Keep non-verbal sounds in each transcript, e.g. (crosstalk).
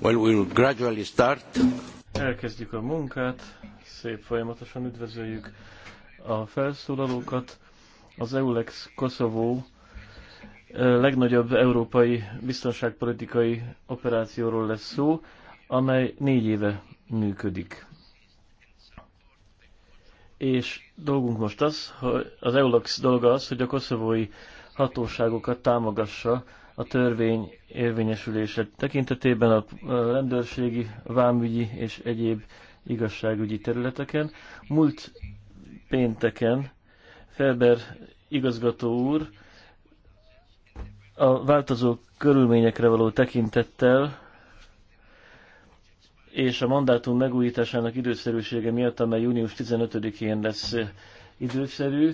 Well, we'll gradually start. Elkezdjük a munkát, szép folyamatosan üdvözöljük a felszólalókat. Az EULEX Koszovó legnagyobb európai biztonságpolitikai operációról lesz szó, amely négy éve működik. És dolgunk most az, hogy az EULEX dolga az, hogy a koszovói hatóságokat támogassa a törvény érvényesülése tekintetében a rendőrségi, vámügyi és egyéb igazságügyi területeken. Múlt pénteken felber igazgató úr a változó körülményekre való tekintettel és a mandátum megújításának időszerűsége miatt, amely június 15-én lesz időszerű,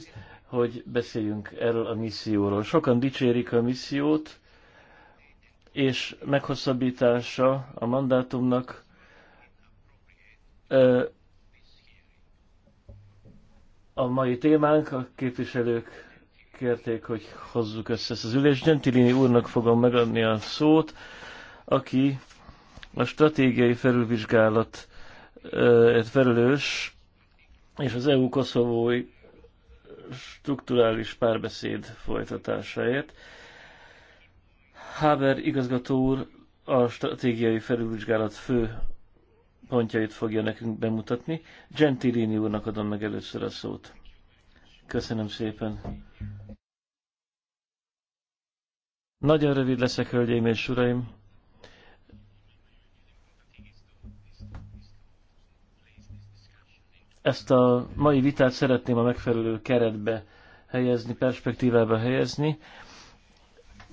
hogy beszéljünk erről a misszióról. Sokan dicsérik a missziót, és meghosszabbítása a mandátumnak a mai témánk, a képviselők kérték, hogy hozzuk össze ezt az ülést. Gentilini úrnak fogom megadni a szót, aki a stratégiai felülvizsgálat felelős, és az EU-koszovói strukturális párbeszéd folytatásáért. Haber igazgató úr a stratégiai felülvizsgálat fő pontjait fogja nekünk bemutatni. Gentilini úrnak adom meg először a szót. Köszönöm szépen. Nagyon rövid leszek, hölgyeim és uraim. Ezt a mai vitát szeretném a megfelelő keretbe helyezni, perspektívába helyezni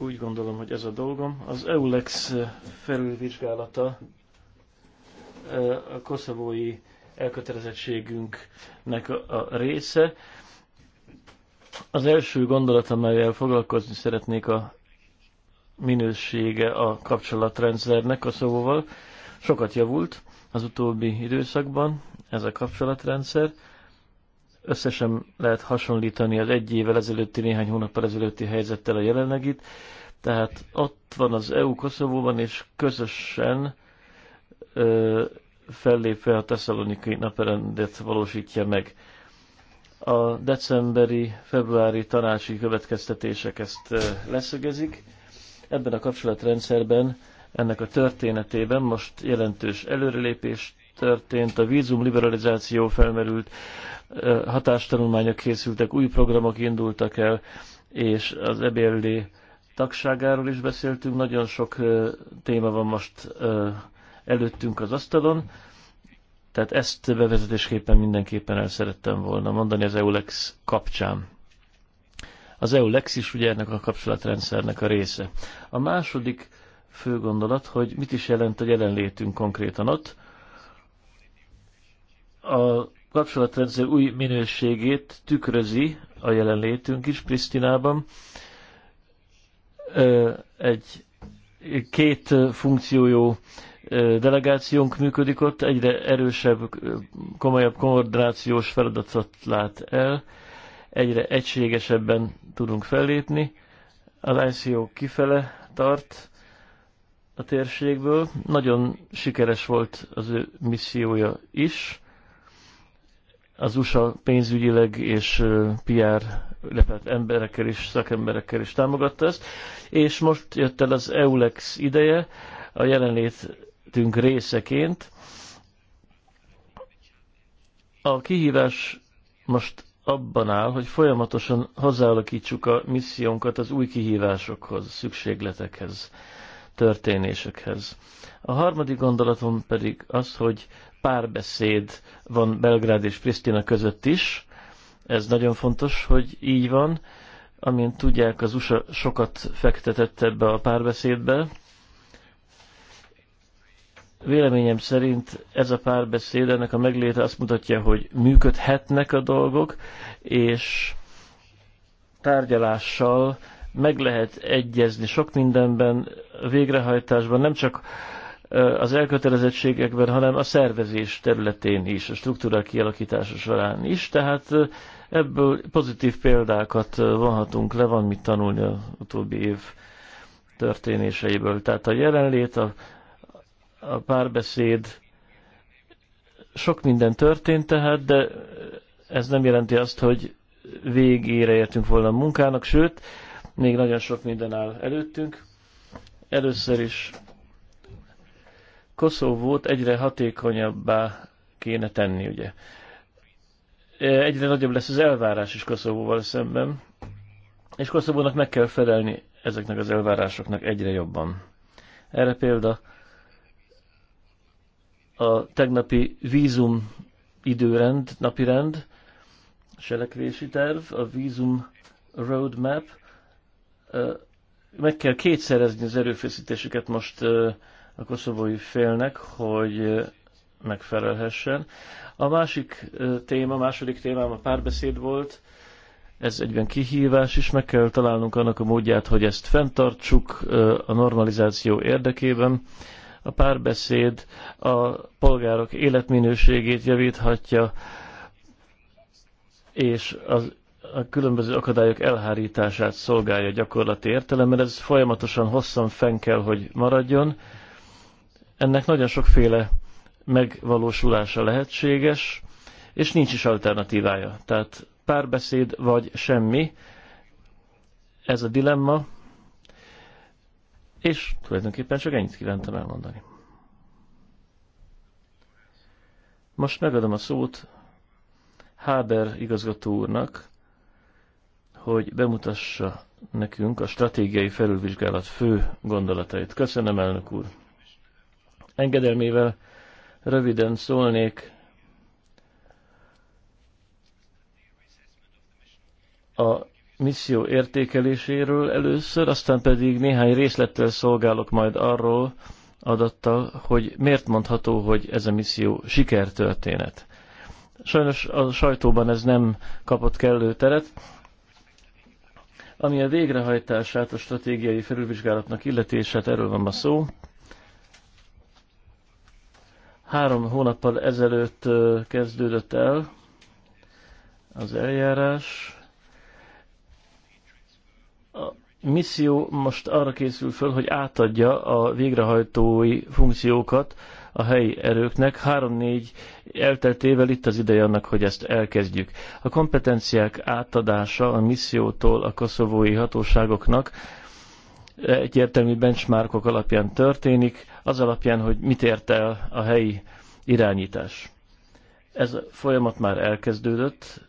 úgy gondolom, hogy ez a dolgom. Az EULEX eh, felülvizsgálata eh, a koszovói elkötelezettségünknek a része. Az első gondolat, amelyel foglalkozni szeretnék a minősége a kapcsolatrendszernek a szóval. Sokat javult az utóbbi időszakban ez a kapcsolatrendszer összesen lehet hasonlítani az egy évvel ezelőtti, néhány hónappal ezelőtti helyzettel a jelenlegit. Tehát ott van az EU Koszovóban, és közösen ö, fellépve a tesszalonikai naperendet valósítja meg. A decemberi, februári tanácsi következtetések ezt leszögezik. Ebben a kapcsolatrendszerben, ennek a történetében most jelentős előrelépés történt, a vízum liberalizáció felmerült, hatástanulmányok készültek, új programok indultak el, és az EBLD tagságáról is beszéltünk, nagyon sok téma van most előttünk az asztalon, tehát ezt bevezetésképpen mindenképpen el szerettem volna mondani az EULEX kapcsán. Az EULEX is ugye ennek a kapcsolatrendszernek a része. A második fő gondolat, hogy mit is jelent a jelenlétünk konkrétan ott a kapcsolatrendszer új minőségét tükrözi a jelenlétünk is Pristinában. Egy két funkciójú delegációnk működik ott, egyre erősebb, komolyabb koordinációs feladatot lát el, egyre egységesebben tudunk fellépni. Az ICO kifele tart a térségből. Nagyon sikeres volt az ő missziója is az USA pénzügyileg és PR lepett hát emberekkel és szakemberekkel is támogatta ezt, és most jött el az EULEX ideje a jelenlétünk részeként. A kihívás most abban áll, hogy folyamatosan hozzáalakítsuk a missziónkat az új kihívásokhoz, szükségletekhez, történésekhez. A harmadik gondolatom pedig az, hogy párbeszéd van Belgrád és Pristina között is. Ez nagyon fontos, hogy így van. Amint tudják, az USA sokat fektetett ebbe a párbeszédbe. Véleményem szerint ez a párbeszéd, ennek a megléte azt mutatja, hogy működhetnek a dolgok, és tárgyalással meg lehet egyezni sok mindenben, végrehajtásban, nem csak az elkötelezettségekben, hanem a szervezés területén is, a struktúra kialakítása során is, tehát ebből pozitív példákat vonhatunk le, van mit tanulni az utóbbi év történéseiből. Tehát a jelenlét, a, a párbeszéd, sok minden történt tehát, de ez nem jelenti azt, hogy végére értünk volna a munkának, sőt, még nagyon sok minden áll előttünk. Először is Koszovót egyre hatékonyabbá kéne tenni, ugye. E, egyre nagyobb lesz az elvárás is Koszovóval szemben, és Koszovónak meg kell felelni ezeknek az elvárásoknak egyre jobban. Erre példa a tegnapi vízum időrend, napirend, selekvési terv, a vízum roadmap. E, meg kell kétszerezni az erőfeszítéseket most e, a koszovói félnek, hogy megfelelhessen. A másik téma, második témám a párbeszéd volt, ez egyben kihívás is, meg kell találnunk annak a módját, hogy ezt fenntartsuk a normalizáció érdekében. A párbeszéd a polgárok életminőségét javíthatja, és az, a különböző akadályok elhárítását szolgálja gyakorlati értelemben. Ez folyamatosan hosszan fenn kell, hogy maradjon ennek nagyon sokféle megvalósulása lehetséges, és nincs is alternatívája. Tehát párbeszéd vagy semmi, ez a dilemma, és tulajdonképpen csak ennyit kívántam elmondani. Most megadom a szót Háber igazgató úrnak, hogy bemutassa nekünk a stratégiai felülvizsgálat fő gondolatait. Köszönöm, elnök úr! engedelmével röviden szólnék a misszió értékeléséről először, aztán pedig néhány részlettel szolgálok majd arról adattal, hogy miért mondható, hogy ez a misszió sikertörténet. Sajnos a sajtóban ez nem kapott kellő teret, ami a végrehajtását, a stratégiai felülvizsgálatnak illetését, hát erről van ma szó. Három hónappal ezelőtt kezdődött el az eljárás. A misszió most arra készül föl, hogy átadja a végrehajtói funkciókat a helyi erőknek. Három-négy elteltével itt az ideje annak, hogy ezt elkezdjük. A kompetenciák átadása a missziótól a koszovói hatóságoknak egyértelmű benchmarkok alapján történik, az alapján, hogy mit ért el a helyi irányítás. Ez a folyamat már elkezdődött,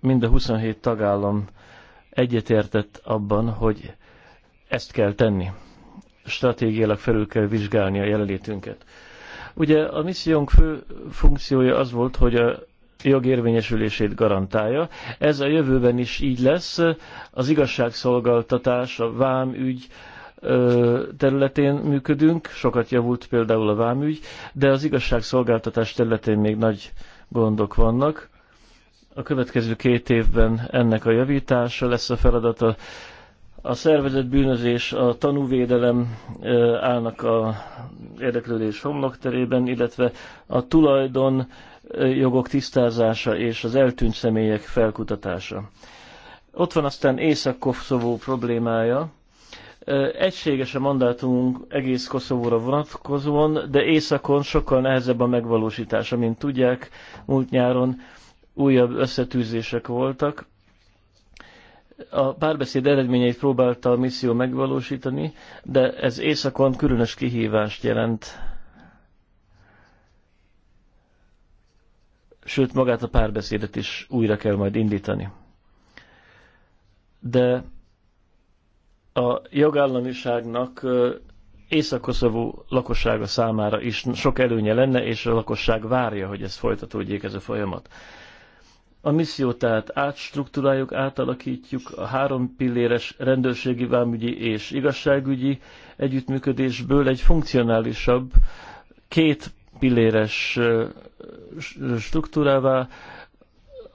mind a 27 tagállam egyetértett abban, hogy ezt kell tenni. Stratégiailag felül kell vizsgálni a jelenlétünket. Ugye a missziónk fő funkciója az volt, hogy a jogérvényesülését garantálja. Ez a jövőben is így lesz. Az igazságszolgáltatás, a vámügy területén működünk, sokat javult például a vámügy, de az igazságszolgáltatás területén még nagy gondok vannak. A következő két évben ennek a javítása lesz a feladata. A szervezett bűnözés, a tanúvédelem állnak a érdeklődés homlokterében, illetve a tulajdon jogok tisztázása és az eltűnt személyek felkutatása. Ott van aztán Észak-Koszovó problémája. Egységes a mandátumunk egész Koszovóra vonatkozóan, de Északon sokkal nehezebb a megvalósítása, mint tudják. Múlt nyáron újabb összetűzések voltak. A párbeszéd eredményeit próbálta a misszió megvalósítani, de ez Északon különös kihívást jelent sőt magát a párbeszédet is újra kell majd indítani. De a jogállamiságnak Észak-Koszovó lakossága számára is sok előnye lenne, és a lakosság várja, hogy ez folytatódjék ez a folyamat. A missziót tehát átstruktúráljuk, átalakítjuk a három pilléres rendőrségi, vámügyi és igazságügyi együttműködésből egy funkcionálisabb, két pilléres struktúrává,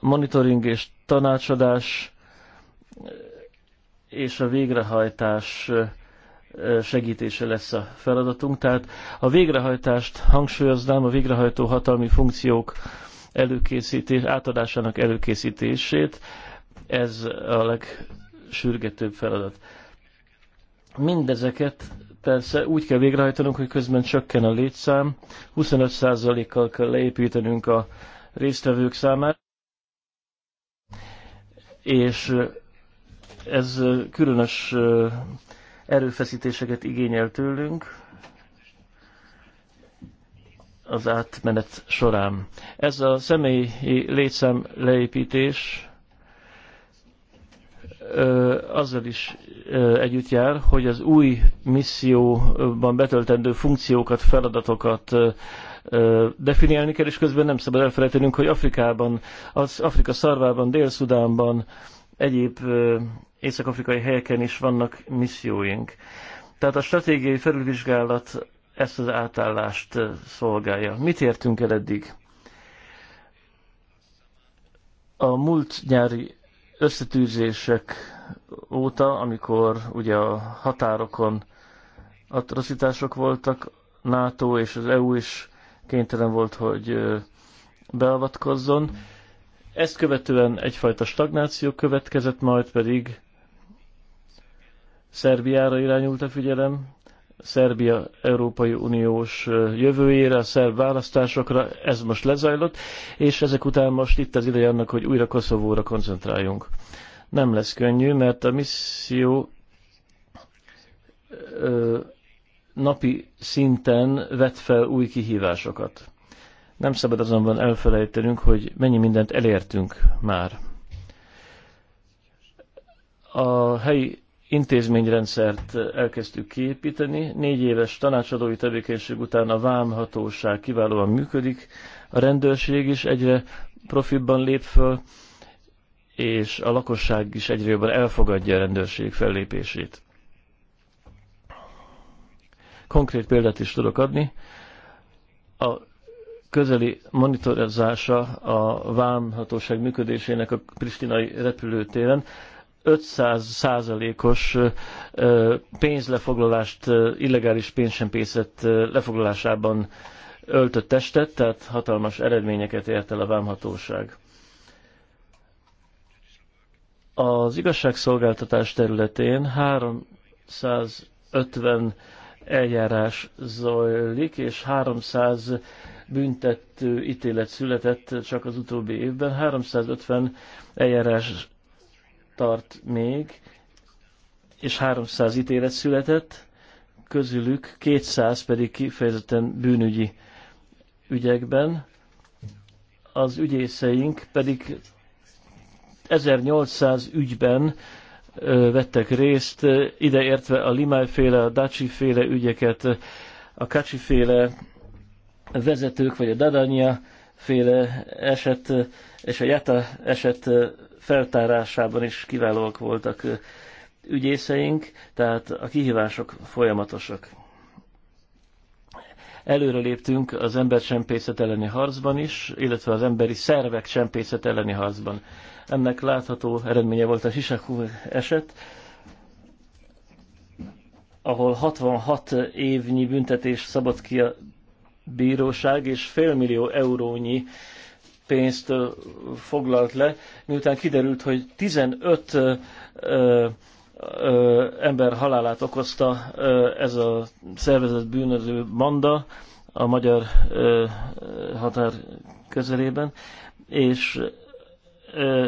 monitoring és tanácsadás és a végrehajtás segítése lesz a feladatunk. Tehát a végrehajtást hangsúlyoznám, a végrehajtó hatalmi funkciók előkészítés, átadásának előkészítését, ez a legsürgetőbb feladat. Mindezeket persze úgy kell végrehajtanunk, hogy közben csökken a létszám, 25%-kal kell leépítenünk a résztvevők számát, és ez különös erőfeszítéseket igényel tőlünk az átmenet során. Ez a személyi létszám leépítés azzal is együtt jár, hogy az új misszióban betöltendő funkciókat, feladatokat definiálni kell, és közben nem szabad elfelejtenünk, hogy Afrikában, az Afrika szarvában, Dél-Szudánban, egyéb észak-afrikai helyeken is vannak misszióink. Tehát a stratégiai felülvizsgálat ezt az átállást szolgálja. Mit értünk el eddig? A múlt nyári összetűzések óta, amikor ugye a határokon atrocitások voltak, NATO és az EU is kénytelen volt, hogy beavatkozzon. Ezt követően egyfajta stagnáció következett, majd pedig Szerbiára irányult a figyelem, Szerbia Európai Uniós jövőjére, a szerb választásokra, ez most lezajlott, és ezek után most itt az ideje annak, hogy újra Koszovóra koncentráljunk. Nem lesz könnyű, mert a misszió ö, napi szinten vet fel új kihívásokat. Nem szabad azonban elfelejtenünk, hogy mennyi mindent elértünk már. A helyi intézményrendszert eh, elkezdtük kiépíteni. Négy éves tanácsadói tevékenység után a vámhatóság kiválóan működik, a rendőrség is egyre profibban lép föl, és a lakosság is egyre jobban elfogadja a rendőrség fellépését. Konkrét példát is tudok adni. A közeli monitorozása a vámhatóság működésének a pristinai repülőtéren 500%-os pénzlefoglalást, illegális pénzsempészet lefoglalásában öltött testet, tehát hatalmas eredményeket ért el a vámhatóság. Az igazságszolgáltatás területén 350 eljárás zajlik, és 300 büntető ítélet született csak az utóbbi évben. 350 eljárás tart még, és 300 ítélet született, közülük 200 pedig kifejezetten bűnügyi ügyekben. Az ügyészeink pedig 1800 ügyben vettek részt, ideértve a Limájféle, a Dacsi-féle ügyeket, a Kacsi-féle vezetők, vagy a Dadanya féle eset, és a Jata eset feltárásában is kiválóak voltak ügyészeink, tehát a kihívások folyamatosak. Előre léptünk az csempészet elleni harcban is, illetve az emberi szervek csempészet elleni harcban. Ennek látható eredménye volt a Sisakú eset, ahol 66 évnyi büntetés szabad ki a bíróság, és félmillió eurónyi pénzt foglalt le, miután kiderült, hogy 15 ember halálát okozta ez a szervezet bűnöző banda a magyar határ közelében, és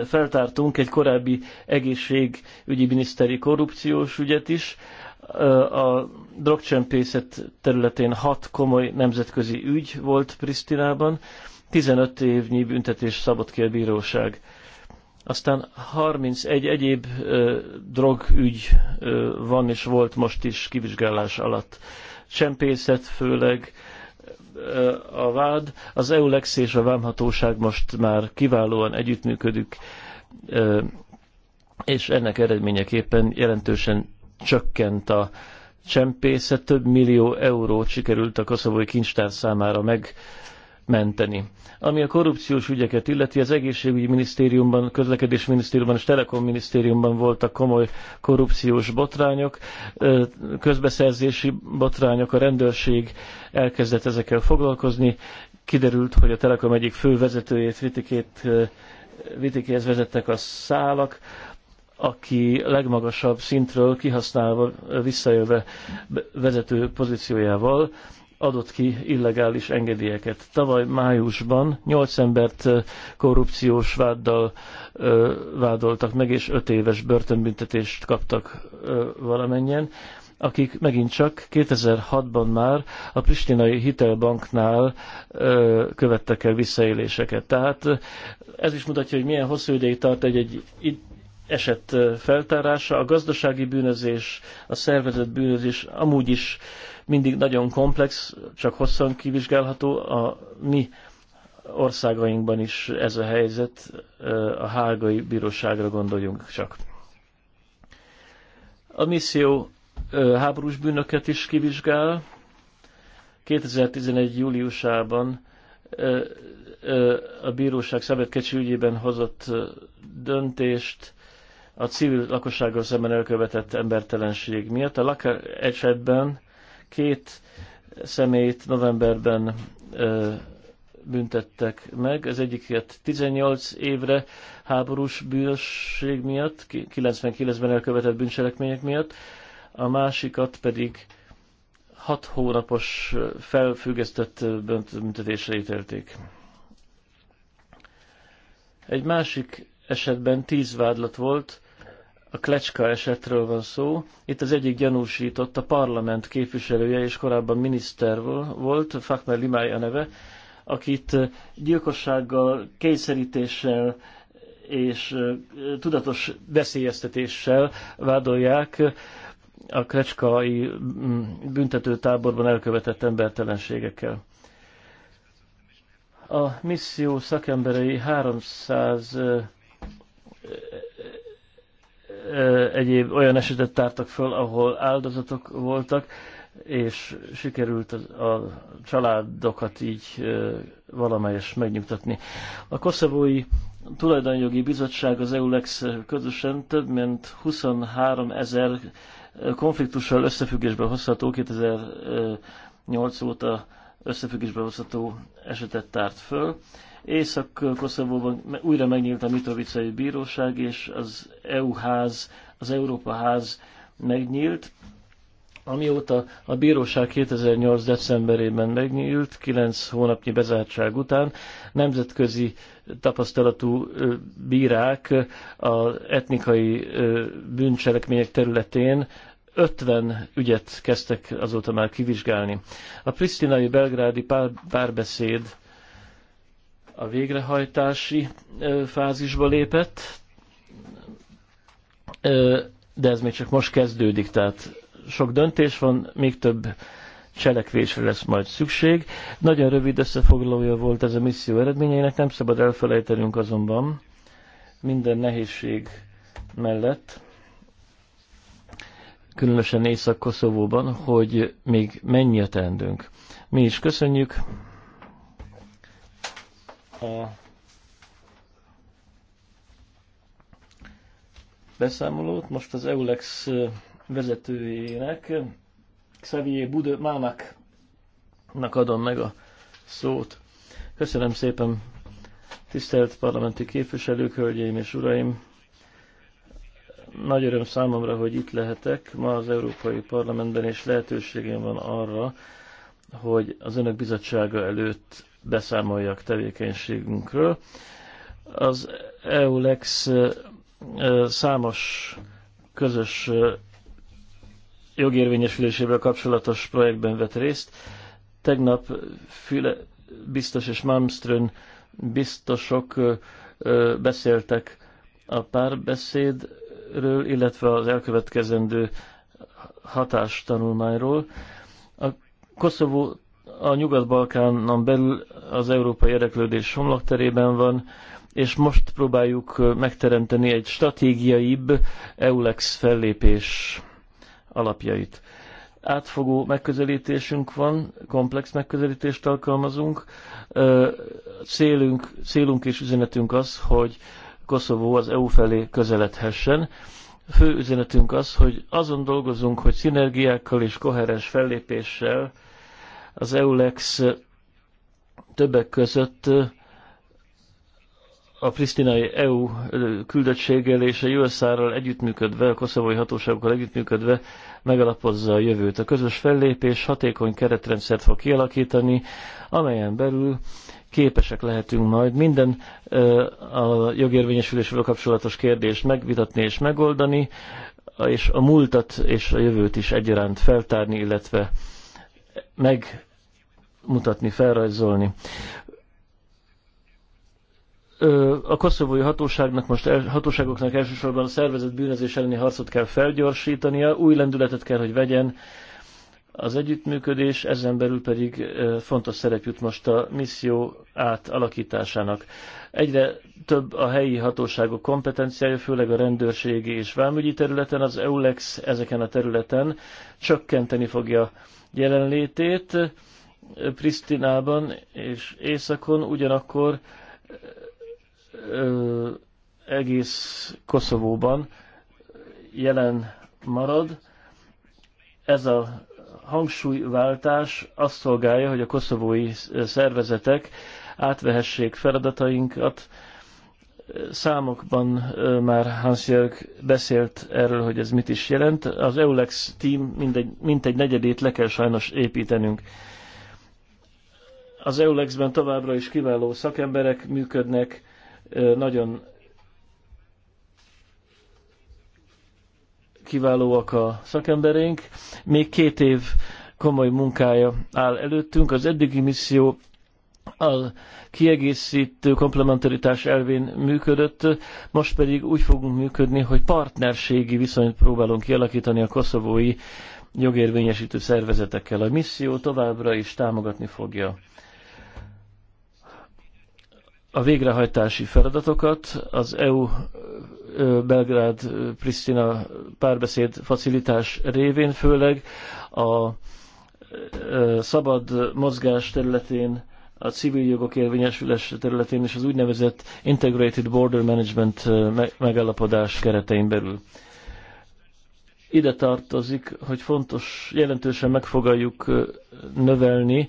feltártunk egy korábbi egészségügyi miniszteri korrupciós ügyet is. A drogcsempészet területén hat komoly nemzetközi ügy volt Prisztinában, 15 évnyi büntetés szabott ki a bíróság. Aztán 31 egyéb ö, drogügy ö, van és volt most is kivizsgálás alatt. Csempészet főleg ö, a vád. Az EULEX és a vámhatóság most már kiválóan együttműködik, ö, és ennek eredményeképpen jelentősen csökkent a csempészet. Több millió eurót sikerült a koszovói kincstár számára meg menteni. Ami a korrupciós ügyeket illeti, az egészségügyi minisztériumban, közlekedés minisztériumban és telekom minisztériumban voltak komoly korrupciós botrányok, közbeszerzési botrányok, a rendőrség elkezdett ezekkel foglalkozni. Kiderült, hogy a telekom egyik fő vezetőjét, Vitikét, Vitikéhez vezettek a szálak, aki legmagasabb szintről kihasználva, visszajöve vezető pozíciójával adott ki illegális engedélyeket. Tavaly májusban 8 embert korrupciós váddal ö, vádoltak meg, és 5 éves börtönbüntetést kaptak ö, valamennyien, akik megint csak 2006-ban már a Pristinai Hitelbanknál ö, követtek el visszaéléseket. Tehát ez is mutatja, hogy milyen hosszú ideig tart egy-egy eset feltárása. A gazdasági bűnözés, a szervezett bűnözés amúgy is mindig nagyon komplex, csak hosszan kivizsgálható. A mi országainkban is ez a helyzet, a hágai bíróságra gondoljunk csak. A misszió háborús bűnöket is kivizsgál. 2011. júliusában a bíróság Szabadkecsi ügyében hozott döntést a civil lakossággal szemben elkövetett embertelenség miatt. A Lakar esetben Két személyt novemberben ö, büntettek meg, az egyiket 18 évre háborús bűnösség miatt, 99-ben elkövetett bűncselekmények miatt, a másikat pedig 6 hónapos felfüggesztett büntetésre ítélték. Egy másik esetben 10 vádlat volt, a Klecska esetről van szó. Itt az egyik gyanúsított a parlament képviselője, és korábban miniszter volt, Fakmer Limája neve, akit eh, gyilkossággal, kényszerítéssel és eh, tudatos veszélyeztetéssel vádolják a Klecskai mm, büntetőtáborban elkövetett embertelenségekkel. A misszió szakemberei 300 egyéb olyan esetet tártak föl, ahol áldozatok voltak, és sikerült a, a családokat így valamelyes megnyugtatni. A koszovói tulajdonjogi bizottság az EULEX közösen több mint 23 ezer konfliktussal összefüggésbe hozható 2008 óta összefüggésbe hozható esetet tárt föl. Észak-Koszovóban újra megnyílt a Mitrovicai Bíróság, és az EU ház, az Európa ház megnyílt. Amióta a bíróság 2008. decemberében megnyílt, 9 hónapnyi bezártság után, nemzetközi tapasztalatú bírák az etnikai bűncselekmények területén 50 ügyet kezdtek azóta már kivizsgálni. A Pristinai Belgrádi párbeszéd a végrehajtási fázisba lépett, de ez még csak most kezdődik, tehát sok döntés van, még több cselekvésre lesz majd szükség. Nagyon rövid összefoglalója volt ez a misszió eredményeinek, nem szabad elfelejtenünk azonban minden nehézség mellett, különösen Észak-Koszovóban, hogy még mennyi a teendőnk. Mi is köszönjük a beszámolót. Most az EULEX vezetőjének, Xavier Budő Mámáknak adom meg a szót. Köszönöm szépen, tisztelt parlamenti képviselők, hölgyeim és uraim! Nagy öröm számomra, hogy itt lehetek. Ma az Európai Parlamentben és lehetőségem van arra, hogy az Önök bizottsága előtt beszámoljak tevékenységünkről. Az EULEX számos közös jogérvényesülésével kapcsolatos projektben vett részt. Tegnap Füle biztos és Malmström biztosok beszéltek a párbeszéd ről, illetve az elkövetkezendő hatástanulmányról. A Koszovó a Nyugat-Balkánon belül az európai érdeklődés homlokterében van, és most próbáljuk megteremteni egy stratégiaibb EULEX fellépés alapjait. Átfogó megközelítésünk van, komplex megközelítést alkalmazunk. Célünk, célunk és üzenetünk az, hogy Koszovó az EU felé közeledhessen. Fő üzenetünk az, hogy azon dolgozunk, hogy szinergiákkal és koherens fellépéssel az EULEX többek között a prisztinai EU küldöttséggel és a USA-ral együttműködve, a koszovói hatóságokkal együttműködve megalapozza a jövőt. A közös fellépés hatékony keretrendszert fog kialakítani, amelyen belül képesek lehetünk majd minden a jogérvényesülésről kapcsolatos kérdést megvitatni és megoldani, és a múltat és a jövőt is egyaránt feltárni, illetve megmutatni, felrajzolni. A koszovói hatóságnak most, hatóságoknak elsősorban a szervezett bűnözés elleni harcot kell felgyorsítania, új lendületet kell, hogy vegyen az együttműködés ezen belül pedig fontos szerep jut most a misszió átalakításának. Egyre több a helyi hatóságok kompetenciája, főleg a rendőrségi és vámügyi területen, az EULEX ezeken a területen csökkenteni fogja jelenlétét Pristinában és Északon, ugyanakkor ö, egész Koszovóban jelen marad. Ez a hangsúlyváltás azt szolgálja, hogy a koszovói szervezetek átvehessék feladatainkat. Számokban már Jörg beszélt erről, hogy ez mit is jelent. Az EULEX team mindegy, mintegy negyedét le kell sajnos építenünk. Az EULEXben továbbra is kiváló szakemberek működnek, nagyon kiválóak a szakemberénk. Még két év komoly munkája áll előttünk. Az eddigi misszió a kiegészítő komplementaritás elvén működött, most pedig úgy fogunk működni, hogy partnerségi viszonyt próbálunk kialakítani a koszovói jogérvényesítő szervezetekkel. A misszió továbbra is támogatni fogja a végrehajtási feladatokat, az EU Belgrád-Pristina párbeszéd facilitás révén, főleg a szabad mozgás területén, a civil jogok érvényesülés területén és az úgynevezett Integrated Border Management megállapodás keretein belül ide tartozik, hogy fontos, jelentősen meg fogaljuk növelni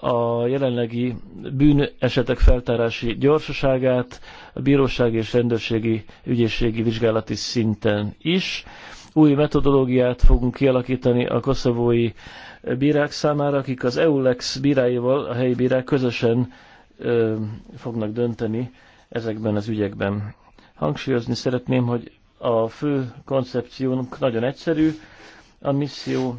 a jelenlegi bűnesetek feltárási gyorsaságát a bíróság és rendőrségi ügyészségi vizsgálati szinten is. Új metodológiát fogunk kialakítani a koszovói bírák számára, akik az EULEX bíráival, a helyi bírák közösen fognak dönteni ezekben az ügyekben. Hangsúlyozni szeretném, hogy a fő koncepciónk nagyon egyszerű. A misszió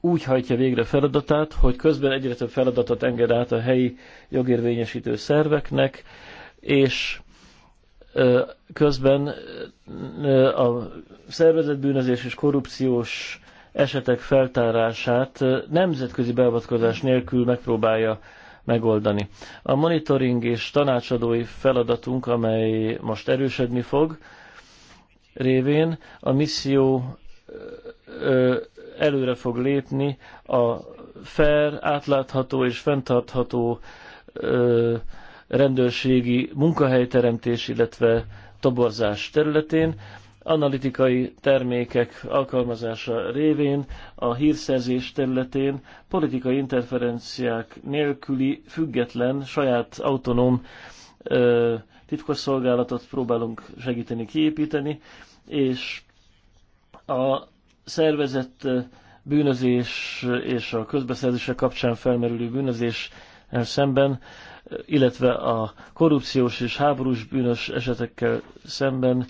úgy hajtja végre feladatát, hogy közben egyre több feladatot enged át a helyi jogérvényesítő szerveknek, és közben a szervezetbűnözés és korrupciós esetek feltárását nemzetközi beavatkozás nélkül megpróbálja megoldani. A monitoring és tanácsadói feladatunk, amely most erősödni fog, révén a misszió előre fog lépni a fair, átlátható és fenntartható rendőrségi munkahelyteremtés, illetve toborzás területén, analitikai termékek alkalmazása révén, a hírszerzés területén, politikai interferenciák nélküli, független, saját autonóm titkos szolgálatot próbálunk segíteni kiépíteni, és a szervezett bűnözés és a közbeszerzése kapcsán felmerülő bűnözés szemben, illetve a korrupciós és háborús bűnös esetekkel szemben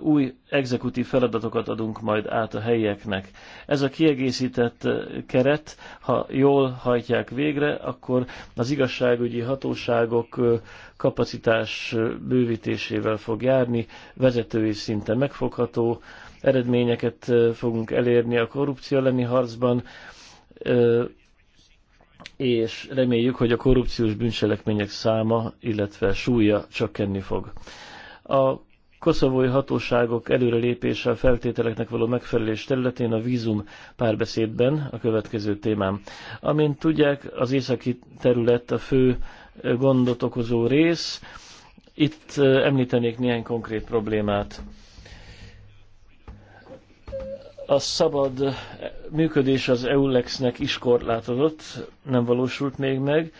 új exekutív feladatokat adunk majd át a helyieknek. Ez a kiegészített keret, ha jól hajtják végre, akkor az igazságügyi hatóságok kapacitás bővítésével fog járni, vezetői szinten megfogható, eredményeket fogunk elérni a korrupció elleni harcban, és reméljük, hogy a korrupciós bűncselekmények száma, illetve súlya csökkenni fog. A koszovói hatóságok előrelépése a feltételeknek való megfelelés területén a vízum párbeszédben a következő témám. Amint tudják, az északi terület a fő gondot okozó rész. Itt említenék néhány konkrét problémát. A szabad működés az EULEX-nek is korlátozott, nem valósult még meg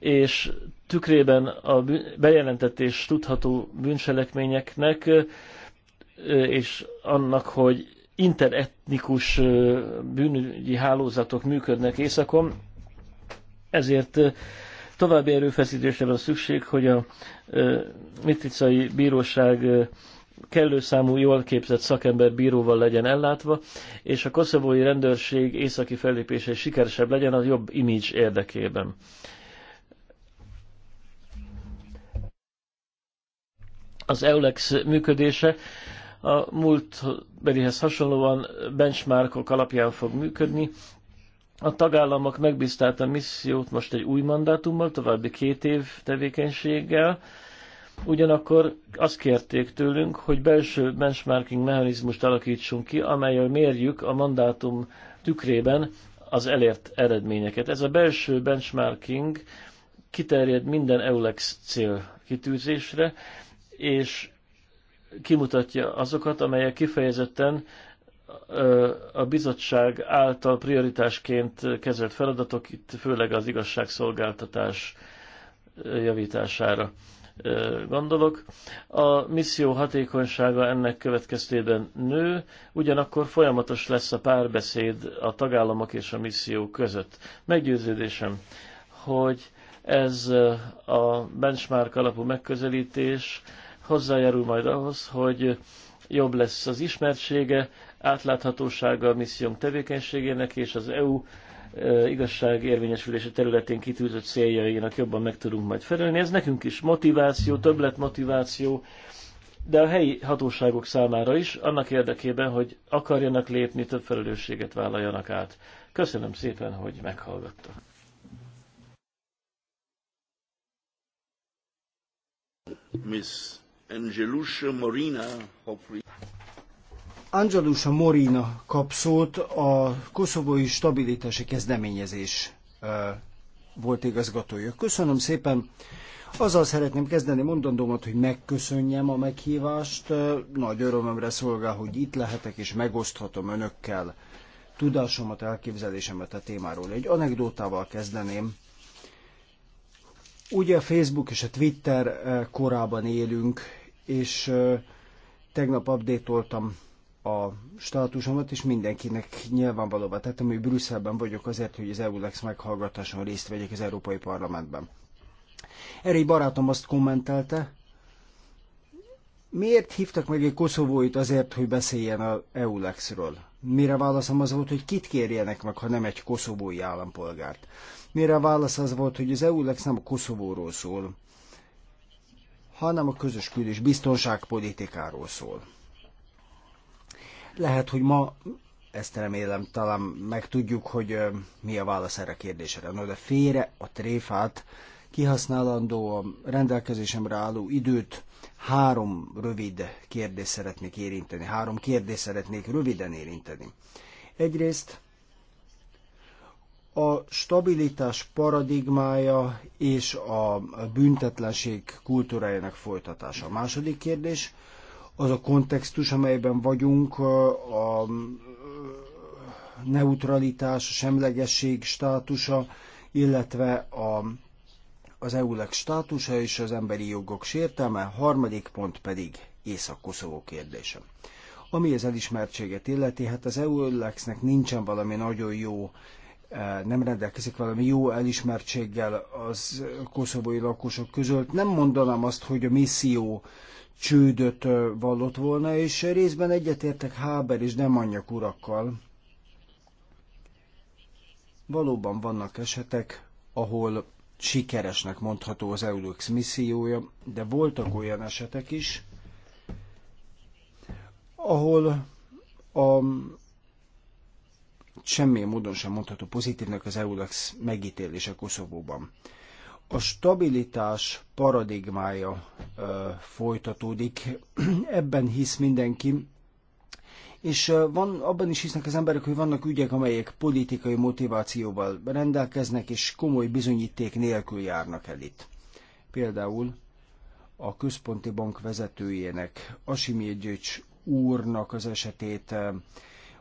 és tükrében a bejelentett és tudható bűncselekményeknek és annak, hogy interetnikus bűnügyi hálózatok működnek északon, ezért további erőfeszítésre van szükség, hogy a Miticai Bíróság kellő számú jól képzett szakember bíróval legyen ellátva, és a koszovói rendőrség északi fellépése sikeresebb legyen a jobb image érdekében. Az EULEX működése a múltbelihez hasonlóan benchmarkok alapján fog működni. A tagállamok megbízták a missziót most egy új mandátummal, további két év tevékenységgel. Ugyanakkor azt kérték tőlünk, hogy belső benchmarking mechanizmust alakítsunk ki, amelyel mérjük a mandátum tükrében az elért eredményeket. Ez a belső benchmarking kiterjed minden EULEX cél kitűzésre, és kimutatja azokat, amelyek kifejezetten a bizottság által prioritásként kezelt feladatok, itt főleg az igazságszolgáltatás javítására gondolok. A misszió hatékonysága ennek következtében nő, ugyanakkor folyamatos lesz a párbeszéd a tagállamok és a misszió között. Meggyőződésem, hogy ez a benchmark alapú megközelítés, hozzájárul majd ahhoz, hogy jobb lesz az ismertsége, átláthatósága a missziónk tevékenységének, és az EU e, igazság érvényesülése területén kitűzött céljainak jobban meg tudunk majd felelni. Ez nekünk is motiváció, többlet motiváció, de a helyi hatóságok számára is, annak érdekében, hogy akarjanak lépni, több felelősséget vállaljanak át. Köszönöm szépen, hogy meghallgatta. Miss Angelus Morina, hopefully. Angelusa Morina kap szót a koszovói stabilitási kezdeményezés volt igazgatója. Köszönöm szépen. Azzal szeretném kezdeni mondandómat, hogy megköszönjem a meghívást. Nagy örömömre szolgál, hogy itt lehetek és megoszthatom önökkel tudásomat, elképzelésemet a témáról. Egy anekdótával kezdeném. Ugye a Facebook és a Twitter eh, korában élünk, és eh, tegnap updatoltam a státusomat, és mindenkinek nyilvánvalóvá tettem, hogy Brüsszelben vagyok azért, hogy az EULEX meghallgatáson részt vegyek az Európai Parlamentben. Erre egy barátom azt kommentelte, miért hívtak meg egy koszovóit azért, hogy beszéljen az EULEX-ről? Mire válaszom az volt, hogy kit kérjenek meg, ha nem egy koszovói állampolgárt. Mire a válasz az volt, hogy az EULEX nem a Koszovóról szól, hanem a közös küldés biztonságpolitikáról szól. Lehet, hogy ma ezt remélem, talán megtudjuk, hogy mi a válasz erre a kérdésre. No, de félre a tréfát, kihasználandó a rendelkezésemre álló időt, Három rövid kérdést szeretnék érinteni, három kérdést szeretnék röviden érinteni. Egyrészt a stabilitás paradigmája és a büntetlenség kultúrájának folytatása. A második kérdés az a kontextus, amelyben vagyunk, a neutralitás, a semlegesség státusa, illetve a az EU-leg státusa és az emberi jogok sértelme, harmadik pont pedig Észak-Koszovó kérdése. Ami az elismertséget illeti, hát az EU-lexnek nincsen valami nagyon jó eh, nem rendelkezik valami jó elismertséggel az koszovói lakosok között. Nem mondanám azt, hogy a misszió csődöt eh, vallott volna, és részben egyetértek Háber és anyak urakkal. Valóban vannak esetek, ahol sikeresnek mondható az EULUX missziója, de voltak olyan esetek is, ahol a semmilyen módon sem mondható pozitívnak az EULAX megítélése Koszovóban. A stabilitás paradigmája ö, folytatódik, ebben hisz mindenki, és van, abban is hisznek az emberek, hogy vannak ügyek, amelyek politikai motivációval rendelkeznek, és komoly bizonyíték nélkül járnak el itt. Például a központi bank vezetőjének, Asimiedzics úrnak az esetét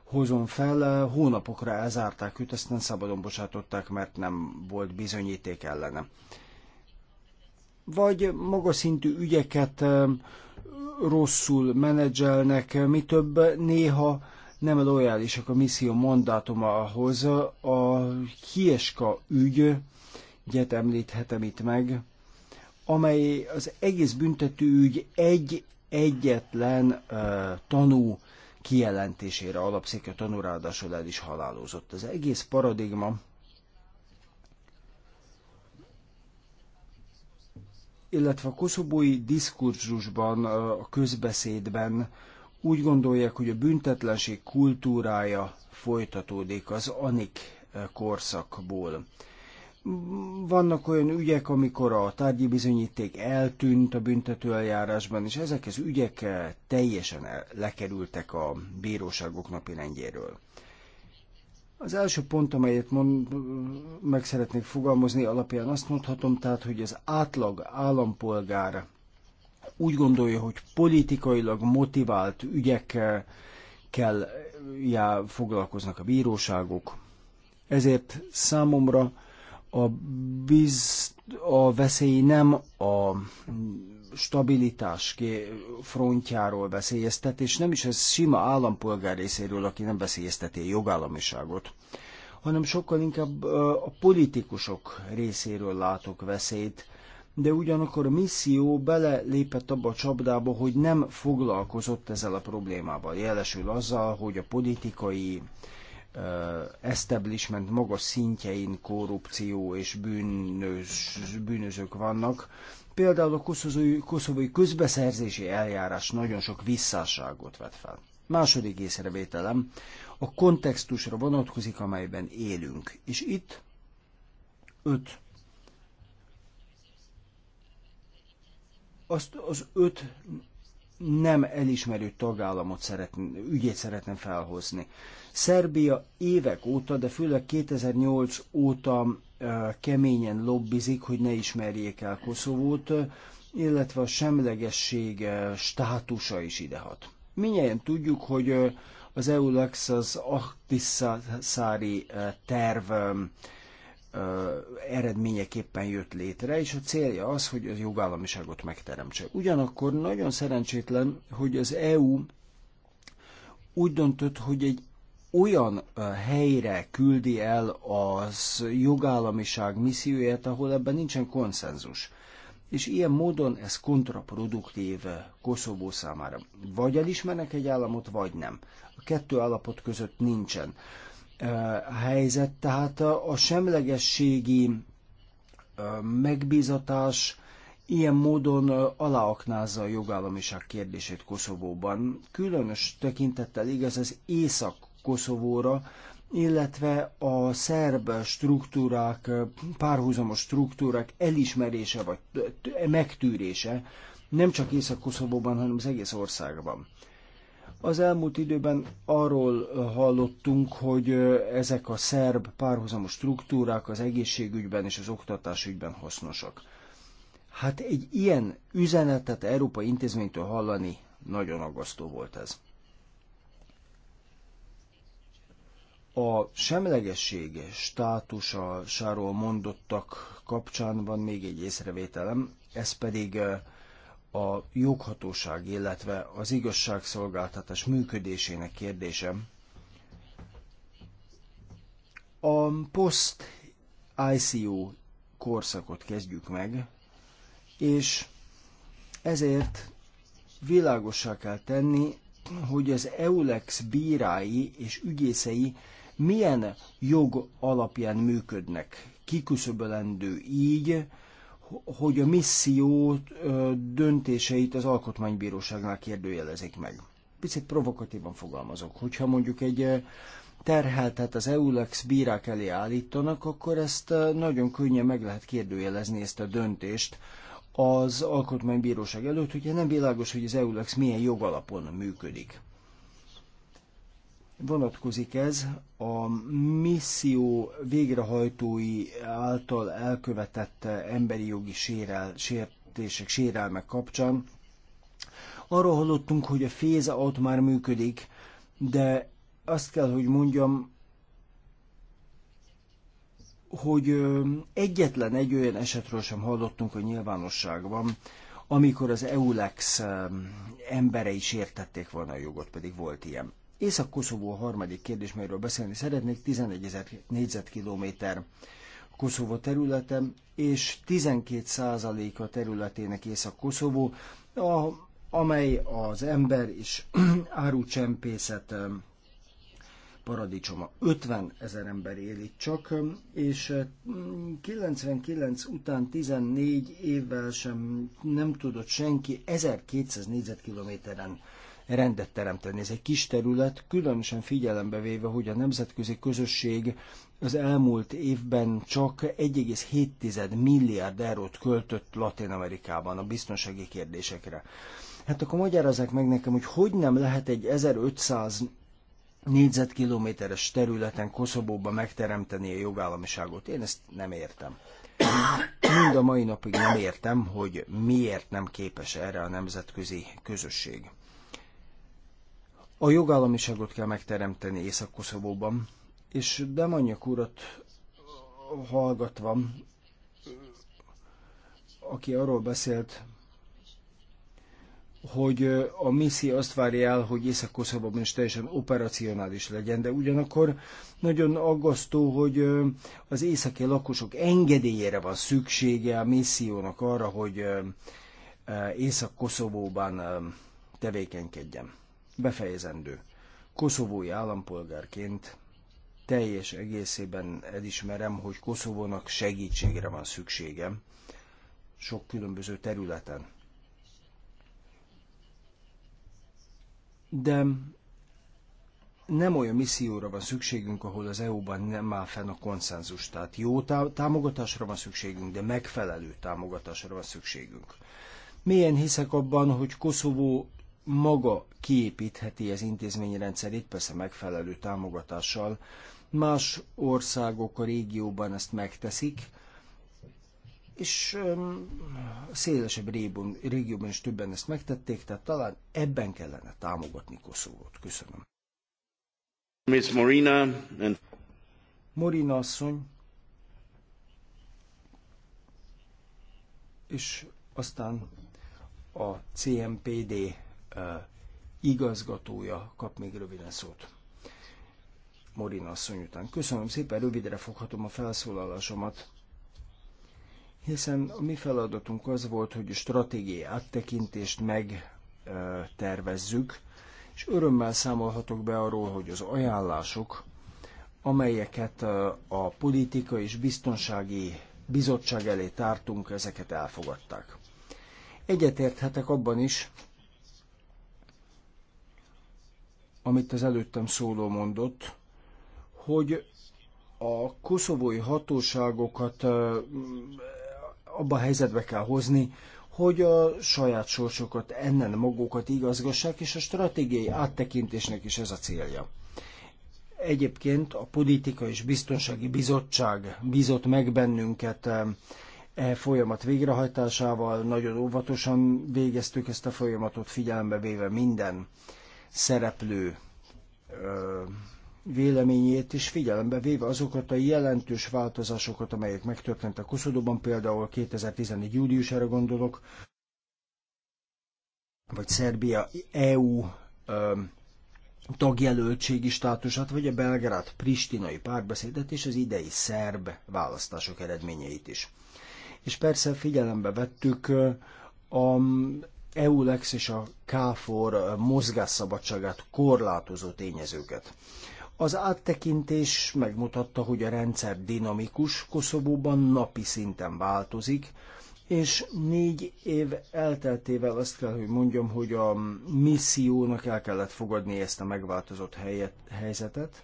hozom fel, hónapokra elzárták őt, aztán szabadon bocsátották, mert nem volt bizonyíték ellene. Vagy magas szintű ügyeket rosszul menedzselnek, mi több néha nem lojálisak a misszió mandátumához. A Hieska ügy, ügyet említhetem itt meg, amely az egész ügy egy egyetlen uh, tanú kijelentésére alapszik, a tanú ráadásul el is halálozott. Az egész paradigma illetve a koszobói diskurzusban, a közbeszédben úgy gondolják, hogy a büntetlenség kultúrája folytatódik az anik korszakból. Vannak olyan ügyek, amikor a tárgyi bizonyíték eltűnt a büntetőeljárásban, és ezek az ügyek teljesen lekerültek a bíróságok napirendjéről. Az első pont, amelyet mond, meg szeretnék fogalmazni, alapján azt mondhatom, tehát, hogy az átlag állampolgár úgy gondolja, hogy politikailag motivált ügyekkel já, foglalkoznak a bíróságok. Ezért számomra a, biz, a veszély nem a stabilitás frontjáról veszélyeztet, és nem is ez sima állampolgár részéről, aki nem veszélyezteti a jogállamiságot, hanem sokkal inkább a politikusok részéről látok veszélyt, de ugyanakkor a misszió belelépett abba a csapdába, hogy nem foglalkozott ezzel a problémával, jelesül azzal, hogy a politikai establishment magas szintjein korrupció és bűnös, bűnözők vannak, Például a koszovói, koszovói közbeszerzési eljárás nagyon sok visszásságot vet fel. Második észrevételem a kontextusra vonatkozik, amelyben élünk. És itt öt azt az öt nem elismerő tagállamot szeretn, ügyét szeretném felhozni. Szerbia évek óta, de főleg 2008 óta keményen lobbizik, hogy ne ismerjék el Koszovót, illetve a semlegesség státusa is idehat. Minnyien tudjuk, hogy az EULEX az Aktiszári terv eredményeképpen jött létre, és a célja az, hogy a jogállamiságot megteremtse. Ugyanakkor nagyon szerencsétlen, hogy az EU úgy döntött, hogy egy olyan helyre küldi el az jogállamiság misszióját, ahol ebben nincsen konszenzus. És ilyen módon ez kontraproduktív Koszovó számára. Vagy elismernek egy államot, vagy nem. A kettő állapot között nincsen helyzet, tehát a semlegességi megbízatás ilyen módon aláaknázza a jogállamiság kérdését Koszovóban. Különös tekintettel igaz az észak Koszovóra, illetve a szerb struktúrák, párhuzamos struktúrák elismerése vagy megtűrése, nem csak Észak-Koszovóban, hanem az egész országban. Az elmúlt időben arról hallottunk, hogy ezek a szerb párhuzamos struktúrák az egészségügyben és az oktatásügyben hasznosak. Hát egy ilyen üzenetet Európai Intézménytől hallani nagyon aggasztó volt ez. A semlegesség Sáról mondottak kapcsán van még egy észrevételem, ez pedig a joghatóság, illetve az igazságszolgáltatás működésének kérdése. A post ICO korszakot kezdjük meg, és ezért világosá kell tenni, hogy az EULEX bírái és ügyészei milyen jog alapján működnek. Kiküszöbölendő így, hogy a misszió döntéseit az alkotmánybíróságnál kérdőjelezik meg. Picit provokatívan fogalmazok. Hogyha mondjuk egy terheltet az EULEX bírák elé állítanak, akkor ezt nagyon könnyen meg lehet kérdőjelezni ezt a döntést az alkotmánybíróság előtt, hogyha nem világos, hogy az EULEX milyen jogalapon működik vonatkozik ez a misszió végrehajtói által elkövetett emberi jogi sérel, sértések, sérelmek kapcsán. Arról hallottunk, hogy a féze ott már működik, de azt kell, hogy mondjam, hogy egyetlen egy olyan esetről sem hallottunk a nyilvánosságban, amikor az EULEX emberei sértették volna a jogot, pedig volt ilyen. Észak-Koszovó a harmadik kérdés, melyről beszélni szeretnék, 11 ezer négyzetkilométer Koszovó területen, és 12 a területének Észak-Koszovó, amely az ember és (clears throat) árucsempészet paradicsoma. 50 ezer ember él itt csak, és 99 után 14 évvel sem nem tudott senki 1200 négyzetkilométeren rendet teremteni. Ez egy kis terület, különösen figyelembe véve, hogy a nemzetközi közösség az elmúlt évben csak 1,7 milliárd eurót költött Latin Amerikában a biztonsági kérdésekre. Hát akkor magyarázzák meg nekem, hogy hogy nem lehet egy 1500 négyzetkilométeres területen Koszobóban megteremteni a jogállamiságot. Én ezt nem értem. Mind a mai napig nem értem, hogy miért nem képes erre a nemzetközi közösség. A jogállamiságot kell megteremteni Észak-Koszovóban, és Demanyak urat hallgatva, aki arról beszélt, hogy a misszi azt várja el, hogy Észak-Koszovóban is teljesen operacionális legyen, de ugyanakkor nagyon aggasztó, hogy az északi lakosok engedélyére van szüksége a missziónak arra, hogy Észak-Koszovóban tevékenykedjen befejezendő. Koszovói állampolgárként teljes egészében elismerem, hogy Koszovónak segítségre van szükségem sok különböző területen. De nem olyan misszióra van szükségünk, ahol az EU-ban nem áll fenn a konszenzus. Tehát jó támogatásra van szükségünk, de megfelelő támogatásra van szükségünk. Milyen hiszek abban, hogy Koszovó maga kiépítheti az intézményi rendszerét, persze megfelelő támogatással. Más országok a régióban ezt megteszik, és a szélesebb régióban, régióban is többen ezt megtették, tehát talán ebben kellene támogatni Koszovót. Köszönöm. Miss Morina and... Morina asszony, és aztán a CMPD igazgatója kap még röviden szót. Morina asszony után. Köszönöm szépen, rövidre foghatom a felszólalásomat, hiszen a mi feladatunk az volt, hogy a stratégiai áttekintést megtervezzük, és örömmel számolhatok be arról, hogy az ajánlások, amelyeket a politika és biztonsági bizottság elé tártunk, ezeket elfogadták. Egyetérthetek abban is, amit az előttem szóló mondott, hogy a koszovói hatóságokat abba a helyzetbe kell hozni, hogy a saját sorsokat ennen magukat igazgassák, és a stratégiai áttekintésnek is ez a célja. Egyébként a Politika és Biztonsági Bizottság bízott meg bennünket e folyamat végrehajtásával, nagyon óvatosan végeztük ezt a folyamatot, figyelembe véve minden szereplő véleményét is figyelembe véve azokat a jelentős változásokat, amelyek megtörténtek Koszodóban, például 2014. júliusára gondolok, vagy Szerbia EU ö, tagjelöltségi státusát, vagy a Belgrád-Pristinai párbeszédet és az idei szerb választások eredményeit is. És persze figyelembe vettük a EULEX és a KFOR mozgásszabadságát korlátozó tényezőket. Az áttekintés megmutatta, hogy a rendszer dinamikus, Koszovóban napi szinten változik, és négy év elteltével azt kell, hogy mondjam, hogy a missziónak el kellett fogadni ezt a megváltozott helyet, helyzetet,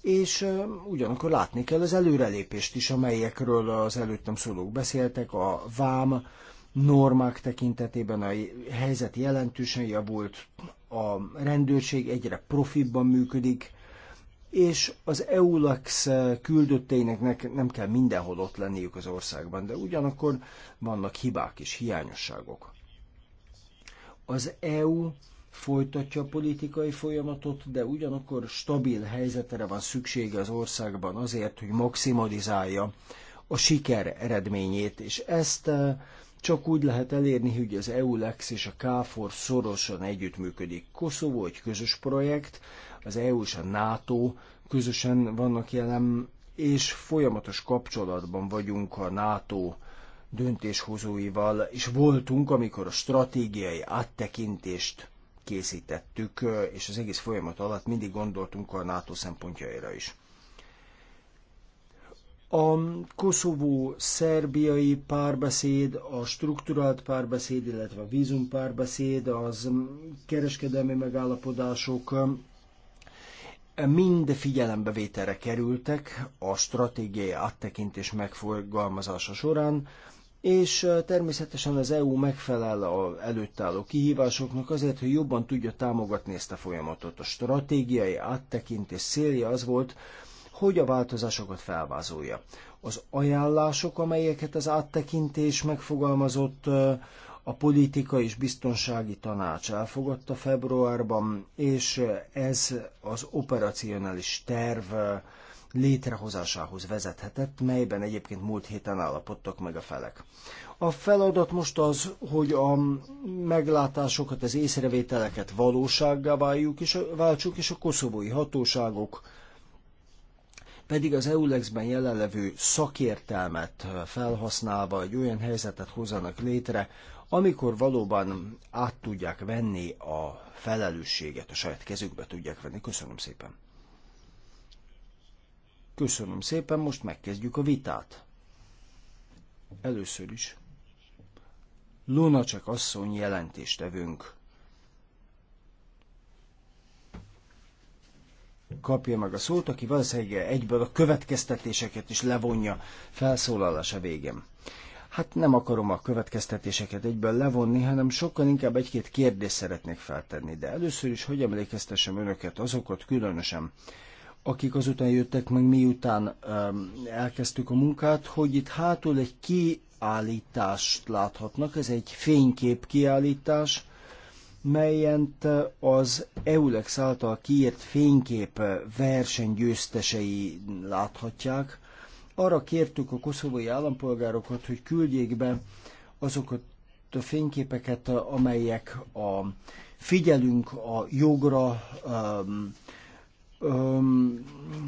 és ugyanakkor látni kell az előrelépést is, amelyekről az előttem szólók beszéltek, a vám, normák tekintetében a helyzet jelentősen javult, a rendőrség egyre profibban működik, és az EULAX küldötteinek nem kell mindenhol ott lenniük az országban, de ugyanakkor vannak hibák és hiányosságok. Az EU folytatja a politikai folyamatot, de ugyanakkor stabil helyzetre van szüksége az országban azért, hogy maximalizálja a siker eredményét, és ezt csak úgy lehet elérni, hogy az EULEX és a KFOR szorosan együttműködik. Koszovó egy közös projekt, az EU és a NATO közösen vannak jelen, és folyamatos kapcsolatban vagyunk a NATO döntéshozóival, és voltunk, amikor a stratégiai áttekintést készítettük, és az egész folyamat alatt mindig gondoltunk a NATO szempontjaira is. A Koszovó-szerbiai párbeszéd, a strukturált párbeszéd, illetve a vízum párbeszéd, az kereskedelmi megállapodások mind figyelembevételre kerültek a stratégiai áttekintés megfogalmazása során, és természetesen az EU megfelel a előtt álló kihívásoknak azért, hogy jobban tudja támogatni ezt a folyamatot. A stratégiai áttekintés célja az volt, hogy a változásokat felvázolja. Az ajánlások, amelyeket az áttekintés megfogalmazott, a politika és biztonsági tanács elfogadta februárban, és ez az operacionális terv létrehozásához vezethetett, melyben egyébként múlt héten állapodtak meg a felek. A feladat most az, hogy a meglátásokat, az észrevételeket valósággá váljuk és váltsuk, és a koszovói hatóságok pedig az EULEX-ben jelenlevő szakértelmet felhasználva egy olyan helyzetet hozzanak létre, amikor valóban át tudják venni a felelősséget, a saját kezükbe tudják venni. Köszönöm szépen. Köszönöm szépen, most megkezdjük a vitát. Először is. Lunacek asszony jelentéstevőnk kapja meg a szót, aki valószínűleg egyből a következtetéseket is levonja felszólalása végén. Hát nem akarom a következtetéseket egyből levonni, hanem sokkal inkább egy-két kérdést szeretnék feltenni. De először is, hogy emlékeztessem önöket, azokat különösen, akik azután jöttek meg, miután um, elkezdtük a munkát, hogy itt hátul egy kiállítást láthatnak, ez egy fénykép kiállítás, melyent az EULEX által kiírt fénykép versenygyőztesei láthatják. Arra kértük a koszovói állampolgárokat, hogy küldjék be azokat a fényképeket, amelyek a figyelünk a jogra, um, um,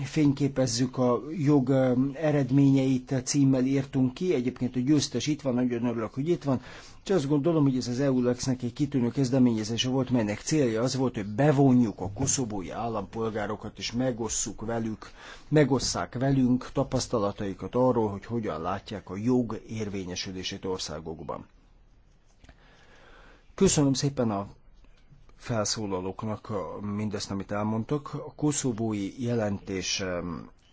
fényképezzük a jog eredményeit címmel írtunk ki. Egyébként a győztes itt van, nagyon örülök, hogy itt van. És azt gondolom, hogy ez az eu nek egy kitűnő kezdeményezése volt, melynek célja az volt, hogy bevonjuk a koszobói állampolgárokat, és megosszuk velük, megosszák velünk tapasztalataikat arról, hogy hogyan látják a jog érvényesülését országokban. Köszönöm szépen a felszólalóknak mindezt, amit elmondtak. A koszobói jelentés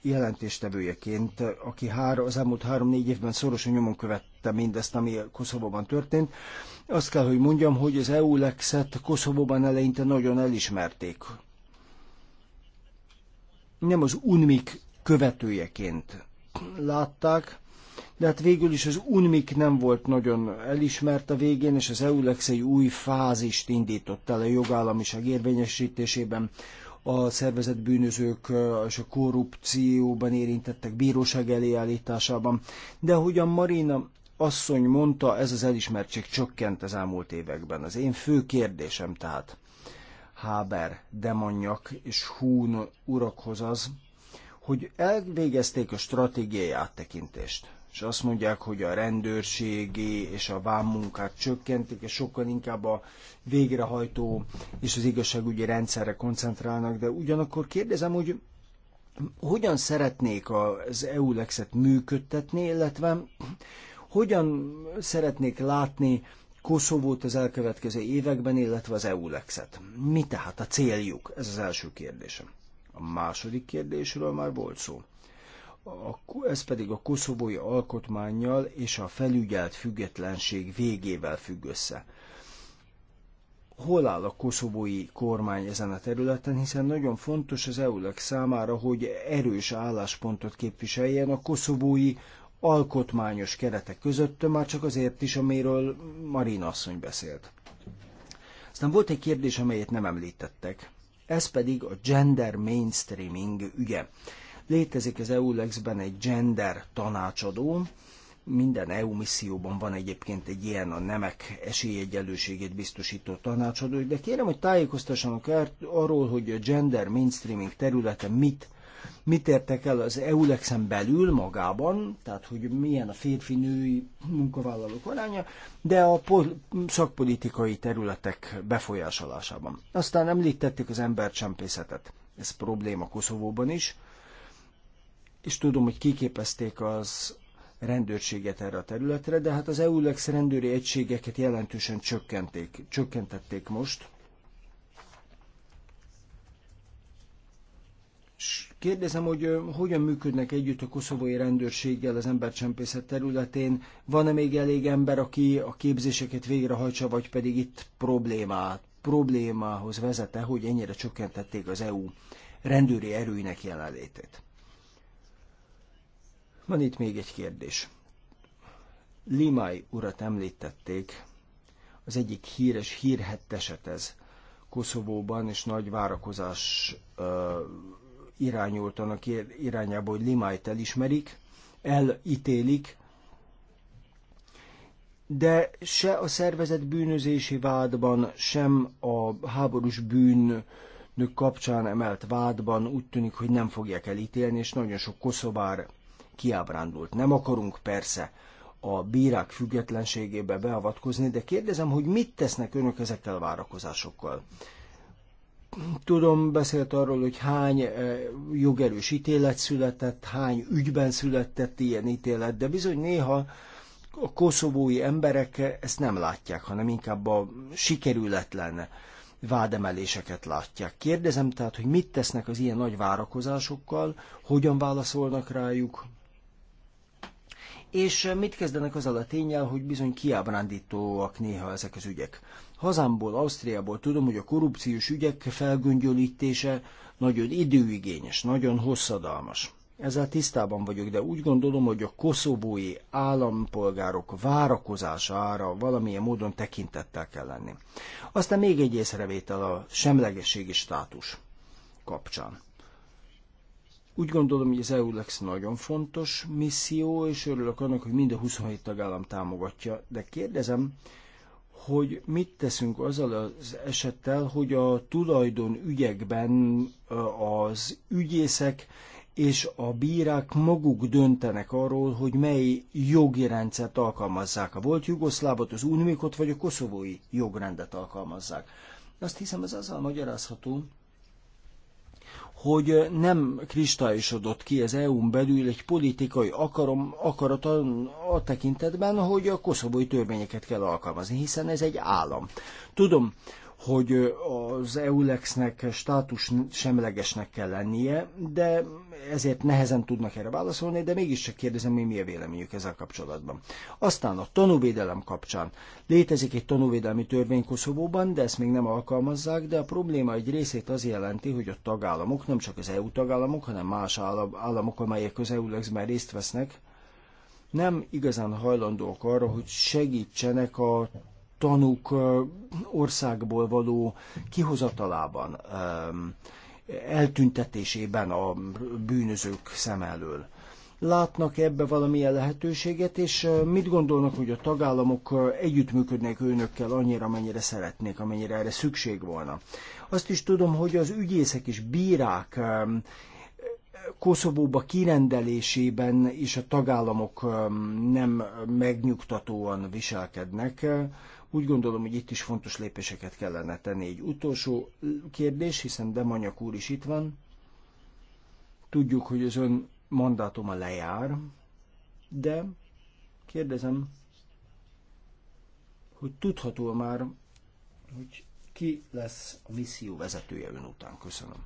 jelentéstevőjeként, aki hár, az elmúlt három-négy évben szorosan nyomon követte mindezt, ami Koszovóban történt. Azt kell, hogy mondjam, hogy az EU-lexet Koszovóban eleinte nagyon elismerték. Nem az UNMIK követőjeként látták, de hát végül is az UNMIK nem volt nagyon elismert a végén, és az EULEX egy új fázist indított el a jogállamiság érvényesítésében, a szervezett bűnözők és a korrupcióban érintettek bíróság elé állításában. De a Marina asszony mondta, ez az elismertség csökkent az elmúlt években. Az én fő kérdésem tehát Háber, Demanyak és Hún urakhoz az, hogy elvégezték a stratégiai áttekintést és azt mondják, hogy a rendőrségi és a vámmunkát csökkentik, és sokkal inkább a végrehajtó és az igazságügyi rendszerre koncentrálnak, de ugyanakkor kérdezem, hogy hogyan szeretnék az eu e et működtetni, illetve hogyan szeretnék látni Koszovót az elkövetkező években, illetve az eu e et Mi tehát a céljuk? Ez az első kérdésem. A második kérdésről már volt szó a, ez pedig a koszovói alkotmányjal és a felügyelt függetlenség végével függ össze. Hol áll a koszovói kormány ezen a területen, hiszen nagyon fontos az EULEX számára, hogy erős álláspontot képviseljen a koszovói alkotmányos keretek között, már csak azért is, amiről Marina asszony beszélt. Aztán volt egy kérdés, amelyet nem említettek. Ez pedig a gender mainstreaming ügye. Létezik az EULEX-ben egy gender tanácsadó, minden EU misszióban van egyébként egy ilyen a nemek esélyegyelőségét biztosító tanácsadó, de kérem, hogy tájékoztassanak arról, hogy a gender mainstreaming területe mit mit értek el az EULEX-en belül magában, tehát hogy milyen a férfi-női munkavállalók aránya, de a szakpolitikai területek befolyásolásában. Aztán említették az embercsempészetet. Ez probléma Koszovóban is és tudom, hogy kiképezték az rendőrséget erre a területre, de hát az EULEX rendőri egységeket jelentősen csökkenték, csökkentették most. És kérdezem, hogy hogyan működnek együtt a koszovói rendőrséggel az embercsempészet területén? Van-e még elég ember, aki a képzéseket végrehajtsa, vagy pedig itt problémát, problémához vezete, hogy ennyire csökkentették az EU rendőri erőinek jelenlétét? Van itt még egy kérdés. Limai urat említették, az egyik híres, hírhett eset ez Koszovóban, és nagy várakozás ö, irányult annak irányába, hogy Limájt elismerik, elítélik, de se a szervezet bűnözési vádban, sem a háborús bűnök kapcsán emelt vádban úgy tűnik, hogy nem fogják elítélni, és nagyon sok koszovár kiábrándult. Nem akarunk persze a bírák függetlenségébe beavatkozni, de kérdezem, hogy mit tesznek önök ezekkel a várakozásokkal? Tudom, beszélt arról, hogy hány eh, jogerős ítélet született, hány ügyben született ilyen ítélet, de bizony néha a koszovói emberek eh, ezt nem látják, hanem inkább a sikerületlen vádemeléseket látják. Kérdezem tehát, hogy mit tesznek az ilyen nagy várakozásokkal, hogyan válaszolnak rájuk, és mit kezdenek azzal a tényel, hogy bizony kiábrándítóak néha ezek az ügyek. Hazámból, Ausztriából tudom, hogy a korrupciós ügyek felgöngyölítése nagyon időigényes, nagyon hosszadalmas. Ezzel tisztában vagyok, de úgy gondolom, hogy a koszobói állampolgárok várakozására valamilyen módon tekintettel kell lenni. Aztán még egy észrevétel a semlegességi státus kapcsán. Úgy gondolom, hogy az EULEX nagyon fontos misszió, és örülök annak, hogy mind a 27 tagállam támogatja. De kérdezem, hogy mit teszünk azzal az esettel, hogy a tulajdon ügyekben az ügyészek és a bírák maguk döntenek arról, hogy mely jogi rendszert alkalmazzák. A volt jugoszlávot, az unmikot vagy a koszovói jogrendet alkalmazzák. Azt hiszem, ez azzal magyarázható, hogy nem kristályosodott ki az EU-n belül egy politikai akarom, akarat a, a tekintetben, hogy a koszovói törvényeket kell alkalmazni, hiszen ez egy állam. Tudom, hogy az EULEX-nek státus semlegesnek kell lennie, de ezért nehezen tudnak erre válaszolni, de mégiscsak kérdezem, hogy mi a véleményük ezzel kapcsolatban. Aztán a tanúvédelem kapcsán. Létezik egy tanúvédelmi törvény Koszovóban, de ezt még nem alkalmazzák, de a probléma egy részét az jelenti, hogy a tagállamok, nem csak az EU tagállamok, hanem más államok, amelyek az EULEX-ben részt vesznek, nem igazán hajlandók arra, hogy segítsenek a tanúk országból való kihozatalában, eltüntetésében a bűnözők szem elől. Látnak ebbe valamilyen lehetőséget, és mit gondolnak, hogy a tagállamok együttműködnek önökkel annyira, mennyire szeretnék, amennyire erre szükség volna. Azt is tudom, hogy az ügyészek és bírák Koszovóba kirendelésében is a tagállamok nem megnyugtatóan viselkednek. Úgy gondolom, hogy itt is fontos lépéseket kellene tenni. Egy utolsó kérdés, hiszen Demanyak úr is itt van. Tudjuk, hogy az ön mandátuma lejár, de kérdezem, hogy tudható már, hogy ki lesz a misszió vezetője ön után. Köszönöm.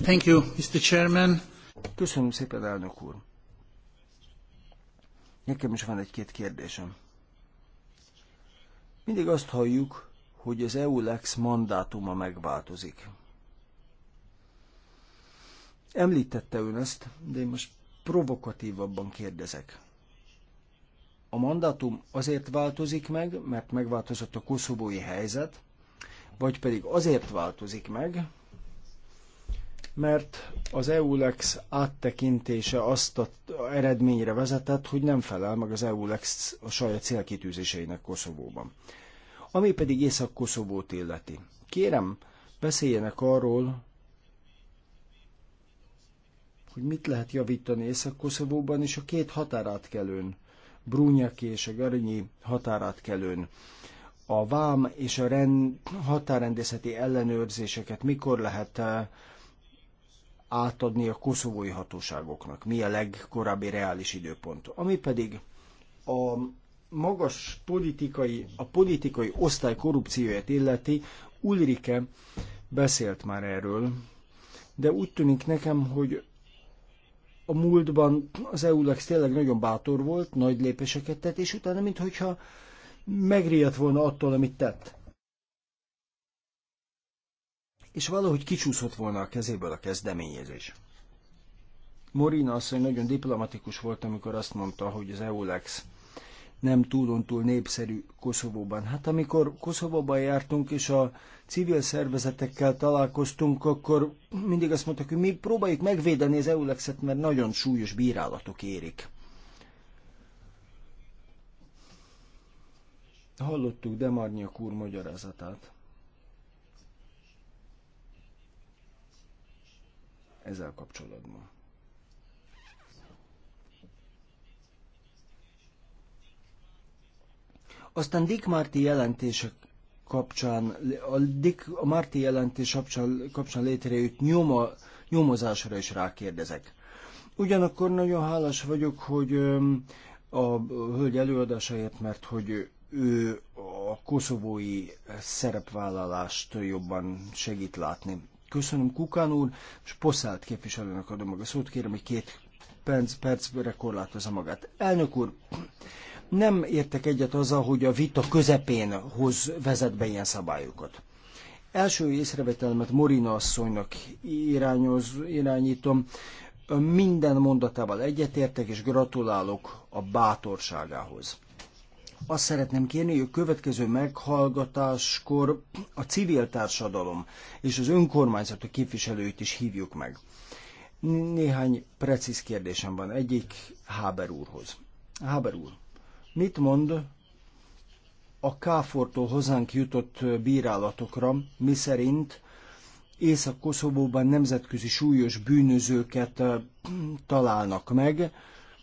Thank you, Mr. Chairman. Köszönöm szépen, elnök úr. Nekem is van egy-két kérdésem. Mindig azt halljuk, hogy az EULEX mandátuma megváltozik. Említette ön ezt, de én most provokatívabban kérdezek. A mandátum azért változik meg, mert megváltozott a koszovói helyzet, vagy pedig azért változik meg, mert az EULEX áttekintése azt a eredményre vezetett, hogy nem felel meg az EULEX a saját célkitűzéseinek Koszovóban. Ami pedig Észak-Koszovót illeti. Kérem, beszéljenek arról, hogy mit lehet javítani Észak-Koszovóban és a két határátkelőn, Brúnyaki és a Garinyi határátkelőn a vám és a rend, határrendészeti ellenőrzéseket mikor lehet eh, átadni a koszovói hatóságoknak, mi a legkorábbi reális időpont. Ami pedig a magas politikai, a politikai osztály korrupcióját illeti, Ulrike beszélt már erről, de úgy tűnik nekem, hogy a múltban az EULEX tényleg nagyon bátor volt, nagy lépéseket tett, és utána, minthogyha megriadt volna attól, amit tett és valahogy kicsúszott volna a kezéből a kezdeményezés. Morina asszony nagyon diplomatikus volt, amikor azt mondta, hogy az EULEX nem túlontúl népszerű Koszovóban. Hát amikor Koszovóban jártunk, és a civil szervezetekkel találkoztunk, akkor mindig azt mondtak, hogy mi próbáljuk megvédeni az EULEX-et, mert nagyon súlyos bírálatok érik. Hallottuk Demarnyak úr magyarázatát. ezzel kapcsolatban. Aztán Dick Marty jelentések kapcsán, a Dick a Marty jelentés kapcsán, kapcsán létrejött nyoma, nyomozásra is rákérdezek. Ugyanakkor nagyon hálás vagyok, hogy a hölgy előadásáért, mert hogy ő a koszovói szerepvállalást jobban segít látni. Köszönöm Kukán úr, és Poszált képviselőnek adom meg a szót, kérem, hogy két perc, percre korlátozza magát. Elnök úr, nem értek egyet azzal, hogy a vita közepén hoz vezet be ilyen szabályokat. Első észrevetelmet Morina asszonynak irányoz, irányítom. Minden mondatával egyetértek, és gratulálok a bátorságához. Azt szeretném kérni, hogy a következő meghallgatáskor a civil társadalom és az önkormányzatok képviselőit is hívjuk meg. Néhány precíz kérdésem van. Egyik Háber úrhoz. Háber úr, mit mond a Káfortól hozzánk jutott bírálatokra, szerint Észak-Koszovóban nemzetközi súlyos bűnözőket találnak meg,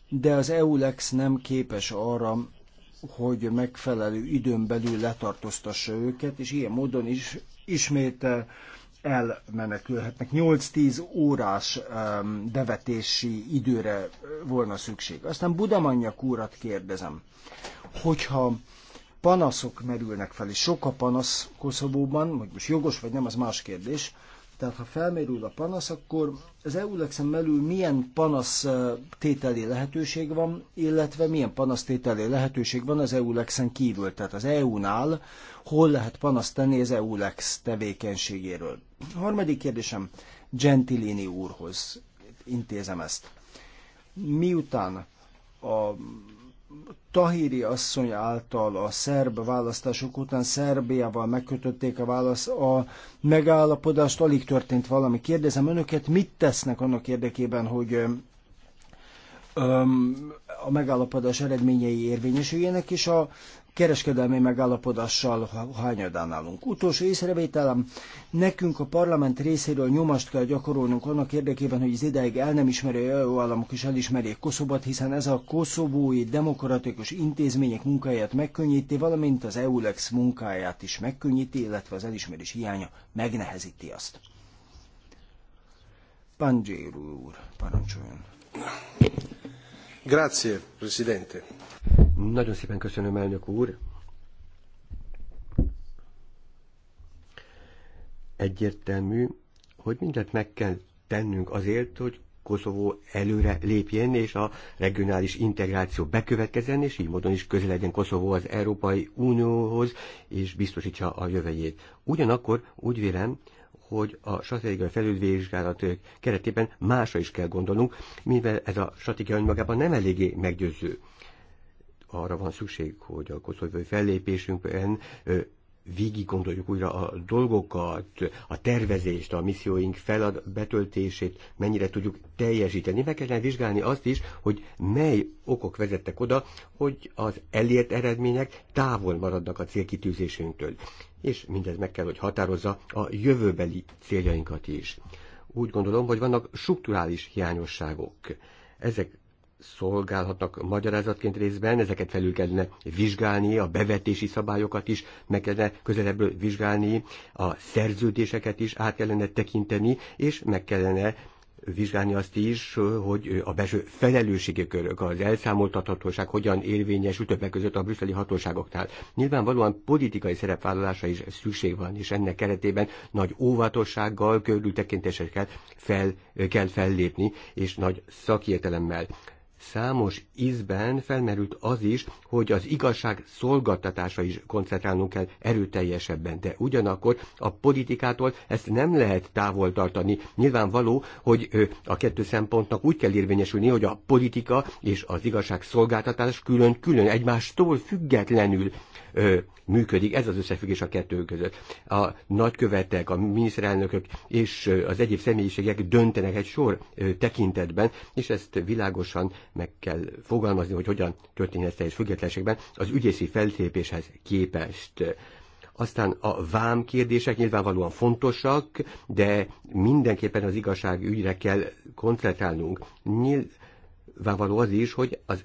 de az EULEX nem képes arra, hogy megfelelő időn belül letartóztassa őket, és ilyen módon is ismét eh, elmenekülhetnek. 8-10 órás bevetési devetési időre eh, volna szükség. Aztán Budamanyak úrat kérdezem, hogyha panaszok merülnek fel, és sok a panasz Koszovóban, hogy most jogos vagy nem, az más kérdés, tehát ha felmerül a panasz, akkor az eu belül milyen panasz eh, tételi lehetőség van, illetve milyen panasz tételi lehetőség van az eu en kívül, tehát az EU-nál hol lehet panasz tenni az eu tevékenységéről. A harmadik kérdésem Gentilini úrhoz intézem ezt. Miután a Tahiri asszony által a szerb választások után Szerbiával megkötötték a, válasz, a megállapodást, alig történt valami. Kérdezem önöket, mit tesznek annak érdekében, hogy a megállapodás eredményei érvényesüljenek, és a kereskedelmi megállapodással hányadán állunk. Utolsó észrevételem, nekünk a parlament részéről nyomást kell gyakorolnunk annak érdekében, hogy az ideig el nem a jó államok is elismerjék Koszobat, hiszen ez a koszovói demokratikus intézmények munkáját megkönnyíti, valamint az EULEX munkáját is megkönnyíti, illetve az elismerés hiánya megnehezíti azt. Pangyéru úr, parancsoljon. Grazie, Presidente. Nagyon szépen köszönöm, elnök úr. Egyértelmű, hogy mindent meg kell tennünk azért, hogy Koszovó előre lépjen, és a regionális integráció bekövetkezzen, és így módon is közel legyen Koszovó az Európai Unióhoz, és biztosítsa a jövőjét. Ugyanakkor úgy vélem, hogy a stratégiai felülvizsgálat keretében másra is kell gondolnunk, mivel ez a stratégia önmagában nem eléggé meggyőző arra van szükség, hogy a koszovói fellépésünkön végig gondoljuk újra a dolgokat, a tervezést, a misszióink felad betöltését, mennyire tudjuk teljesíteni. Meg kellene vizsgálni azt is, hogy mely okok vezettek oda, hogy az elért eredmények távol maradnak a célkitűzésünktől. És mindez meg kell, hogy határozza a jövőbeli céljainkat is. Úgy gondolom, hogy vannak strukturális hiányosságok. Ezek szolgálhatnak magyarázatként részben, ezeket felül kellene vizsgálni, a bevetési szabályokat is meg kellene közelebbről vizsgálni, a szerződéseket is át kellene tekinteni, és meg kellene vizsgálni azt is, hogy a belső felelősségi körök, az elszámoltathatóság hogyan érvényes többek között a brüsszeli hatóságoknál. Nyilvánvalóan politikai szerepvállalása is szükség van, és ennek keretében nagy óvatossággal, körültekintéssel kell, fel, kell fellépni, és nagy szakértelemmel számos ízben felmerült az is, hogy az igazság szolgáltatása is koncentrálnunk kell erőteljesebben, de ugyanakkor a politikától ezt nem lehet távol tartani. Nyilvánvaló, hogy a kettő szempontnak úgy kell érvényesülni, hogy a politika és az igazság szolgáltatás külön-külön egymástól függetlenül működik. Ez az összefüggés a kettő között. A nagykövetek, a miniszterelnökök és az egyéb személyiségek döntenek egy sor tekintetben, és ezt világosan meg kell fogalmazni, hogy hogyan történhet teljes függetlenségben az ügyészi feltépéshez képest aztán a vám kérdések nyilvánvalóan fontosak, de mindenképpen az igazság ügyre kell koncentrálnunk. Nyilvánvaló az is, hogy az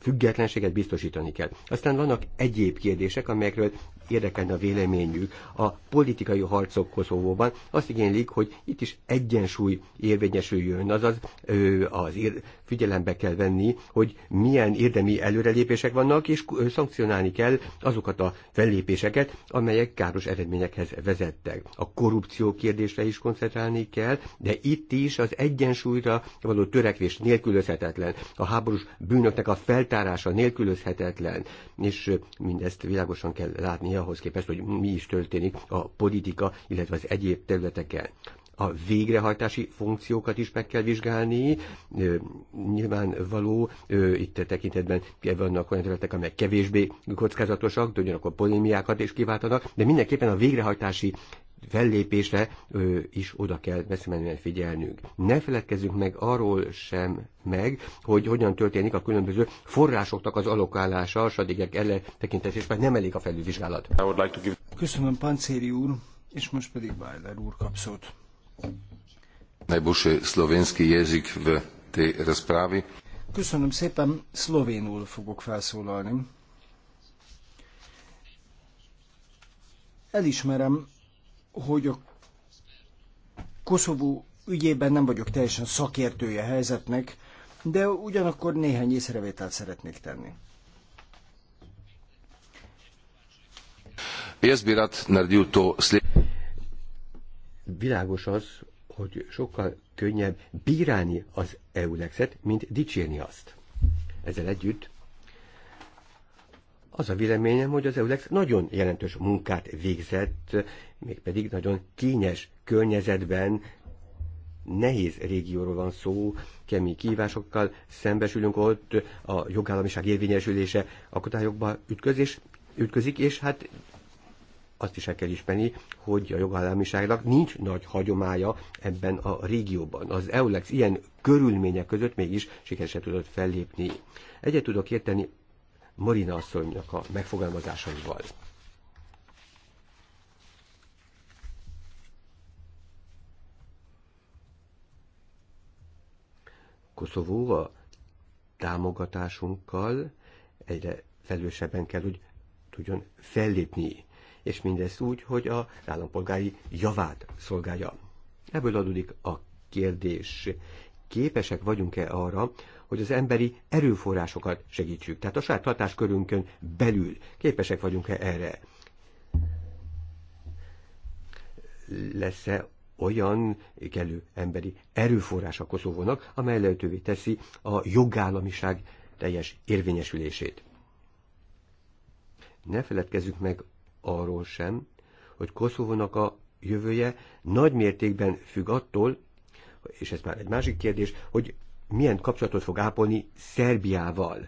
függetlenséget biztosítani kell. Aztán vannak egyéb kérdések, amelyekről érdekelne a véleményük. A politikai harcok Koszovóban azt igénylik, hogy itt is egyensúly érvényesüljön, azaz az figyelembe kell venni, hogy milyen érdemi előrelépések vannak, és szankcionálni kell azokat a fellépéseket, amelyek káros eredményekhez vezettek. A korrupció kérdésre is koncentrálni kell, de itt is az egyensúlyra való törekvés nélkülözhetetlen. A háborús bűnöknek a feltárása nélkülözhetetlen, és mindezt világosan kell látni ahhoz képest, hogy mi is történik a politika, illetve az egyéb területeken a végrehajtási funkciókat is meg kell vizsgálni. Nyilvánvaló, itt a tekintetben vannak olyan területek, amelyek kevésbé kockázatosak, de ugyanakkor polémiákat is kiváltanak, de mindenképpen a végrehajtási fellépésre ö, is oda kell messzemenően figyelnünk. Ne feledkezzünk meg arról sem meg, hogy hogyan történik a különböző forrásoknak az alokálása, a stratégiák elle tekintés, és nem elég a felülvizsgálat. Köszönöm, Pancéri úr, és most pedig Bájler úr kap szót. Najboljši szlovenski jezik v tej rozpravi. Köszönöm szépen, szlovénul fogok felszólalni. Elismerem, hogy a Koszovó ügyében nem vagyok teljesen szakértője helyzetnek, de ugyanakkor néhány észrevételt szeretnék tenni. Jaz bi rad to világos az, hogy sokkal könnyebb bírálni az EULEX-et, mint dicsérni azt. Ezzel együtt az a véleményem, hogy az EULEX nagyon jelentős munkát végzett, mégpedig nagyon kényes környezetben, nehéz régióról van szó, kemény kívásokkal szembesülünk ott, a jogállamiság érvényesülése akadályokba ütközés, ütközik, és hát azt is el kell ismerni, hogy a jogállamiságnak nincs nagy hagyománya ebben a régióban. Az EULEX ilyen körülmények között mégis sikeresen tudott fellépni. Egyet tudok érteni Marina asszonynak a megfogalmazásaival. Koszovó a támogatásunkkal egyre felelősebben kell, hogy tudjon fellépni és mindezt úgy, hogy a állampolgári javát szolgálja. Ebből adódik a kérdés. Képesek vagyunk-e arra, hogy az emberi erőforrásokat segítsük? Tehát a saját hatáskörünkön belül képesek vagyunk-e erre? Lesz-e olyan kellő emberi erőforrás a Koszovónak, amely lehetővé teszi a jogállamiság teljes érvényesülését. Ne feledkezzük meg arról sem, hogy Koszovónak a jövője nagy mértékben függ attól, és ez már egy másik kérdés, hogy milyen kapcsolatot fog ápolni Szerbiával.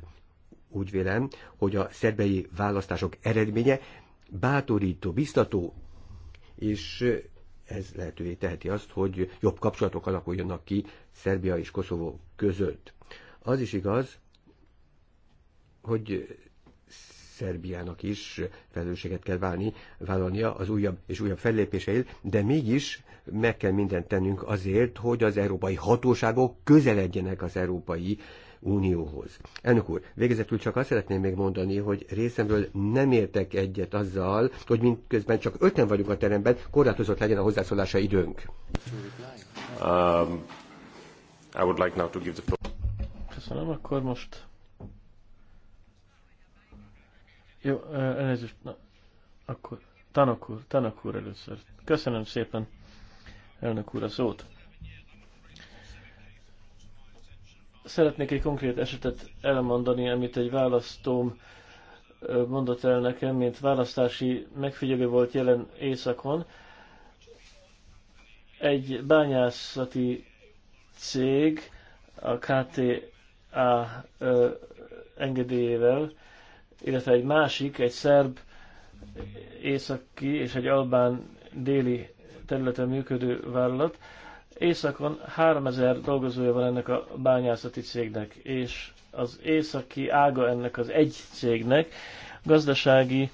Úgy vélem, hogy a szerbei választások eredménye bátorító, biztató, és ez lehetővé teheti azt, hogy jobb kapcsolatok alakuljanak ki Szerbia és Koszovó között. Az is igaz, hogy Szerbiának is felelősséget kell válni, vállalnia az újabb és újabb fellépéseért, de mégis meg kell mindent tennünk azért, hogy az európai hatóságok közeledjenek az európai Unióhoz. Elnök úr, végezetül csak azt szeretném még mondani, hogy részemről nem értek egyet azzal, hogy mindközben csak öten vagyunk a teremben, korlátozott legyen a hozzászólása időnk. Um, I would like now to give the Köszönöm, akkor most Jó, elnézést, na, akkor Tanok úr, Tanok úr először. Köszönöm szépen, elnök úr, a szót. Szeretnék egy konkrét esetet elmondani, amit egy választóm mondott el nekem, mint választási megfigyelő volt jelen éjszakon. Egy bányászati cég a KTA engedélyével illetve egy másik, egy szerb északi és egy albán déli területen működő vállalat. Északon 3000 dolgozója van ennek a bányászati cégnek, és az északi ága ennek az egy cégnek gazdasági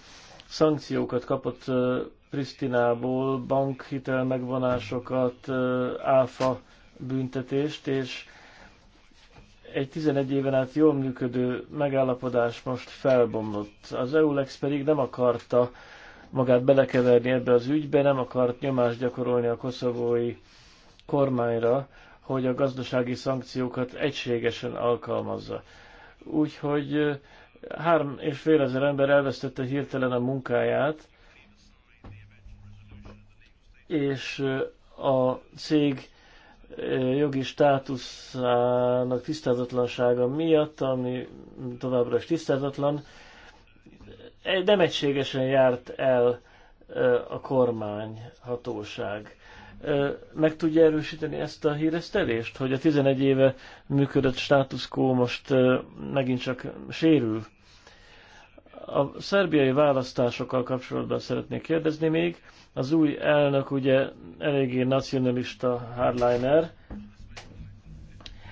szankciókat kapott Pristinából, bankhitel megvonásokat, áfa büntetést, és egy 11 éven át jól működő megállapodás most felbomlott. Az EULEX pedig nem akarta magát belekeverni ebbe az ügybe, nem akart nyomást gyakorolni a koszovói kormányra, hogy a gazdasági szankciókat egységesen alkalmazza. Úgyhogy három és fél ezer ember elvesztette hirtelen a munkáját, és a cég jogi státuszának tisztázatlansága miatt, ami továbbra is tisztázatlan, nem egységesen járt el a kormány hatóság. Meg tudja erősíteni ezt a híresztelést, hogy a 11 éve működött státuszkó most megint csak sérül? A szerbiai választásokkal kapcsolatban szeretnék kérdezni még, az új elnök ugye eléggé nacionalista hardliner.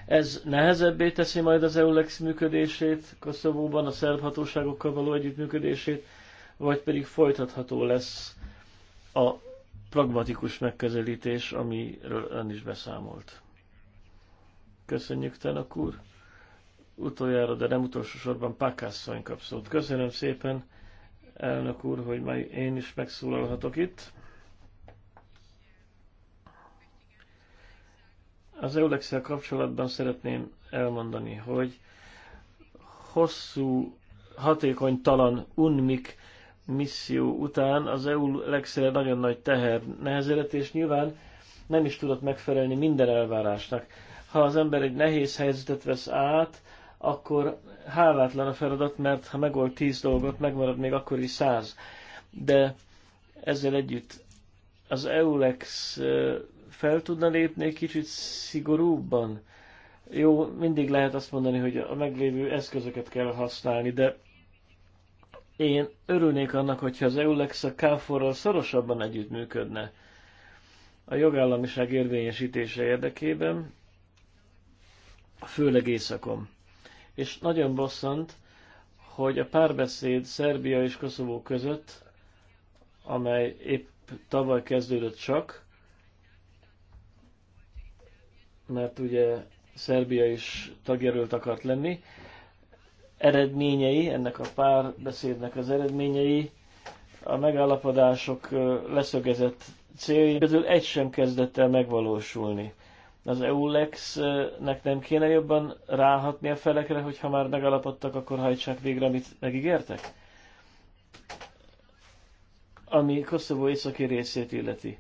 Ez nehezebbé teszi majd az EULEX működését Koszovóban, a szerb hatóságokkal való együttműködését, vagy pedig folytatható lesz a pragmatikus megközelítés, amiről ön is beszámolt. Köszönjük, Tenak úr! Utoljára, de nem utolsó sorban Pákászony kap szót. Köszönöm szépen, elnök úr, hogy majd én is megszólalhatok itt. Az eulex kapcsolatban szeretném elmondani, hogy hosszú, hatékony talan unmik misszió után az eulex nagyon nagy teher nehezedett, és nyilván nem is tudott megfelelni minden elvárásnak. Ha az ember egy nehéz helyzetet vesz át, akkor hálátlan a feladat, mert ha megold tíz dolgot, megmarad még akkor is száz. De ezzel együtt az EULEX fel tudna lépni kicsit szigorúbban? Jó, mindig lehet azt mondani, hogy a meglévő eszközöket kell használni, de én örülnék annak, hogyha az EULEX a KFOR-ral szorosabban együttműködne a jogállamiság érvényesítése érdekében, főleg északon. És nagyon bosszant, hogy a párbeszéd Szerbia és Koszovó között, amely épp tavaly kezdődött csak, mert ugye Szerbia is tagjelölt akart lenni. Eredményei, ennek a pár beszédnek az eredményei, a megállapodások leszögezett célja közül egy sem kezdett el megvalósulni. Az EULEX-nek nem kéne jobban ráhatni a felekre, hogy ha már megalapodtak, akkor hajtsák végre, amit megígértek? Ami Koszovó északi részét illeti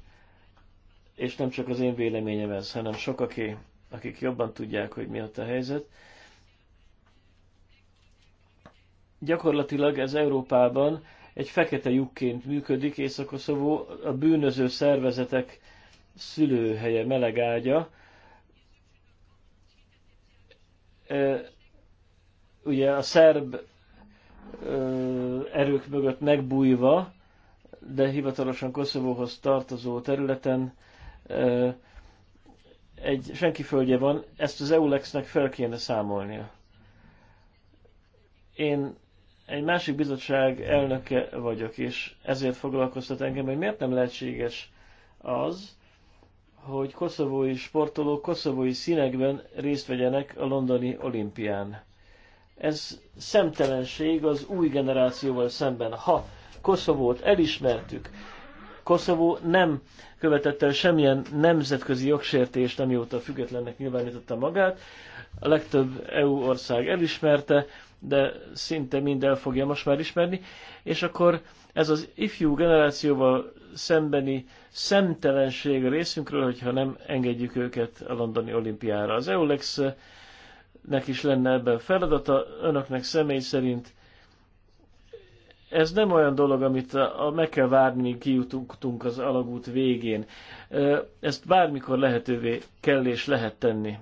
és nem csak az én véleményem ez, hanem sokaké, akik jobban tudják, hogy mi ott a helyzet. Gyakorlatilag ez Európában egy fekete lyukként működik, Észak-Koszovó a bűnöző szervezetek szülőhelye, melegágya. Ugye a szerb erők mögött megbújva, de hivatalosan Koszovóhoz tartozó területen egy senki földje van, ezt az EULEX-nek fel kéne számolnia. Én egy másik bizottság elnöke vagyok, és ezért foglalkoztat engem, hogy miért nem lehetséges az, hogy koszovói sportolók koszovói színekben részt vegyenek a londoni olimpián. Ez szemtelenség az új generációval szemben. Ha Koszovót elismertük, Koszovó nem követett el semmilyen nemzetközi jogsértést, amióta függetlennek nyilvánította magát. A legtöbb EU ország elismerte, de szinte mind el fogja most már ismerni. És akkor ez az ifjú generációval szembeni szemtelenség a részünkről, hogyha nem engedjük őket a londoni olimpiára. Az EULEX-nek is lenne ebben feladata, önöknek személy szerint ez nem olyan dolog, amit a, a, meg kell várni, kijutunk az alagút végén. Ezt bármikor lehetővé kell és lehet tenni.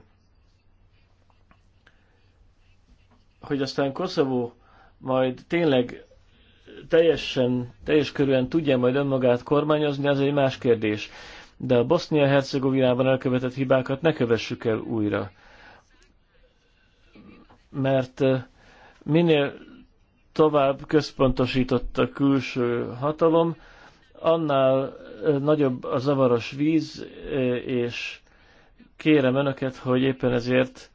Hogy aztán Koszovó majd tényleg teljesen, teljes körülön tudja majd önmagát kormányozni, az egy más kérdés. De a Bosznia-Hercegovinában elkövetett hibákat ne kövessük el újra. Mert minél tovább központosított a külső hatalom, annál nagyobb a zavaros víz, és kérem önöket, hogy éppen ezért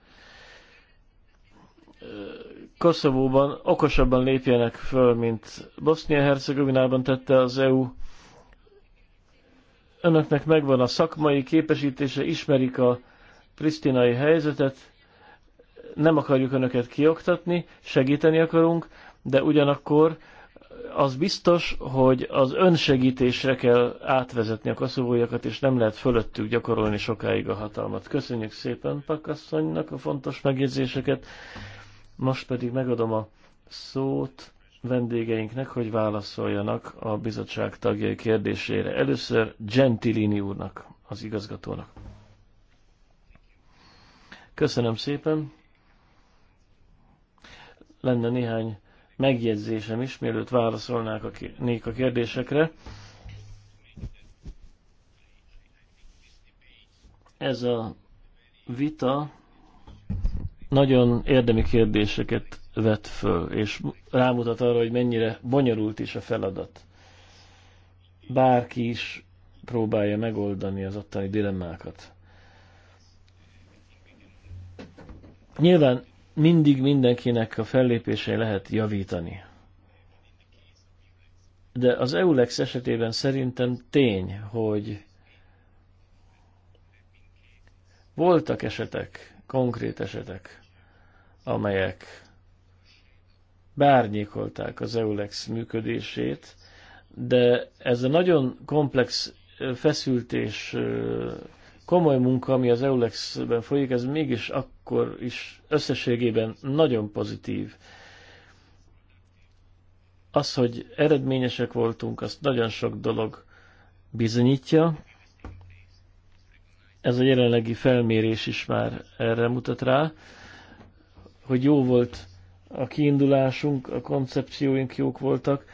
Koszovóban okosabban lépjenek föl, mint Bosznia-Hercegovinában tette az EU. Önöknek megvan a szakmai képesítése, ismerik a pristinai helyzetet, nem akarjuk önöket kioktatni, segíteni akarunk, de ugyanakkor az biztos, hogy az önsegítésre kell átvezetni a koszovóiakat, és nem lehet fölöttük gyakorolni sokáig a hatalmat. Köszönjük szépen Pakasszonynak a fontos megjegyzéseket. Most pedig megadom a szót vendégeinknek, hogy válaszoljanak a bizottság tagjai kérdésére. Először Gentilini úrnak, az igazgatónak. Köszönöm szépen. Lenne néhány megjegyzésem is, mielőtt válaszolnák a, nék a kérdésekre. Ez a vita nagyon érdemi kérdéseket vet föl, és rámutat arra, hogy mennyire bonyolult is a feladat. Bárki is próbálja megoldani az ottani dilemmákat. Nyilván mindig mindenkinek a fellépései lehet javítani. De az EULEX esetében szerintem tény, hogy voltak esetek, konkrét esetek, amelyek bárnyékolták az EULEX működését, de ez a nagyon komplex feszültés komoly munka, ami az EULEX-ben folyik, ez mégis akkor is összességében nagyon pozitív. Az, hogy eredményesek voltunk, azt nagyon sok dolog bizonyítja. Ez a jelenlegi felmérés is már erre mutat rá, hogy jó volt a kiindulásunk, a koncepcióink jók voltak,